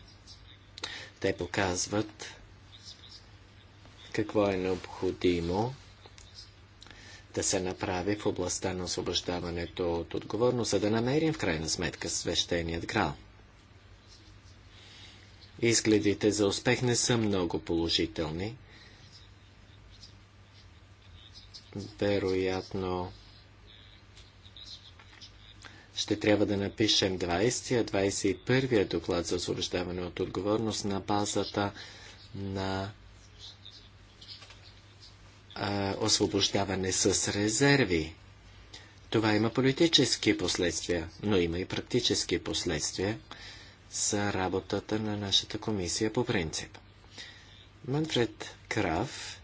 Те показват какво е необходимо да се направи в областта на освобождаването от отговорност, за да намерим в крайна сметка свещеният грал. Изгледите за успех не са много положителни. Вероятно, ще трябва да напишем 20-я, 21-я доклад за освобождаване от отговорност на базата на а, освобождаване с резерви. Това има политически последствия, но има и практически последствия за работата на нашата комисия по принцип. Манфред Краф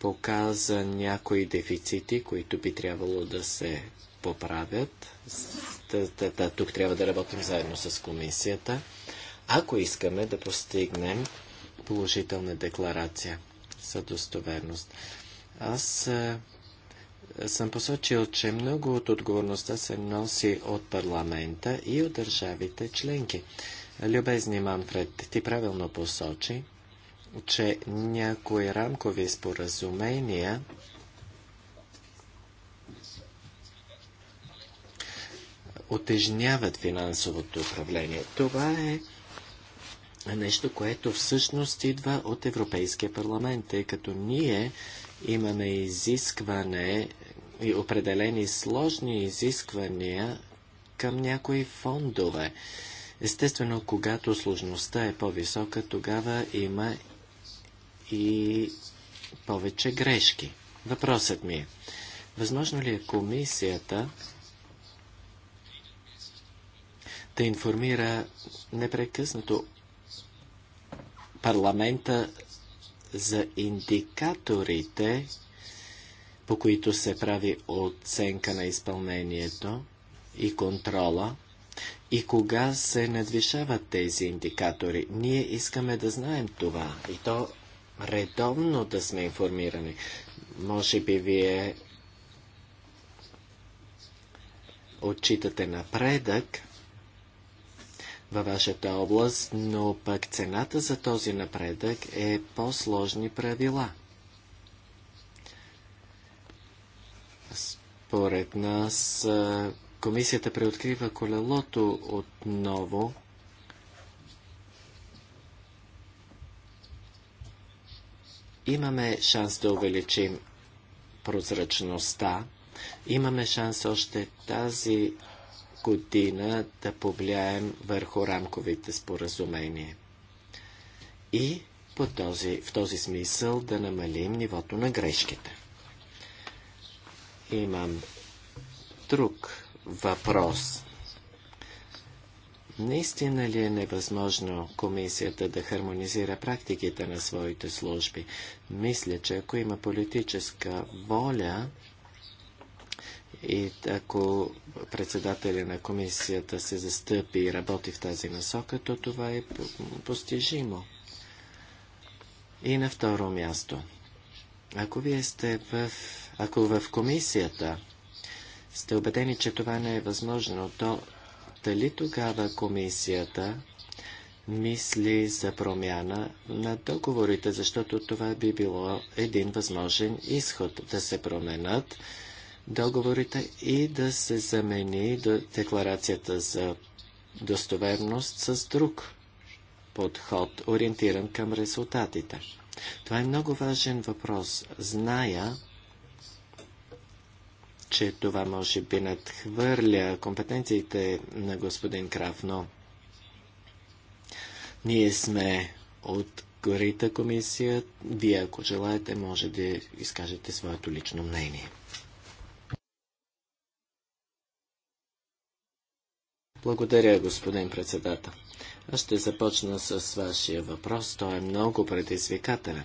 показа някои дефицити, които би трябвало да се поправят. тук трябва да работим заедно с комисията, ако искаме да постигнем положителна декларация за достоверност. Аз а, е, съм посочил, че много от отговорността се носи от парламента и от държавите членки. Любезни Манфред, ти правилно посочи, че някои рамкови споразумения отежняват финансовото управление. Това е нещо, което всъщност идва от Европейския парламент, тъй като ние Имаме изискване и определени сложни изисквания към някои фондове. Естествено, когато сложността е по-висока, тогава има и повече грешки. Въпросът ми е, възможно ли е комисията да информира непрекъснато парламента за индикаторите, по които се прави оценка на изпълнението и контрола и кога се надвишават тези индикатори. Ние искаме да знаем това и то редовно да сме информирани. Може би вие отчитате напредък, във вашата област, но пък цената за този напредък е по-сложни правила. Според нас комисията преоткрива колелото отново. Имаме шанс да увеличим прозрачността. Имаме шанс още тази година да повлияем върху рамковите споразумения. И по този, в този смисъл да намалим нивото на грешките. Имам друг въпрос. Наистина ли е невъзможно комисията да хармонизира практиките на своите служби? Мисля, че ако има политическа воля, и ако председателя на комисията се застъпи и работи в тази насока, то това е постижимо. И на второ място. Ако вие сте в... Ако в комисията сте убедени, че това не е възможно, то дали тогава комисията мисли за промяна на договорите, защото това би било един възможен изход да се променят договорите и да се замени декларацията за достоверност с друг подход, ориентиран към резултатите. Това е много важен въпрос. Зная, че това може би надхвърля компетенциите на господин Крав, но ние сме от Горита комисия. Вие, ако желаете, може да изкажете своето лично мнение. Благодаря, господин председател. Аз ще започна с вашия въпрос. Той е много предизвикателен.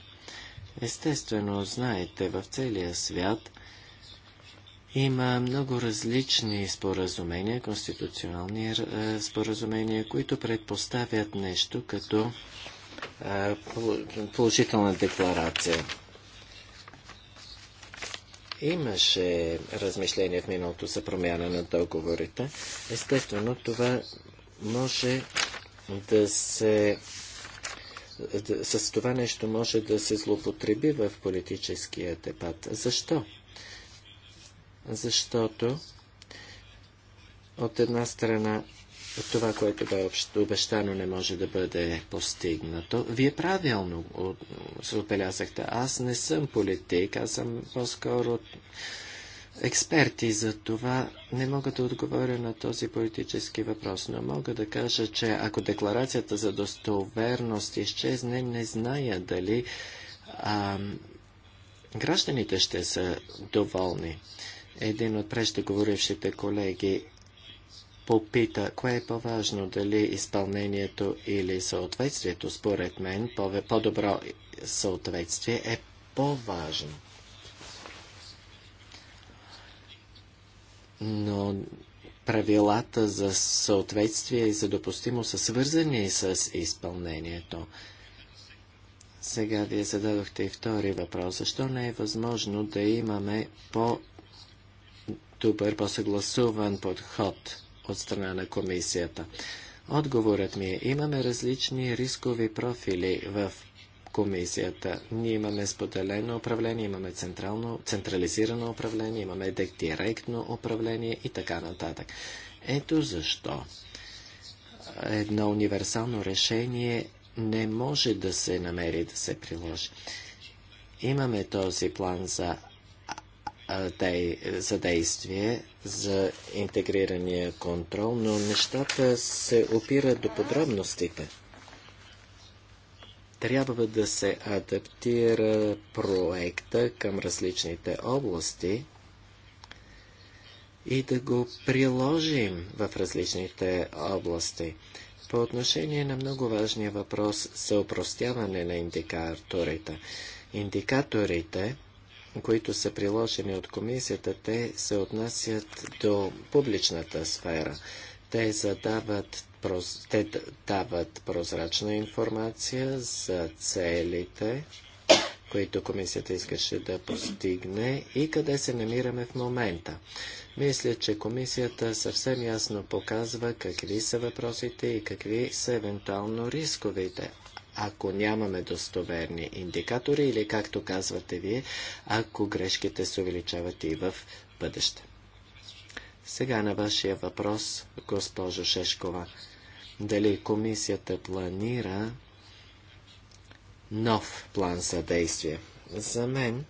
Естествено, знаете, в целия свят има много различни споразумения, конституционални е, споразумения, които предпоставят нещо като е, положителна декларация. Имаше размишление в миналото за промяна на договорите. Естествено, това може да се с това нещо може да се злоупотреби в политическия дебат. Защо? Защото от една страна това, което бе обещано, не може да бъде постигнато. Вие правилно се отбелязахте. Аз не съм политик, аз съм по-скоро експерти за това не мога да отговоря на този политически въпрос, но мога да кажа, че ако декларацията за достоверност изчезне, не зная дали а, гражданите ще са доволни. Един от преждеговорившите колеги попита, кое е по-важно, дали изпълнението или съответствието. Според мен, по-добро съответствие е по-важно. Но правилата за съответствие и за допустимо са свързани с изпълнението. Сега вие зададохте и втори въпрос. Защо не е възможно да имаме по-добър, по-съгласуван подход? от страна на комисията. Отговорът ми е, имаме различни рискови профили в комисията. Ние имаме споделено управление, имаме централно, централизирано управление, имаме директно управление и така нататък. Ето защо едно универсално решение не може да се намери да се приложи. Имаме този план за за действие за интегрирания контрол, но нещата се опират до подробностите. Трябва да се адаптира проекта към различните области и да го приложим в различните области. По отношение на много важния въпрос за упростяване на индикаторите. Индикаторите – които са приложени от комисията, те се отнасят до публичната сфера. Те задават те дават прозрачна информация за целите, които комисията искаше да постигне и къде се намираме в момента. Мисля, че комисията съвсем ясно показва какви са въпросите и какви са евентуално рисковете ако нямаме достоверни индикатори или, както казвате вие, ако грешките се увеличават и в бъдеще. Сега на вашия въпрос, госпожо Шешкова. Дали комисията планира нов план за действие? За мен,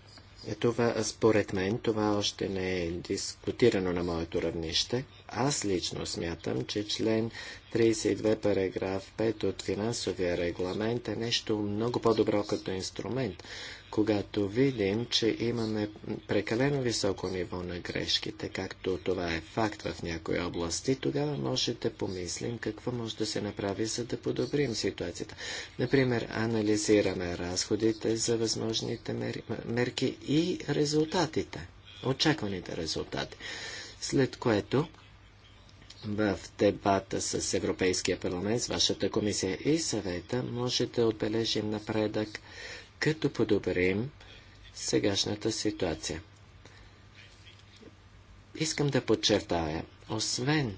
е това, според мен, това още не е дискутирано на моето равнище – аз лично смятам, че член 32 параграф 5 от финансовия регламент е нещо много по-добро като инструмент, когато видим, че имаме прекалено високо ниво на грешките, както това е факт в някои области, тогава може да помислим какво може да се направи, за да подобрим ситуацията. Например, анализираме разходите за възможните мер... мерки и резултатите, очакваните резултати, след което в дебата с Европейския парламент, с вашата комисия и съвета, може да отбележим напредък, като подобрим сегашната ситуация. Искам да подчертая, освен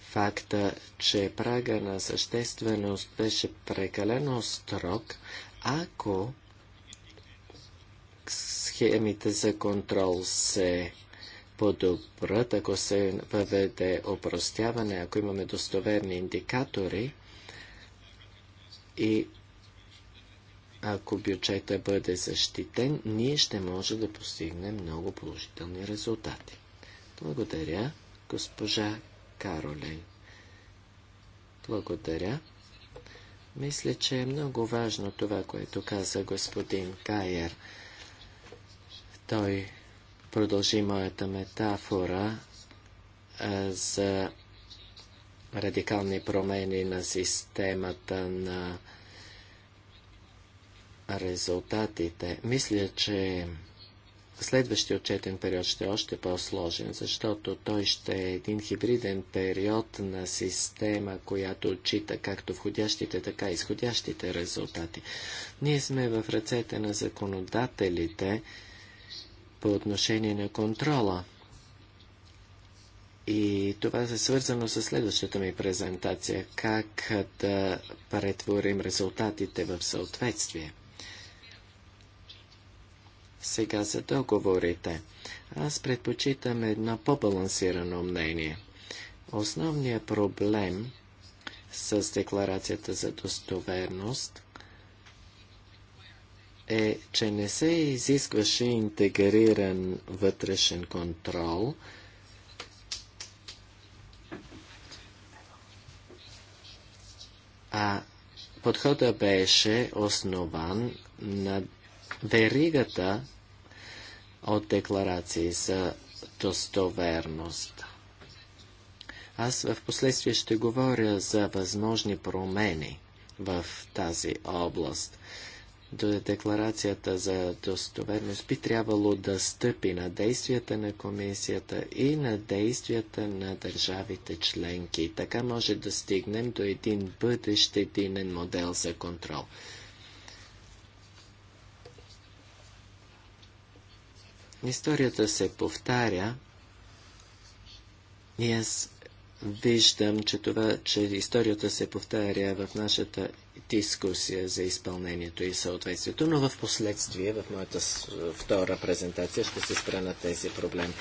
факта, че прага на същественост беше прекалено строг, ако схемите за контрол се подобрят, ако се въведе опростяване, ако имаме достоверни индикатори и ако бюджета бъде защитен, ние ще може да постигнем много положителни резултати. Благодаря, госпожа Каролей. Благодаря. Мисля, че е много важно това, което каза господин Кайер. Той продължи моята метафора за радикални промени на системата на резултатите. Мисля, че следващия отчетен период ще е още по-сложен, защото той ще е един хибриден период на система, която отчита както входящите, така и изходящите резултати. Ние сме в ръцете на законодателите, по отношение на контрола. И това е свързано с следващата ми презентация, как да претворим резултатите в съответствие. Сега за договорите. Аз предпочитам едно по-балансирано мнение. Основният проблем с декларацията за достоверност е, че не се изискваше интегриран вътрешен контрол. А подходът беше основан на веригата от декларации за достоверност. Аз в последствие ще говоря за възможни промени в тази област – декларацията за достоверност би трябвало да стъпи на действията на комисията и на действията на държавите членки. Така може да стигнем до един бъдещ единен модел за контрол. Историята се повтаря Ние виждам, че, това, че историята се повтаря в нашата дискусия за изпълнението и съответствието, но в последствие, в моята втора презентация, ще се спра на тези проблеми.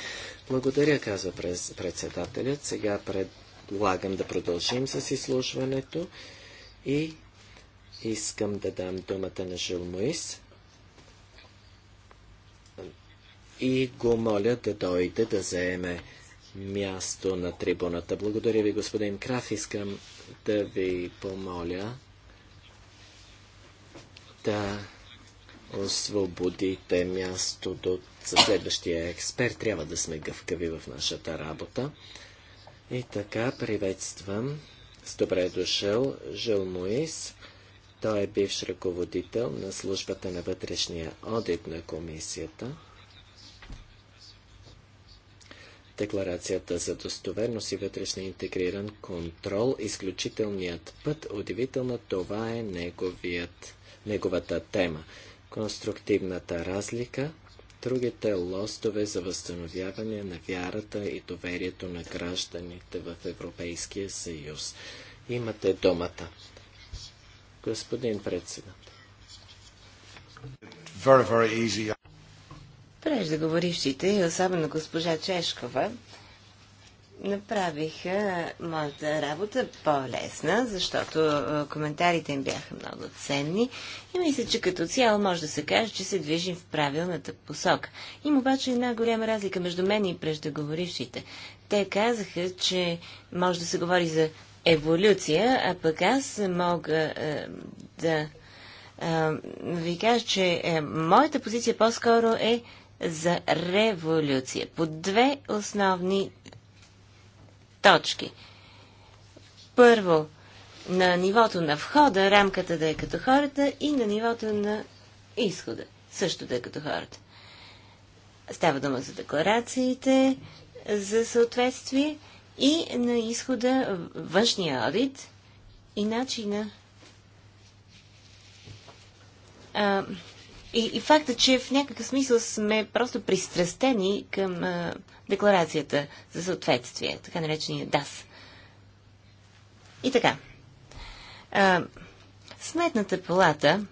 Благодаря, казва председателят. Сега предлагам да продължим с изслушването и искам да дам думата на Жил Моис и го моля да дойде да заеме място на трибуната. Благодаря ви, господин Краф. Искам да ви помоля да освободите място до следващия експерт. Трябва да сме гъвкави в нашата работа. И така приветствам с добре е дошъл Жил Моис. Той е бивш ръководител на службата на вътрешния одит на комисията. Декларацията за достоверност и вътрешни интегриран контрол, изключителният път, Удивително това е неговият неговата тема. Конструктивната разлика, другите лостове за възстановяване на вярата и доверието на гражданите в Европейския съюз. Имате думата. Господин председател. Преждеговорившите, и особено госпожа Чешкова, направиха моята работа по-лесна, защото коментарите им бяха много ценни и мисля, че като цяло може да се каже, че се движим в правилната посока. Има обаче една голяма разлика между мен и преждеговорившите. Те казаха, че може да се говори за еволюция, а пък аз мога е, да е, ви кажа, че е, моята позиция по-скоро е за революция по две основни точки. Първо, на нивото на входа рамката да е като хората и на нивото на изхода също да е като хората. Става дума за декларациите, за съответствие и на изхода външния одит и начина а, и, и факта, че в някакъв смисъл сме просто пристрастени към а, декларацията за съответствие, така наречения ДАС. И така. А, сметната палата,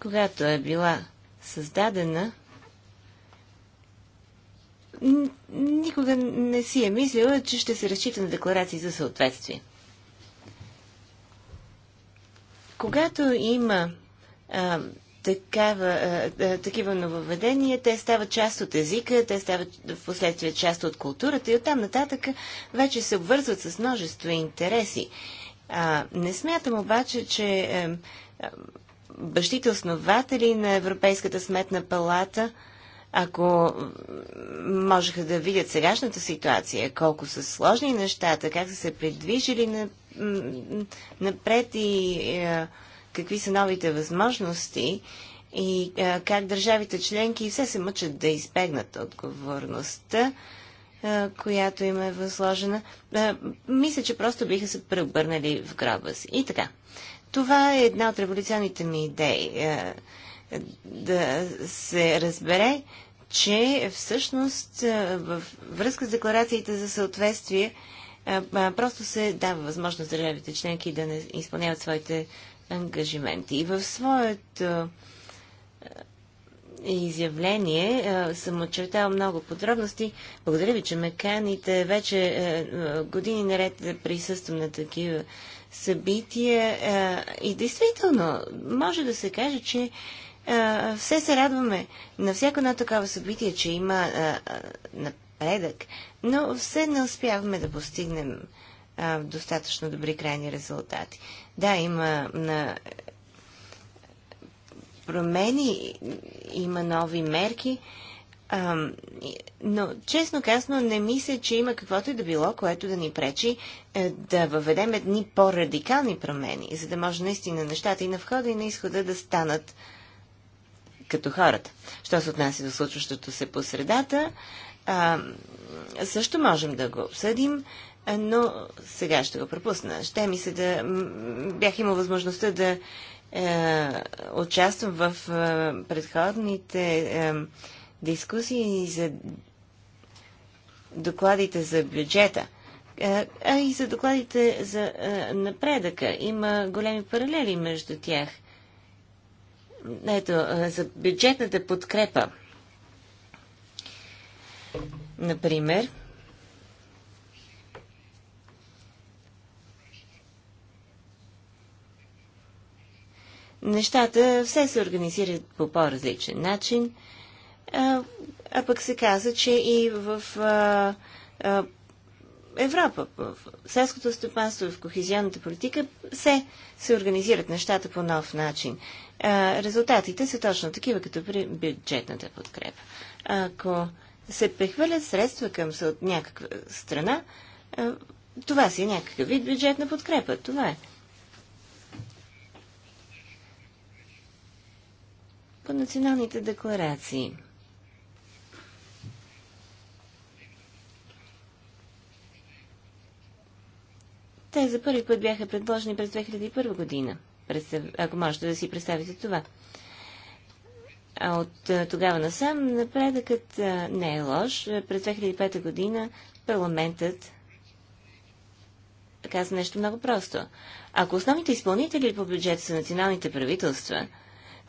когато е била създадена, никога не си е мислила, че ще се разчита на декларации за съответствие. Когато има а, такава, такива нововведения, те стават част от езика, те стават в последствие част от културата и оттам нататък вече се обвързват с множество интереси. А, не смятам обаче, че а, бащите основатели на Европейската сметна палата, ако можеха да видят сегашната ситуация, колко са сложни нещата, как са се придвижили на, напред и какви са новите възможности и как държавите членки все се мъчат да избегнат отговорността, която им е възложена. мисля, че просто биха се преобърнали в гроба си. И така. Това е една от революционните ми идеи. да се разбере, че всъщност във връзка с декларациите за съответствие просто се дава възможност държавите членки да не изпълняват своите ангажименти. И в своето изявление съм очертал много подробности. Благодаря ви, че ме каните. Вече години наред да присъствам на такива събития. И действително, може да се каже, че все се радваме на всяко едно такова събитие, че има напредък, но все не успяваме да постигнем достатъчно добри крайни резултати. Да, има на промени, има нови мерки, а, но честно казано не мисля, че има каквото и да било, което да ни пречи е, да въведем едни по-радикални промени, за да може наистина нещата и на входа и на изхода да станат като хората. Що се отнася до случващото се по средата, а, също можем да го обсъдим но сега ще го пропусна. Ще ми се да... Бях имал възможността да е, участвам в е, предходните е, дискусии за докладите за бюджета, е, а и за докладите за е, напредъка. Има големи паралели между тях. Ето, е, за бюджетната подкрепа. Например, нещата все се организират по по-различен начин, а, а пък се каза, че и в а, а, Европа, в селското стопанство, в кохезионната политика се, се организират нещата по нов начин. А, резултатите са точно такива, като при бюджетната подкрепа. Ако се прехвърлят средства към някаква страна, а, това си е някакъв вид бюджетна подкрепа. Това е. по националните декларации. Те за първи път бяха предложени през 2001 година, ако можете да си представите това. А от тогава насам напредъкът не е лош. През 2005 година парламентът каза нещо много просто. Ако основните изпълнители по бюджета са националните правителства,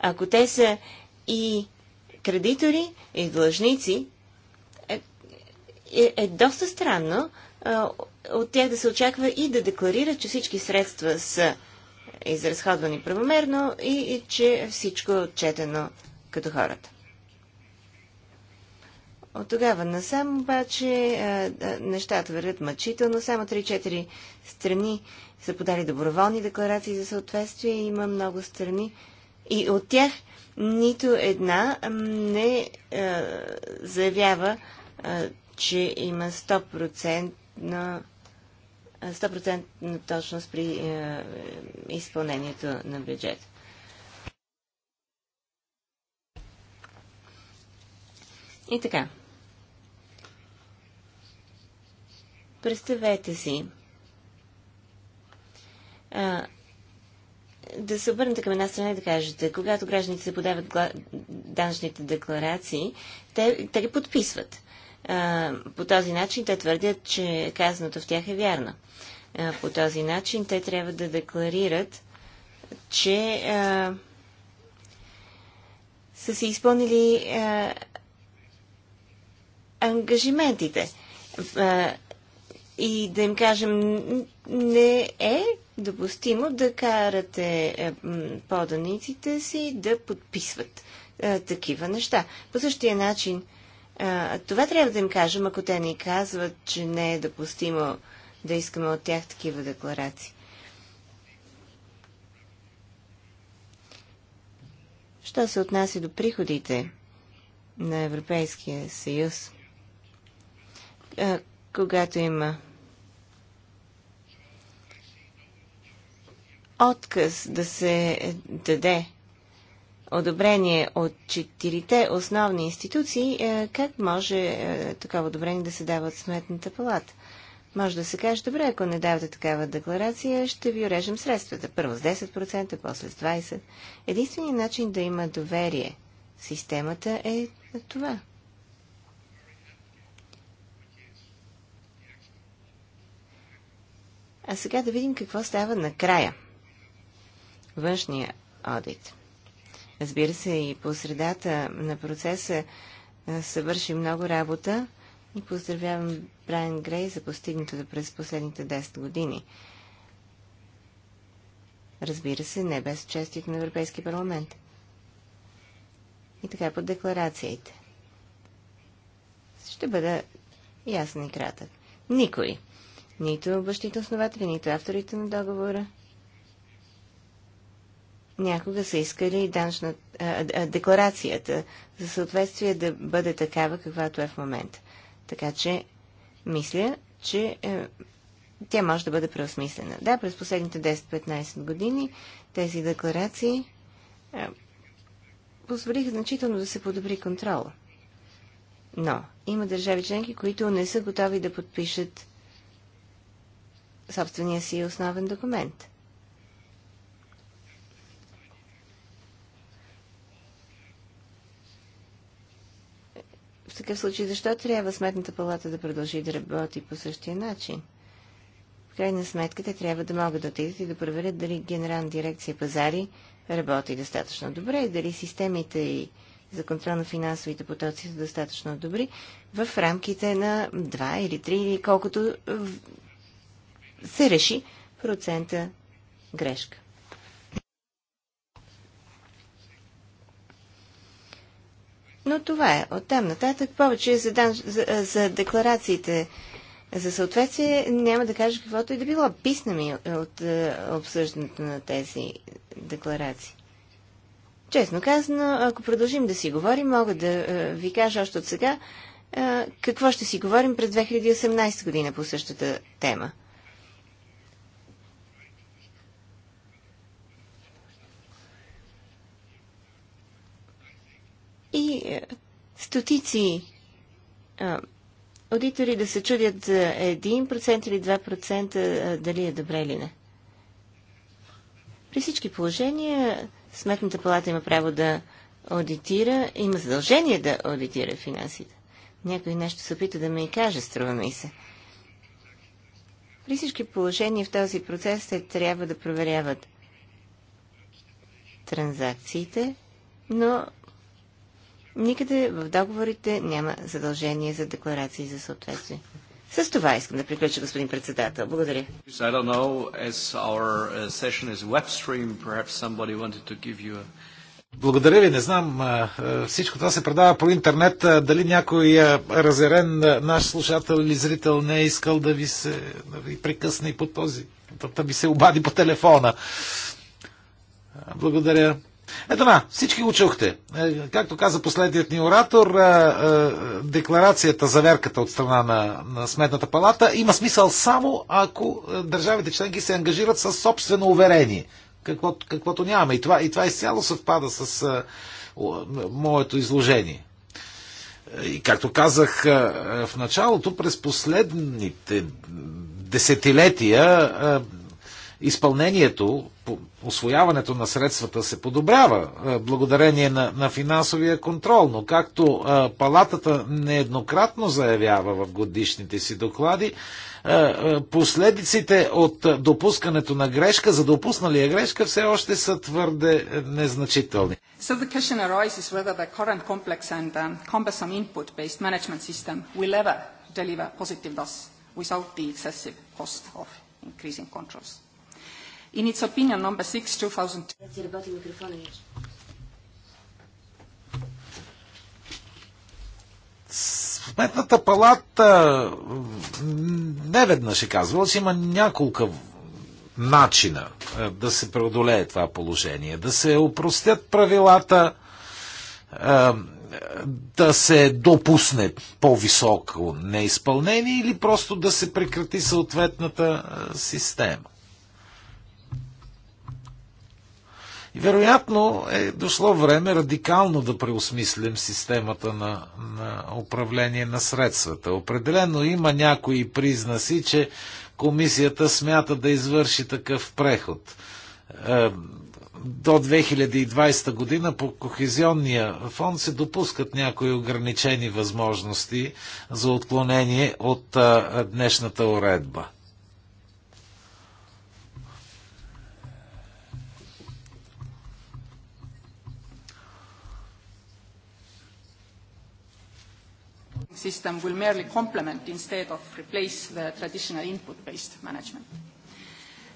ако те са и кредитори, и длъжници, е, е, е доста странно е, от тях да се очаква и да декларират, че всички средства са изразходвани правомерно и, и че всичко е отчетено като хората. От тогава насам обаче нещата вървят мъчително. Само 3-4 страни са подали доброволни декларации за съответствие. Има много страни, и от тях нито една не а, заявява, а, че има 100% на 100% точност при е, изпълнението на бюджет. И така. Представете си да се обърнете към една страна и да кажете, когато гражданите се подават гла... данъчните декларации, те, те ги подписват. А, по този начин те твърдят, че казаното в тях е вярно. А, по този начин те трябва да декларират, че а, са се изпълнили а, ангажиментите. А, и да им кажем, не е допустимо да карате е, поданиците си да подписват а, е, такива неща. По същия начин, а, е, това трябва да им кажем, ако те ни казват, че не е допустимо да искаме от тях такива декларации. Що се отнася до приходите на Европейския съюз, когато има отказ да се даде одобрение от четирите основни институции, е, как може е, такова одобрение да се дава от Сметната палата? Може да се каже, добре, ако не давате такава декларация, ще ви урежем средствата. Първо с 10%, после с 20%. Единственият начин да има доверие в системата е това. А сега да видим какво става накрая външния одит. Разбира се, и по средата на процеса се върши много работа и поздравявам Брайан Грей за постигнатото през последните 10 години. Разбира се, не без участието на Европейски парламент. И така по декларациите. Ще бъда ясен и кратък. Никой. Нито бащите основатели, нито авторите на договора, Някога са искали и данчна, а, а, декларацията за съответствие да бъде такава, каквато е в момента. Така че, мисля, че е, тя може да бъде преосмислена. Да, през последните 10-15 години тези декларации е, позволиха значително да се подобри контрол. Но има държави членки, които не са готови да подпишат собствения си основен документ. такъв случай защо трябва Сметната палата да продължи да работи по същия начин? В крайна сметка те трябва да могат да отидат и да проверят дали Генерална дирекция пазари работи достатъчно добре и дали системите и за контрол на финансовите потоци са достатъчно добри в рамките на 2 или 3 или колкото се реши процента грешка. Но това е. Оттам нататък повече за, дан... за, за декларациите за съответствие няма да кажа каквото и да било. Писна ми от е, обсъждането на тези декларации. Честно казано, ако продължим да си говорим, мога да е, ви кажа още от сега е, какво ще си говорим през 2018 година по същата тема. Е, стотици а, аудитори да се чудят за 1% или 2% дали е добре или не. При всички положения Сметната палата има право да аудитира, има задължение да аудитира финансите. Някой нещо се опита да ме и каже, струва ми се. При всички положения в този процес те трябва да проверяват транзакциите, но Никъде в договорите няма задължение за декларации за съответствие. С това искам да приключа, господин председател. Благодаря. Uh, благодаря ви. Не знам, всичко това се предава по интернет. Дали някой разерен наш слушател или зрител не е искал да ви се да ви прекъсне и по този, да ви се обади по телефона. Благодаря. Ето на, всички го чухте. Е, както каза последният ни оратор, е, е, декларацията, за верката от страна на, на Сметната палата има смисъл само ако държавите членки се ангажират с собствено уверение, каквото, каквото нямаме. И това, и това изцяло съвпада с а, моето изложение. И както казах в началото, през последните десетилетия изпълнението освояването на средствата се подобрява е, благодарение на, на финансовия контрол, но както е, палатата нееднократно заявява в годишните си доклади, е, последиците от допускането на грешка за допусналия грешка все още са твърде незначителни. So the question arises whether the current complex and um, cumbersome input-based management system will ever deliver positive loss without the excessive cost of increasing controls. In its opinion number 6 2000... Сметната палата не веднъж е казвала, че има няколко начина е, да се преодолее това положение. Да се опростят правилата, е, да се допусне по-високо неизпълнение или просто да се прекрати съответната е, система. И вероятно е дошло време радикално да преосмислим системата на, на управление на средствата. Определено има някои признаци, че комисията смята да извърши такъв преход. Е, до 2020 година по Кохезионния фонд се допускат някои ограничени възможности за отклонение от е, днешната уредба. system will merely complement instead of replace the traditional input-based management.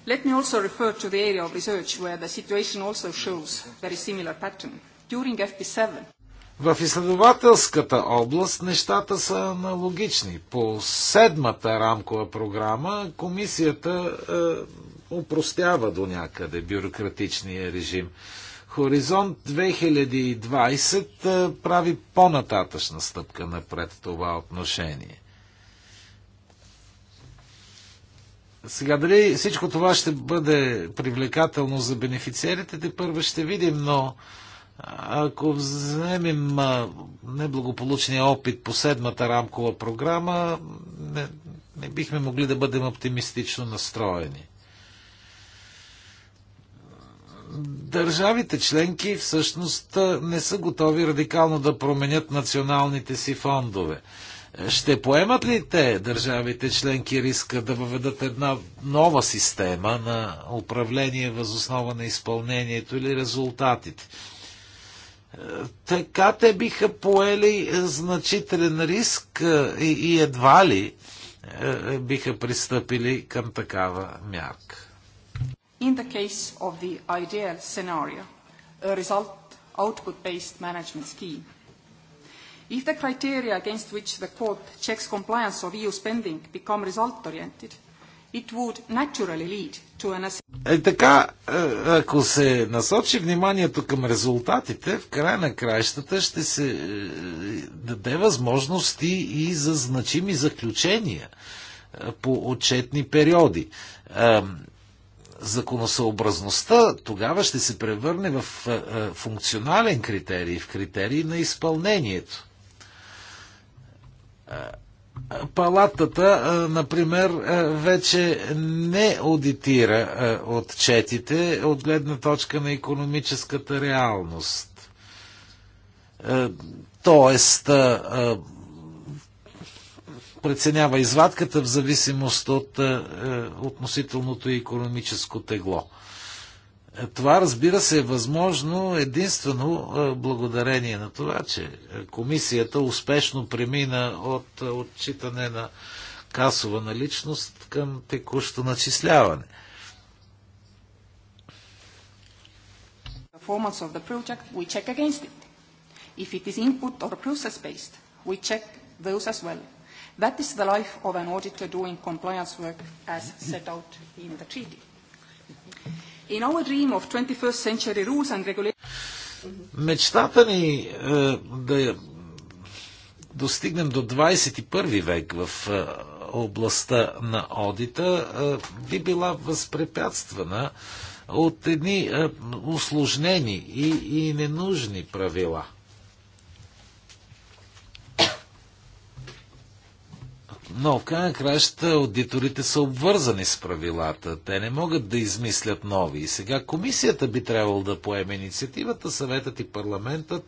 Let me also refer to the area of research where the situation also shows very similar pattern. During FP7, в изследователската област нещата са аналогични. По седмата рамкова програма комисията е, упростява до някъде бюрократичния режим. Хоризонт 2020 прави по-нататъчна стъпка напред това отношение. Сега дали всичко това ще бъде привлекателно за бенефициерите, те първо ще видим, но ако вземем неблагополучния опит по седмата рамкова програма, не, не бихме могли да бъдем оптимистично настроени държавите членки всъщност не са готови радикално да променят националните си фондове. Ще поемат ли те, държавите членки, риска да въведат една нова система на управление възоснова на изпълнението или резултатите? Е, така те биха поели е, значителен риск е, и едва ли биха пристъпили към такава мярка. In the case of the ideal scenario, a result output-based management scheme. If the criteria against which the court checks compliance of EU spending become result-oriented, it would naturally lead to an е, така, ако се насочи вниманието към резултатите, в края на краищата ще се даде възможности и за значими заключения по отчетни периоди законосъобразността тогава ще се превърне в е, е, функционален критерий, в критерий на изпълнението. Е, палатата, например, вече не аудитира отчетите от гледна точка на економическата реалност. Тоест, преценява извадката в зависимост от е, е относителното и економическо тегло. Е, това, разбира се, е възможно единствено е, благодарение на това, че комисията успешно премина от отчитане на касова наличност към текущо начисляване. performance of the project, we check against it. If it is input or process-based, we check those as well. That is the life of an auditor doing compliance work as set out in the treaty. In our dream of 21st century rules and regulations... Мечтата ни е, да достигнем до 21 век в е, областта на одита е, би била възпрепятствана от едни е, усложнени и, и ненужни правила – Но в крайна краща аудиторите са обвързани с правилата. Те не могат да измислят нови. И сега комисията би трябвало да поеме инициативата, съветът и парламентът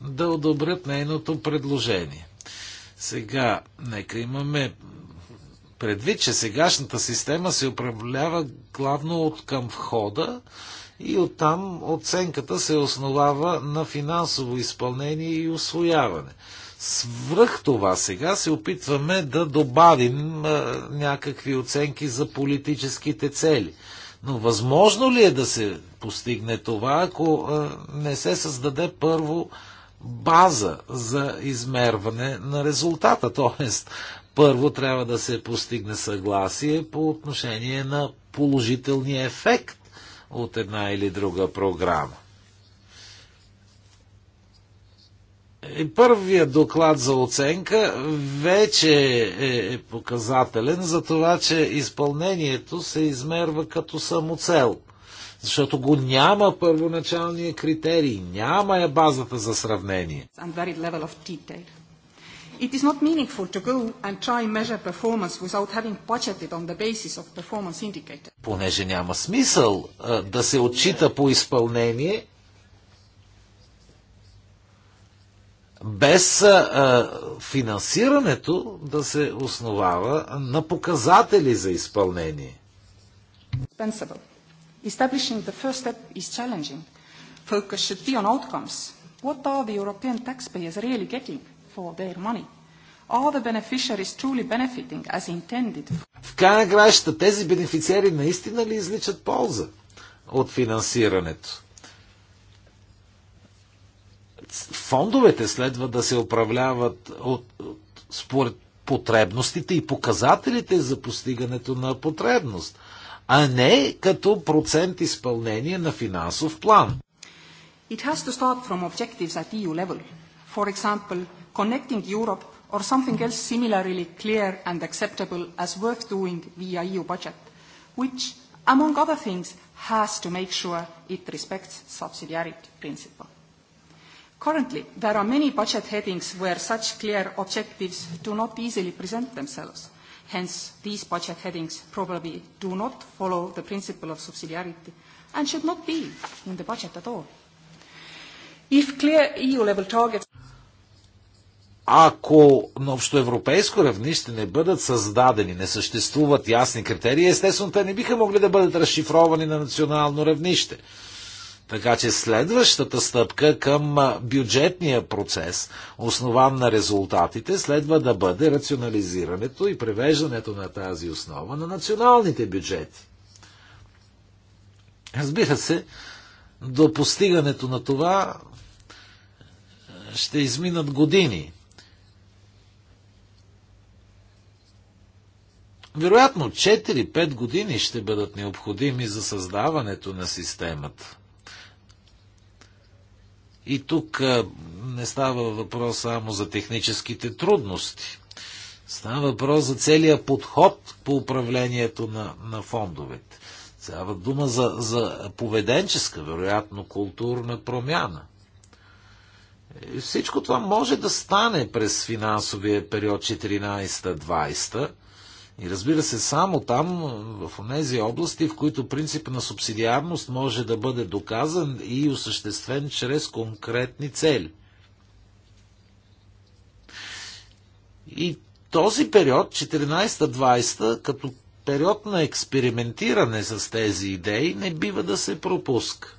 да одобрят нейното предложение. Сега, нека имаме предвид, че сегашната система се управлява главно от към входа и оттам оценката се основава на финансово изпълнение и освояване – Свръх това сега се опитваме да добавим някакви оценки за политическите цели. Но възможно ли е да се постигне това, ако не се създаде първо база за измерване на резултата? Тоест, първо трябва да се постигне съгласие по отношение на положителния ефект от една или друга програма. Първият доклад за оценка вече е, е показателен за това, че изпълнението се измерва като самоцел. Защото го няма първоначалния критерий, няма е базата за сравнение. It is not meaningful to go and try measure performance without having budgeted on the basis of performance indicator. Понеже няма смисъл а, да се отчита по изпълнение, без а, финансирането да се основава на показатели за изпълнение. Establishing the first step is challenging. Focus should be on outcomes. What are the European taxpayers really getting for their money? Are the beneficiaries truly benefiting as intended? В края на краищата тези бенефициери наистина ли изличат полза от финансирането? фондовете следва да се управляват от, от, според потребностите и показателите за постигането на потребност, а не като процент изпълнение на финансов план. It has to start from objectives at EU level. For example, connecting Europe or something else similarly clear and acceptable as worth doing via EU budget, which, among other things, has to make sure it respects subsidiarity principle. Currently, there are many budget headings where such clear objectives do not easily present themselves. Hence, these budget headings probably do not follow the principle of subsidiarity and should not be in the budget at all. If clear EU-level targets ако на общоевропейско равнище не бъдат създадени, не съществуват ясни критерии, естествено те не биха могли да бъдат разшифровани на национално равнище. Така че следващата стъпка към бюджетния процес, основан на резултатите, следва да бъде рационализирането и превеждането на тази основа на националните бюджети. Разбира се, до постигането на това ще изминат години. Вероятно 4-5 години ще бъдат необходими за създаването на системата. И тук не става въпрос само за техническите трудности. Става въпрос за целият подход по управлението на, на фондовете. Става дума за, за поведенческа, вероятно културна промяна. И всичко това може да стане през финансовия период 14-20 и разбира се, само там, в тези области, в които принцип на субсидиарност може да бъде доказан и осъществен чрез конкретни цели. И този период, 14-20, като период на експериментиране с тези идеи, не бива да се пропуска.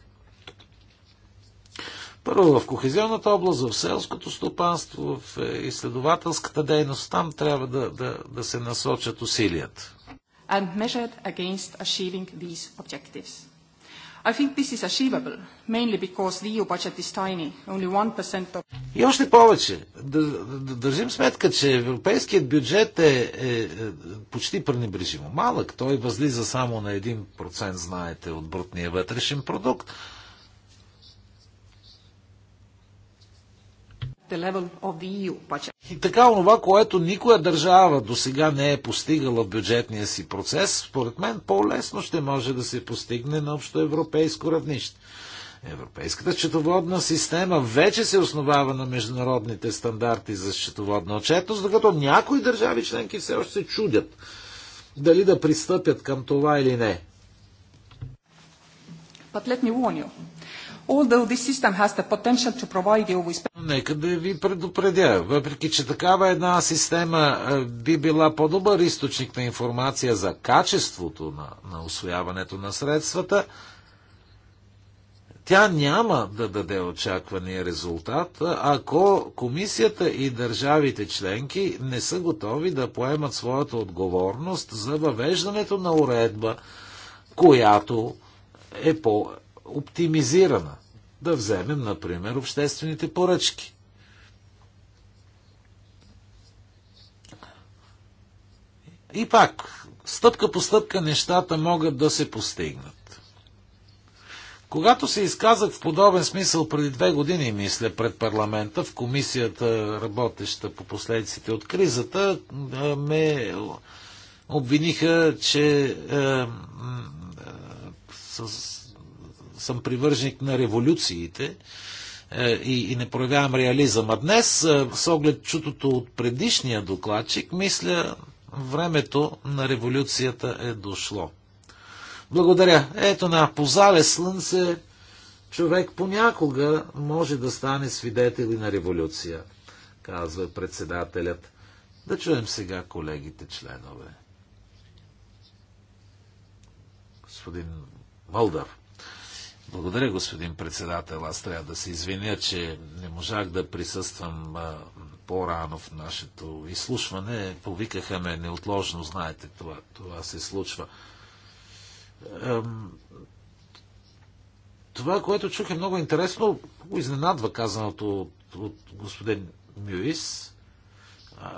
Първо в кохезионната област, в селското стопанство, в е, изследователската дейност, там трябва да, да, да се насочат усилията. And measured against achieving these objectives. I think this is achievable, mainly because the EU budget is tiny, only 1% of... И още повече, държим сметка, че европейският бюджет е, е, е почти пренебрежимо малък. Той възлиза само на 1%, знаете, от брутния вътрешен продукт. E И така, онова, което никоя държава до сега не е постигала в бюджетния си процес, според мен по-лесно ще може да се постигне на общо европейско равнище. Европейската счетоводна система вече се основава на международните стандарти за счетоводна отчетност, докато някои държави членки все още се чудят дали да пристъпят към това или не. But let me warn you. Although this system has the potential to provide you with... Нека да ви предупредя. Въпреки, че такава една система би била по-добър източник на информация за качеството на, на освояването на средствата, тя няма да даде очаквания резултат, ако комисията и държавите членки не са готови да поемат своята отговорност за въвеждането на уредба, която е по оптимизирана. Да вземем, например, обществените поръчки. И пак, стъпка по стъпка нещата могат да се постигнат. Когато се изказах в подобен смисъл преди две години, мисля, пред парламента, в комисията, работеща по последиците от кризата, ме обвиниха, че е, е, с съм привържник на революциите е, и, и не проявявам реализъм. А днес, е, с оглед чутото от предишния докладчик, мисля, времето на революцията е дошло. Благодаря. Ето на позале слънце човек понякога може да стане свидетел на революция, казва председателят. Да чуем сега колегите членове. Господин Малдар, благодаря, господин председател. Аз трябва да се извиня, че не можах да присъствам по-рано в нашето изслушване. Повикаха ме неотложно, знаете, това, това се случва. Това, което чух е много интересно, изненадва казаното от, от господин Мюис,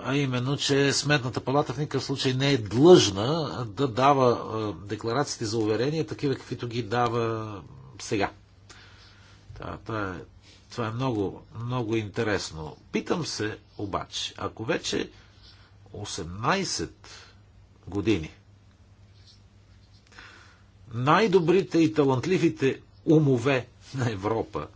а именно, че Сметната палата в никакъв случай не е длъжна да дава декларациите за уверение, такива каквито ги дава сега. Това, това, е, това е много, много интересно. Питам се обаче, ако вече 18 години най-добрите и талантливите умове на Европа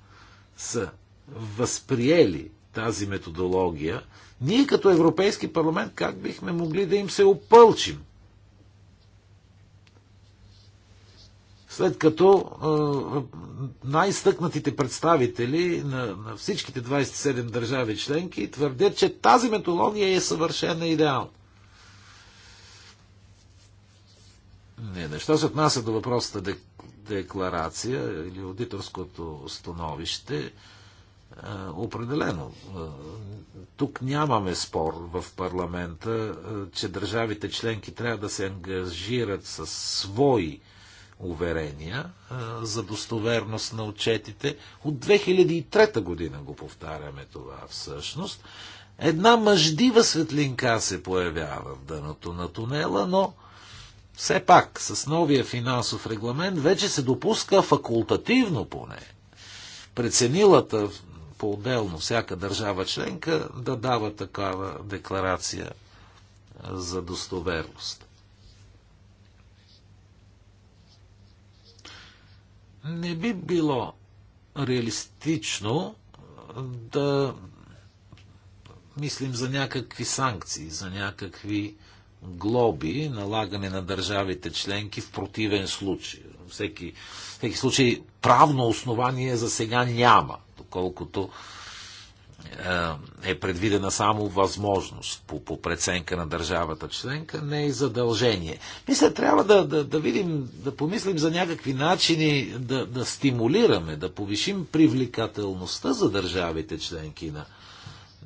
са възприели тази методология, ние като Европейски парламент как бихме могли да им се опълчим? след като най-стъкнатите представители на, на всичките 27 държави членки твърдят, че тази методология е съвършена идеална. Не, неща се отнася до въпросата декларация или аудиторското становище. Определено. Тук нямаме спор в парламента, че държавите членки трябва да се ангажират със свои уверения за достоверност на отчетите. От 2003 година го повтаряме това всъщност. Една мъждива светлинка се появява в дъното на тунела, но все пак с новия финансов регламент вече се допуска факултативно поне преценилата по-отделно всяка държава членка да дава такава декларация за достоверност. не би било реалистично да мислим за някакви санкции, за някакви глоби, налагане на държавите членки в противен случай. Всеки, всеки случай правно основание за сега няма, доколкото е, е предвидена само възможност по, по преценка на държавата членка, не и задължение. Мисля, трябва да, да, да видим, да помислим за някакви начини да, да стимулираме, да повишим привлекателността за държавите членки на,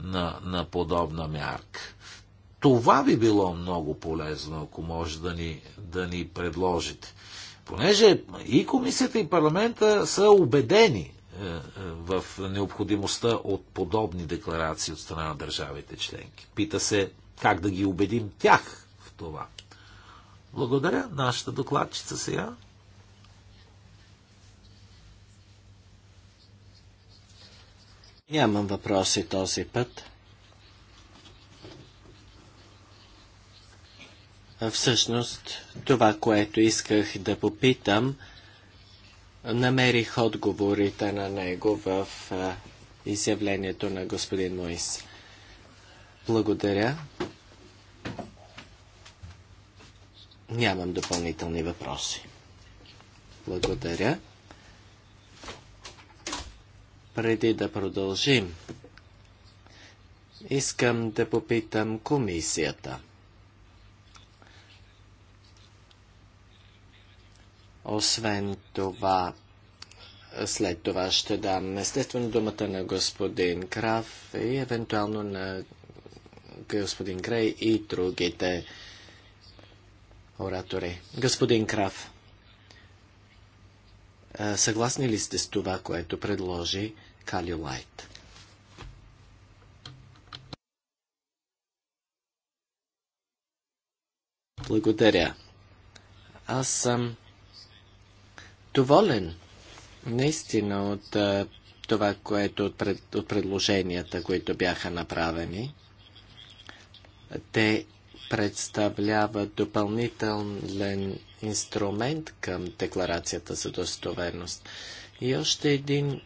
на, на подобна мярка. Това би било много полезно, ако може да ни, да ни предложите. Понеже и комисията, и парламента са убедени, е, е, в необходимостта от подобни декларации от страна на държавите членки. Пита се как да ги убедим тях в това. Благодаря. Нашата докладчица сега. Нямам въпроси този път. Всъщност, това, което исках да попитам, намерих отговорите на него в изявлението на господин Моис. Благодаря. Нямам допълнителни въпроси. Благодаря. Преди да продължим, искам да попитам комисията – Освен това, след това ще дам естествено думата на господин Крав и евентуално на господин Грей и другите оратори. Господин Крав, съгласни ли сте с това, което предложи Кали Лайт? Благодаря. Аз съм доволен наистина от а, това, което от, пред, от предложенията, които бяха направени. Те представляват допълнителен инструмент към декларацията за достоверност. И още един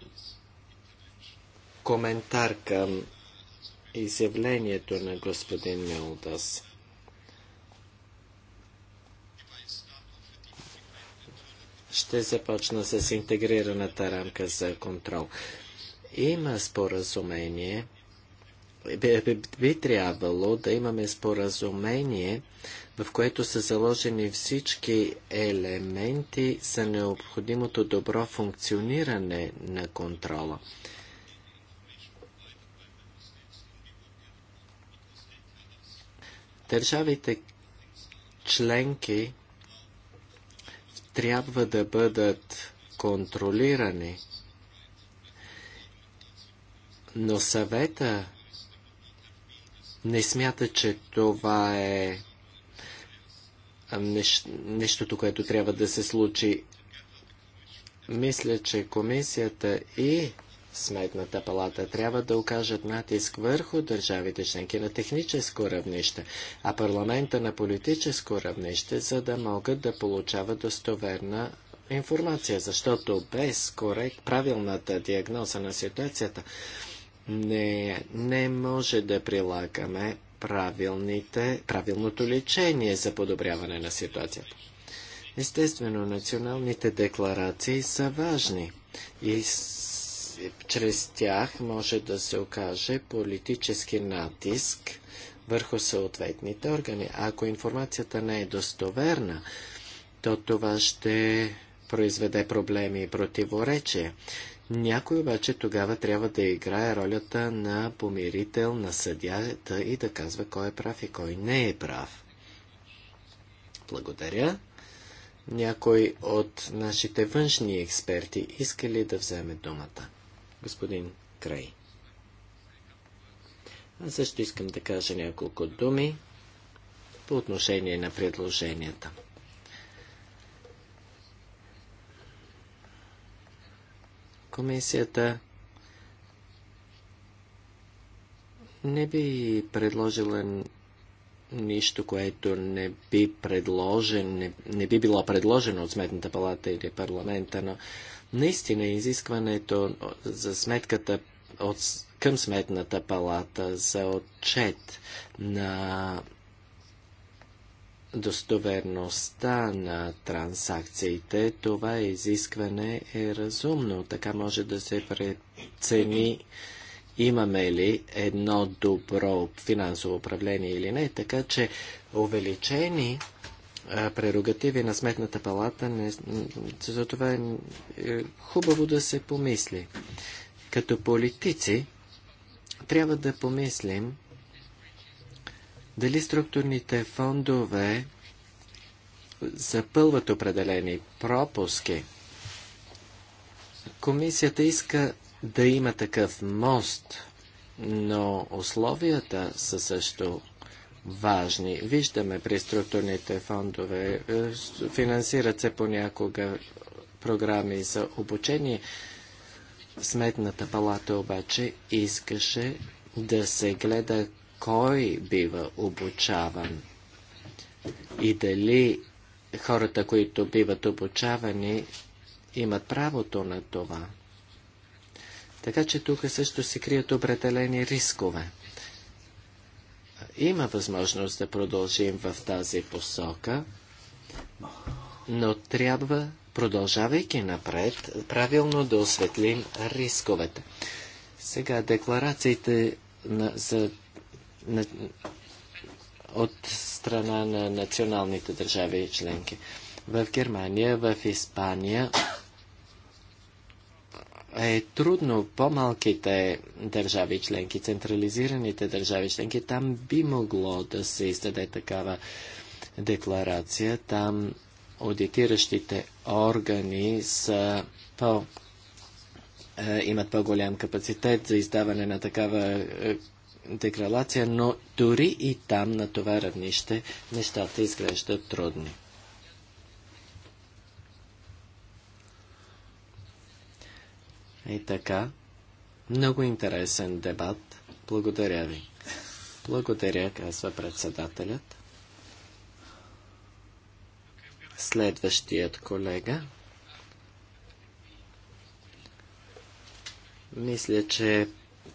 коментар към изявлението на господин Милдас. Ще започна с интегрираната рамка за контрол. Има споразумение. Би, би, би трябвало да имаме споразумение, в което са заложени всички елементи за необходимото добро функциониране на контрола. Държавите членки трябва да бъдат контролирани. Но съвета не смята, че това е нещо, нещото, което трябва да се случи. Мисля, че комисията и Сметната палата трябва да окажат натиск върху държавите членки на техническо равнище, а парламента на политическо равнище, за да могат да получават достоверна информация, защото без корект, правилната диагноза на ситуацията не, не може да прилагаме правилните, правилното лечение за подобряване на ситуацията. Естествено, националните декларации са важни и чрез тях може да се окаже политически натиск върху съответните органи. Ако информацията не е достоверна, то това ще произведе проблеми и противоречия. Някой обаче тогава трябва да играе ролята на помирител, на съдята и да казва кой е прав и кой не е прав. Благодаря. Някой от нашите външни експерти иска ли да вземе думата? господин Крей. Аз също искам да кажа няколко думи по отношение на предложенията. Комисията не би предложила нищо, което не би, предложен, не, не би било предложено от Сметната палата или парламента, но Наистина изискването за сметката от, към сметната палата за отчет на достоверността на транзакциите, това изискване е разумно. Така може да се прецени имаме ли едно добро финансово управление или не. Така че увеличени прерогативи на Сметната палата, не, за това е, е хубаво да се помисли. Като политици трябва да помислим дали структурните фондове запълват определени пропуски. Комисията иска да има такъв мост, но условията са също важни. Виждаме при структурните фондове, е, финансират се понякога програми за обучение. Сметната палата обаче искаше да се гледа кой бива обучаван и дали хората, които биват обучавани, имат правото на това. Така че тук също се крият определени рискове. Има възможност да продължим в тази посока, но трябва, продължавайки напред, правилно да осветлим рисковете. Сега декларациите на, за, на, от страна на националните държави и членки. В Германия, в Испания е трудно по-малките държави членки, централизираните държави членки, там би могло да се издаде такава декларация. Там аудитиращите органи са по, е, имат по-голям капацитет за издаване на такава е, декларация, но дори и там на това равнище нещата изглеждат трудни. И така, много интересен дебат. Благодаря ви. Благодаря, казва председателят. Следващият колега. Мисля, че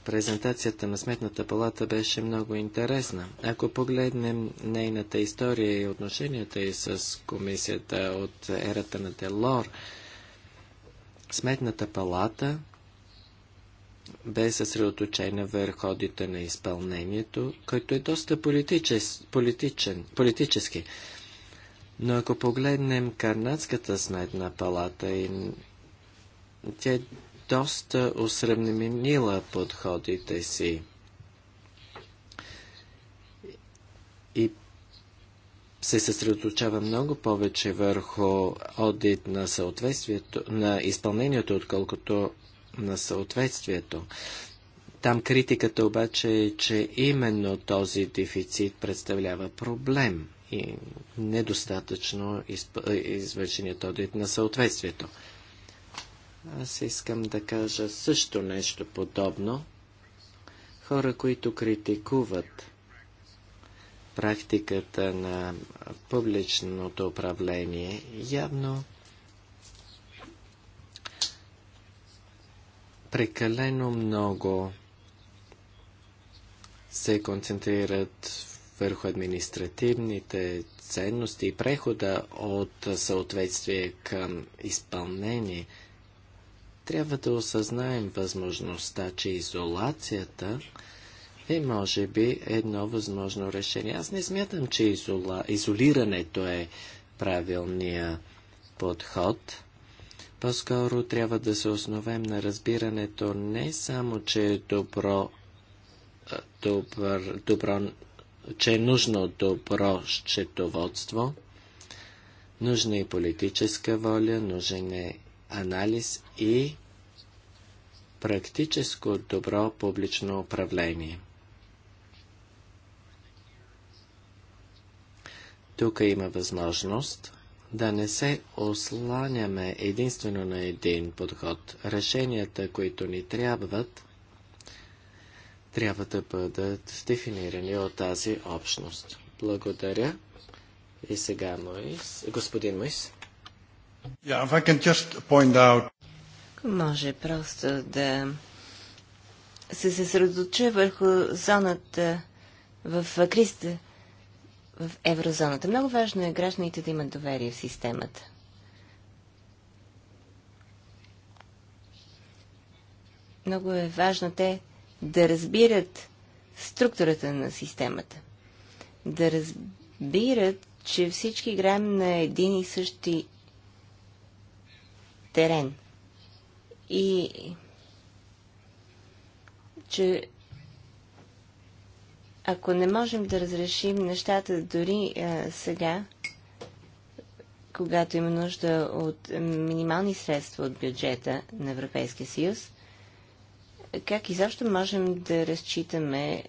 презентацията на Сметната палата беше много интересна. Ако погледнем нейната история и отношенията и с комисията от ерата на Делор, Сметната палата бе съсредоточена върху одита на изпълнението, който е доста политичес, политичен, политически. Но ако погледнем Карнатската сметна палата, и тя е доста осъвременила подходите си. И се съсредоточава много повече върху одит на, съответствието, на изпълнението, отколкото на съответствието. Там критиката обаче е, че именно този дефицит представлява проблем и недостатъчно извършеният одит на съответствието. Аз искам да кажа също нещо подобно. Хора, които критикуват практиката на публичното управление явно прекалено много се концентрират върху административните ценности и прехода от съответствие към изпълнение. Трябва да осъзнаем възможността, че изолацията – е, може би, едно възможно решение. Аз не смятам, че изола... изолирането е правилния подход. По-скоро трябва да се основем на разбирането не само, че е добро, добър, добро че е нужно добро счетоводство, нужна и е политическа воля, нужен е анализ и практическо добро публично управление. Тук има възможност да не се осланяме единствено на един подход. Решенията, които ни трябват, трябва да бъдат дефинирани от тази общност. Благодаря. И сега Моис, господин Моис. Yeah, out... Може просто да се съсредоточа върху зоната в кризата, в еврозоната. Много важно е гражданите да имат доверие в системата. Много е важно те да разбират структурата на системата. Да разбират, че всички играем на един и същи терен. И че ако не можем да разрешим нещата дори а, е, сега, когато има нужда от минимални средства от бюджета на Европейския съюз, как изобщо можем да разчитаме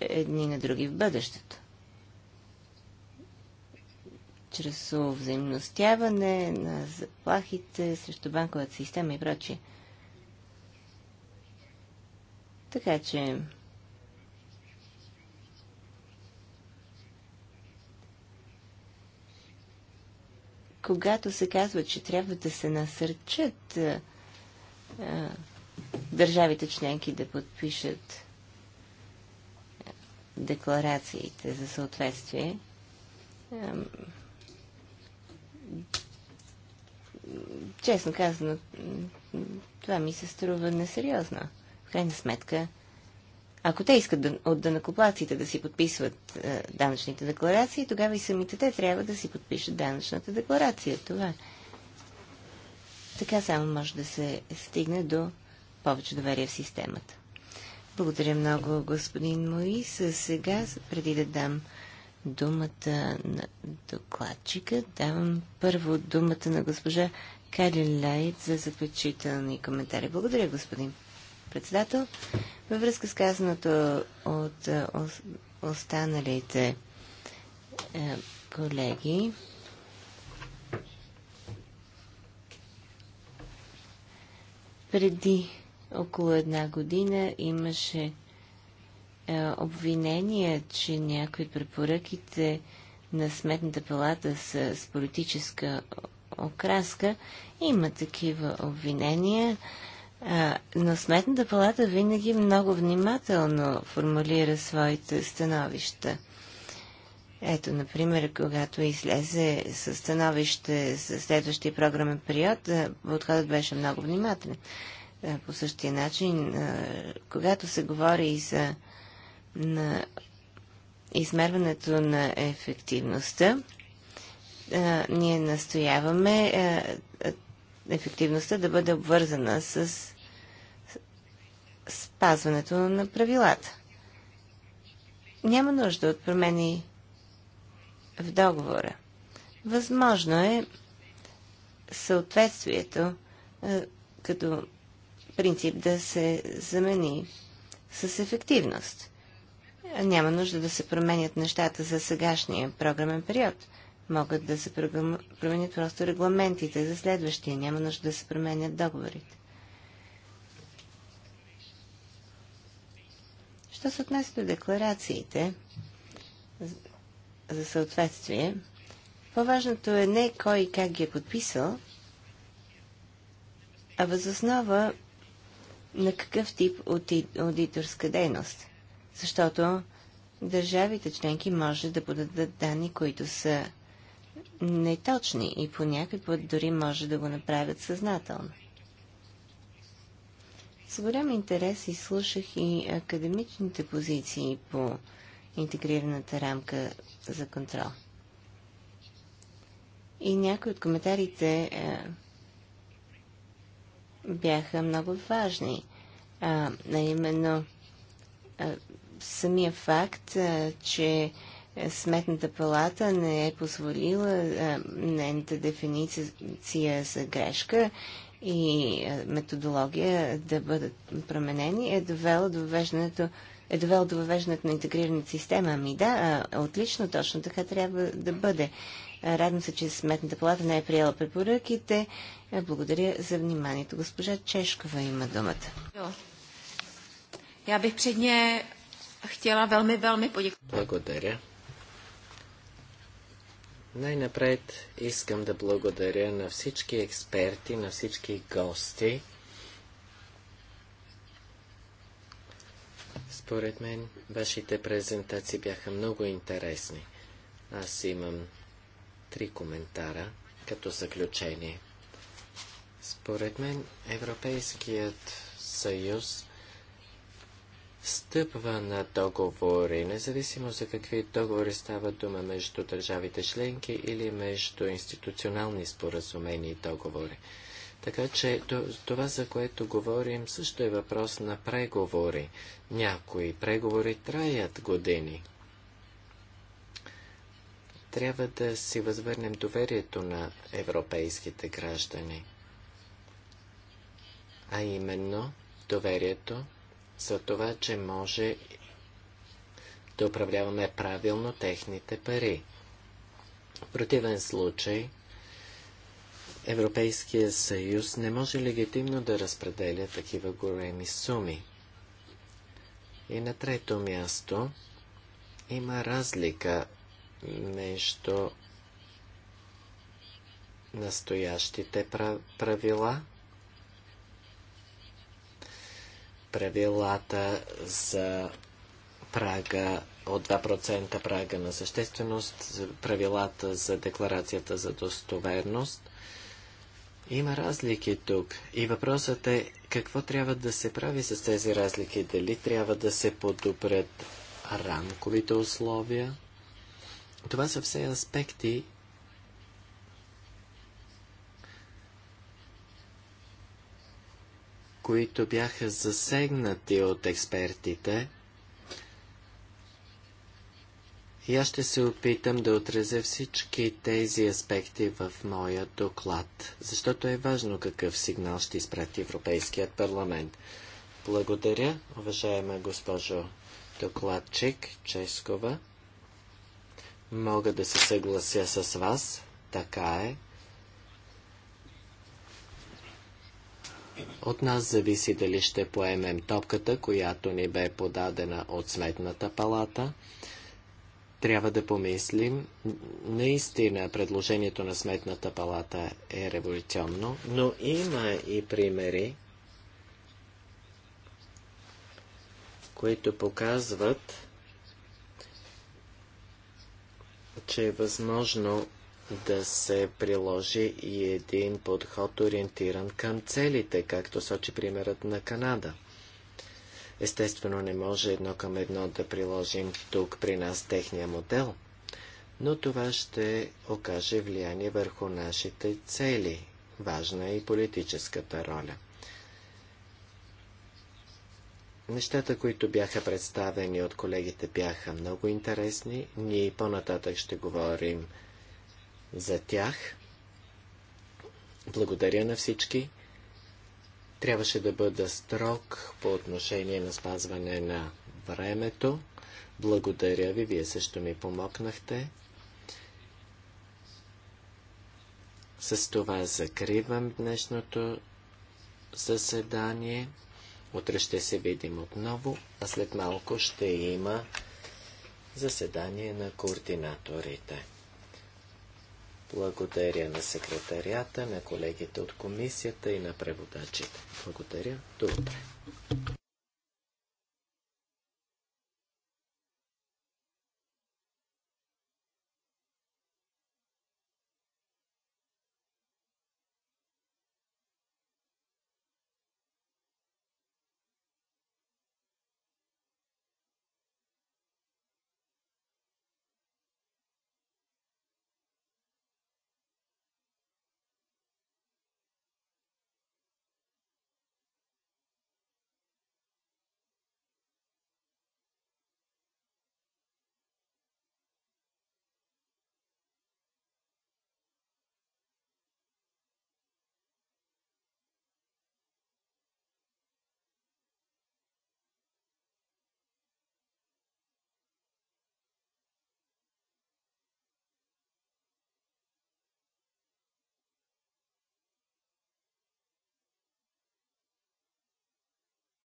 едни на други в бъдещето? Чрез взаимностяване на заплахите срещу банковата система и прочие. Така че когато се казва, че трябва да се насърчат а, държавите членки да подпишат декларациите за съответствие, а, честно казано, това ми се струва несериозно. В крайна сметка, ако те искат да, от данакоплаците да си подписват е, данъчните декларации, тогава и самите те трябва да си подпишат данъчната декларация. Това. Така само може да се стигне до повече доверие в системата. Благодаря много, господин Моис. Сега, преди да дам думата на докладчика, давам първо думата на госпожа Кали Лайт за заключителни коментари. Благодаря, господин председател. Във връзка с казаното от е, останалите е, колеги, преди около една година имаше е, обвинение, че някои от препоръките на Сметната палата с политическа окраска. Има такива обвинения. А, но Сметната палата винаги много внимателно формулира своите становища. Ето, например, когато излезе със становище за следващия програмен период, подходът беше много внимателен. По същия начин, когато се говори и за на измерването на ефективността, ние настояваме ефективността да бъде обвързана с спазването на правилата. Няма нужда от промени в договора. Възможно е съответствието е, като принцип да се замени с ефективност. Няма нужда да се променят нещата за сегашния програмен период. Могат да се променят просто регламентите за следващия. Няма нужда да се променят договорите. Що се отнася до декларациите за съответствие, по-важното е не кой и как ги е подписал, а възоснова на какъв тип аудиторска дейност. Защото държавите членки може да подадат данни, които са неточни и по път дори може да го направят съзнателно. С голям интерес изслушах и академичните позиции по интегрираната рамка за контрол. И някои от коментарите е, бяха много важни. А, именно а, самия факт, а, че Сметната палата не е позволила нейната дефиниция за грешка и е, методология да бъдат променени, е довело до въвеждането е довел до въвеждането на интегрираната система. Ами да, отлично, точно така трябва да бъде. Радвам се, че Сметната палата не е приела препоръките. Е, благодаря за вниманието. Госпожа Чешкова има думата. Я бих предне хотела велми, велми подяк... Благодаря. Най-напред искам да благодаря на всички експерти, на всички гости. Според мен, вашите презентации бяха много интересни. Аз имам три коментара като заключение. Според мен, Европейският съюз стъпва на договори, независимо за какви договори става дума между държавите членки или между институционални споразумени и договори. Така че това, за което говорим, също е въпрос на преговори. Някои преговори траят години. Трябва да си възвърнем доверието на европейските граждани. А именно доверието за това, че може да управляваме правилно техните пари. В противен случай, Европейския съюз не може легитимно да разпределя такива големи суми. И на трето място има разлика между настоящите правила правилата за прага от 2% прага на същественост, правилата за декларацията за достоверност. Има разлики тук и въпросът е какво трябва да се прави с тези разлики. Дали трябва да се подобрят рамковите условия? Това са все аспекти, които бяха засегнати от експертите. И аз ще се опитам да отразя всички тези аспекти в моя доклад, защото е важно какъв сигнал ще изпрати Европейският парламент. Благодаря, уважаема госпожо докладчик Ческова. Мога да се съглася с вас, така е. От нас зависи дали ще поемем топката, която ни бе подадена от Сметната палата. Трябва да помислим. Наистина, предложението на Сметната палата е революционно, но има и примери, които показват, че е възможно да се приложи и един подход ориентиран към целите, както сочи примерът на Канада. Естествено, не може едно към едно да приложим тук при нас техния модел, но това ще окаже влияние върху нашите цели. Важна е и политическата роля. Нещата, които бяха представени от колегите, бяха много интересни. Ние по-нататък ще говорим за тях. Благодаря на всички. Трябваше да бъда строг по отношение на спазване на времето. Благодаря ви, вие също ми помогнахте. С това закривам днешното заседание. Утре ще се видим отново, а след малко ще има заседание на координаторите. Благодаря на секретарията, на колегите от комисията и на преводачите. Благодаря. До утре.